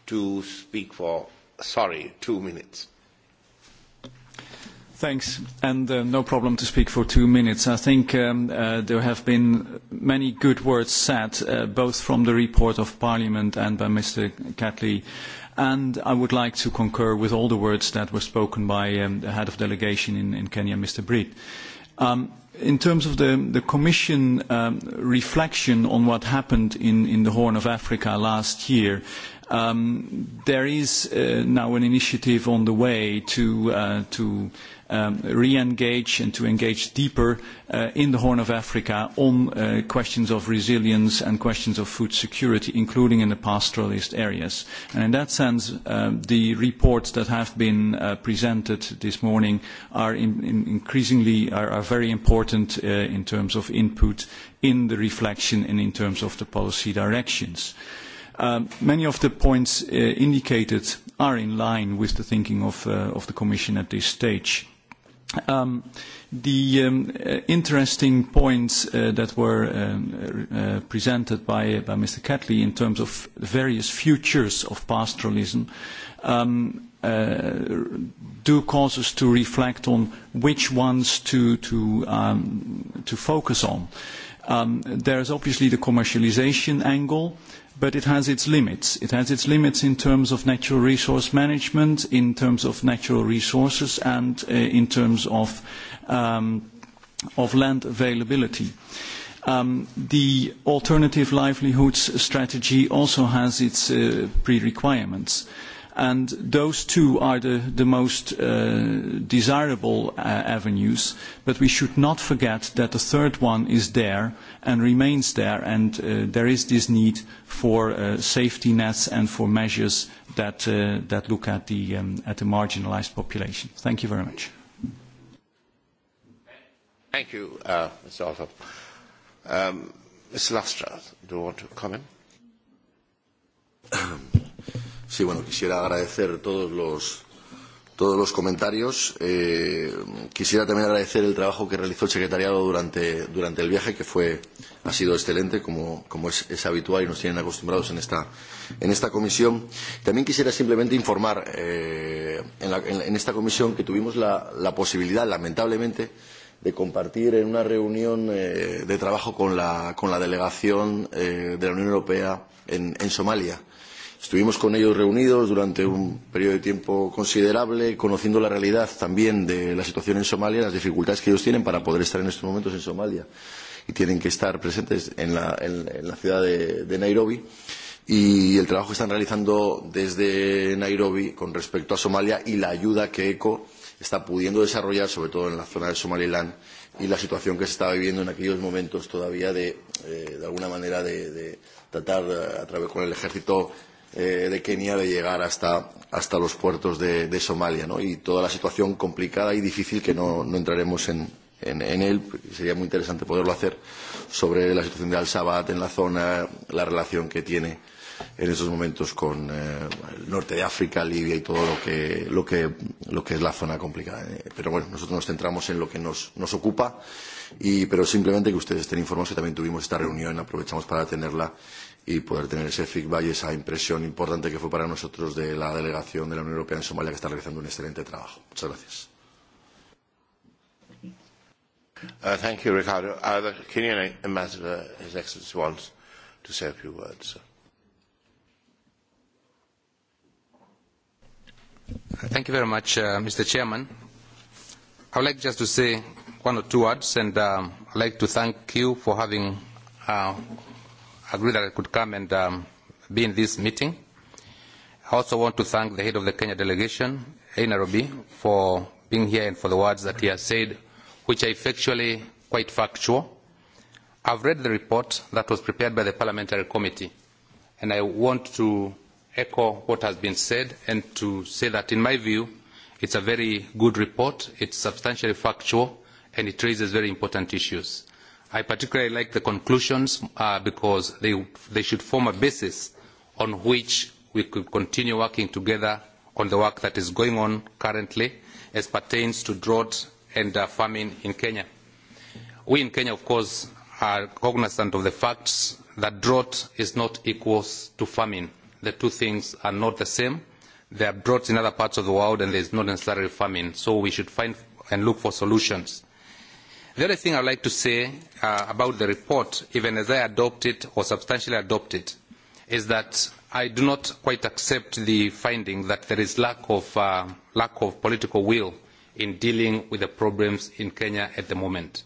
to speak for, sorry, two minutes? Thanks, and no problem to speak for two minutes. I think there have been many good words said, both from the report of Parliament and by Mr. Catley, and I would like to concur with all the words that were spoken by the head of delegation in Kenya, Mr. Breed. In terms of the Commission reflection on what happened in the Horn of Africa last year, there is now an initiative on the way to re-engage and to engage deeper in the Horn of Africa on questions of resilience and questions of food security, including in the pastoralist areas. And in that sense, the reports that have been presented this morning are increasingly are very important in terms of input in the reflection and in terms of the policy directions. Many of the points indicated are in line with the thinking of the Commission at this stage. The interesting points that were presented by Mr. Ketley in terms of the various futures of pastoralism do cause us to reflect on which ones to focus on. There is obviously the commercialisation angle, but it has its limits. It has its limits in terms of natural resource management, in terms of natural resources, and in terms of, land availability. the alternative livelihoods strategy also has its pre-requirements. Uh, and those two are the, the most desirable avenues, but we should not forget that the third one is there and remains there, and there is this need for safety nets and for measures that, that look at the, at the marginalized population. Thank you very much. Thank you, Mr. Arthur. Ms. Lustra, do you want to comment? Sí, bueno, quisiera agradecer todos los, todos los comentarios. Eh, quisiera también agradecer el trabajo que realizó el secretariado durante, durante el viaje, que fue, ha sido excelente, como, como es, es habitual y nos tienen acostumbrados en esta, en esta comisión. También quisiera simplemente informar eh, en, la, en, en esta comisión que tuvimos la, la posibilidad, lamentablemente, de compartir en una reunión eh, de trabajo con la, con la delegación eh, de la Unión Europea en, en Somalia Estuvimos con ellos reunidos durante un periodo de tiempo considerable, conociendo la realidad también de la situación en Somalia, las dificultades que ellos tienen para poder estar en estos momentos en Somalia y tienen que estar presentes en la, en, en la ciudad de, de Nairobi y el trabajo que están realizando desde Nairobi con respecto a Somalia y la ayuda que ECO está pudiendo desarrollar, sobre todo en la zona de Somaliland, y la situación que se está viviendo en aquellos momentos todavía de, eh, de alguna manera, de, de tratar a través con el ejército de Kenia de llegar hasta, hasta los puertos de, de Somalia ¿no? y toda la situación complicada y difícil que no, no entraremos en, en, en él. Sería muy interesante poderlo hacer sobre la situación de Al-Shabaab en la zona, la relación que tiene en esos momentos con eh, el norte de África, Libia y todo lo que, lo que, lo que es la zona complicada. Pero bueno, nosotros nos centramos en lo que nos, nos ocupa, y, pero simplemente que ustedes estén informados que también tuvimos esta reunión, aprovechamos para tenerla y poder tener ese feedback y esa impresión importante que fue para nosotros de la delegación de la Unión Europea en Somalia, que está realizando un excelente trabajo. Muchas gracias. Uh, thank you, Ricardo. Uh, the Kenyan ambassador, His Excellency, wants to say a few words. Thank you very much, uh, Mr. Chairman. I would like just to say one or two words, and um, I'd like to thank you for having uh, agreed that I could come and um, be in this meeting. I also want to thank the head of the Kenya delegation in Nairobi for being here and for the words that he has said, which are effectually quite factual. I've read the report that was prepared by the Parliamentary Committee, and I want to echo what has been said and to say that, in my view, it's a very good report, it's substantially factual, and it raises very important issues. I particularly like the conclusions because they, should form a basis on which we could continue working together on the work that is going on currently as pertains to drought and famine in Kenya. We in Kenya, of course, are cognizant of the fact that drought is not equal to famine. The two things are not the same. There are droughts in other parts of the world and there is not necessarily famine. So we should find and look for solutions The other thing I'd like to say uh, about the report, even as I adopt it or substantially adopt it, is that I do not quite accept the finding that there is lack of, uh, lack of political will in dealing with the problems in Kenya at the moment.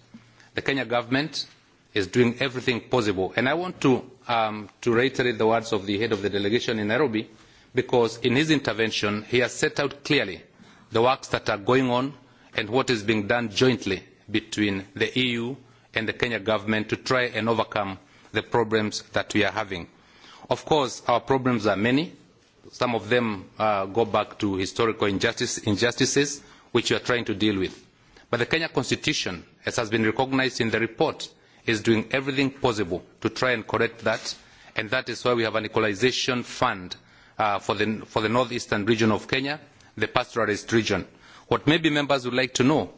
The Kenya government is doing everything possible. And I want to, um, to reiterate the words of the head of the delegation in Nairobi, because in his intervention, he has set out clearly the works that are going on and what is being done jointly between the EU and the Kenya government to try and overcome the problems that we are having. Of course, our problems are many. Some of them go back to historical injustices, which we are trying to deal with. But the Kenya Constitution, as has been recognised in the report, is doing everything possible to try and correct that, and that is why we have an equalisation fund for, the, for the northeastern region of Kenya, the pastoralist region. What maybe members would like to know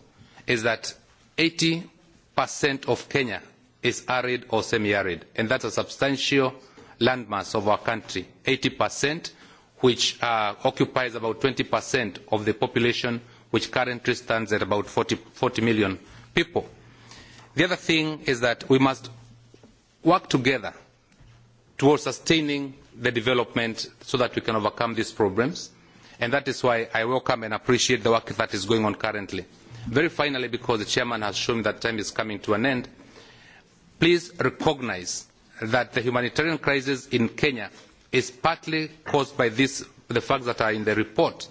is that 80% of Kenya is arid or semi-arid, and that's a substantial landmass of our country, 80%, which occupies about 20% of the population, which currently stands at about forty 40 million people. The other thing is that we must work together towards sustaining the development so that we can overcome these problems. And that is why I welcome and appreciate the work that is going on currently Very finally, because the chairman has shown that time is coming to an end, please recognise that the humanitarian crisis in Kenya is partly caused by this, the facts that are in the report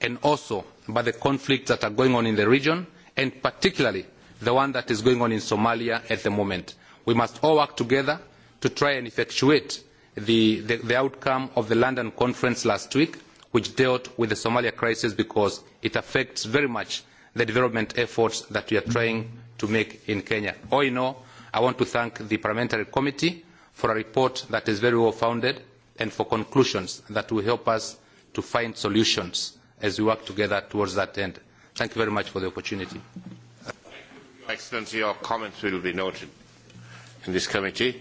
and also by the conflicts that are going on in the region and particularly the one that is going on in Somalia at the moment. We must all work together to try and effectuate the, the, the outcome of the London conference last week, which dealt with the Somalia crisis because it affects very much the development efforts that we are trying to make in Kenya. All in all, I want to thank the Parliamentary Committee for a report that is very well founded and for conclusions that will help us to find solutions as we work together towards that end. Thank you very much for the opportunity. Excellency, your comments will be noted in this committee.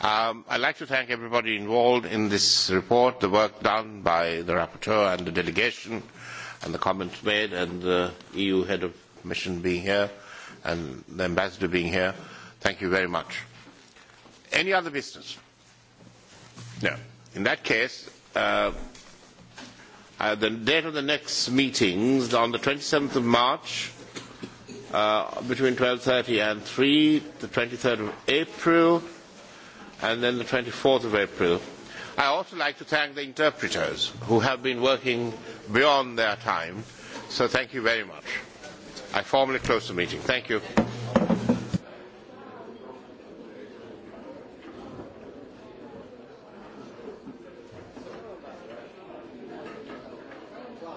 Um, I'd like to thank everybody involved in this report, the work done by the rapporteur and the delegation and the comments made and the EU head of mission being here and the ambassador being here. Thank you very much. Any other business? No. In that case, uh, uh, the date of the next meetings on the 27th of March uh, between 12.30 and 3, the 23rd of April, and then the 24th of April I also like to thank the interpreters who have been working beyond their time. So thank you very much. I formally close the meeting. Thank you.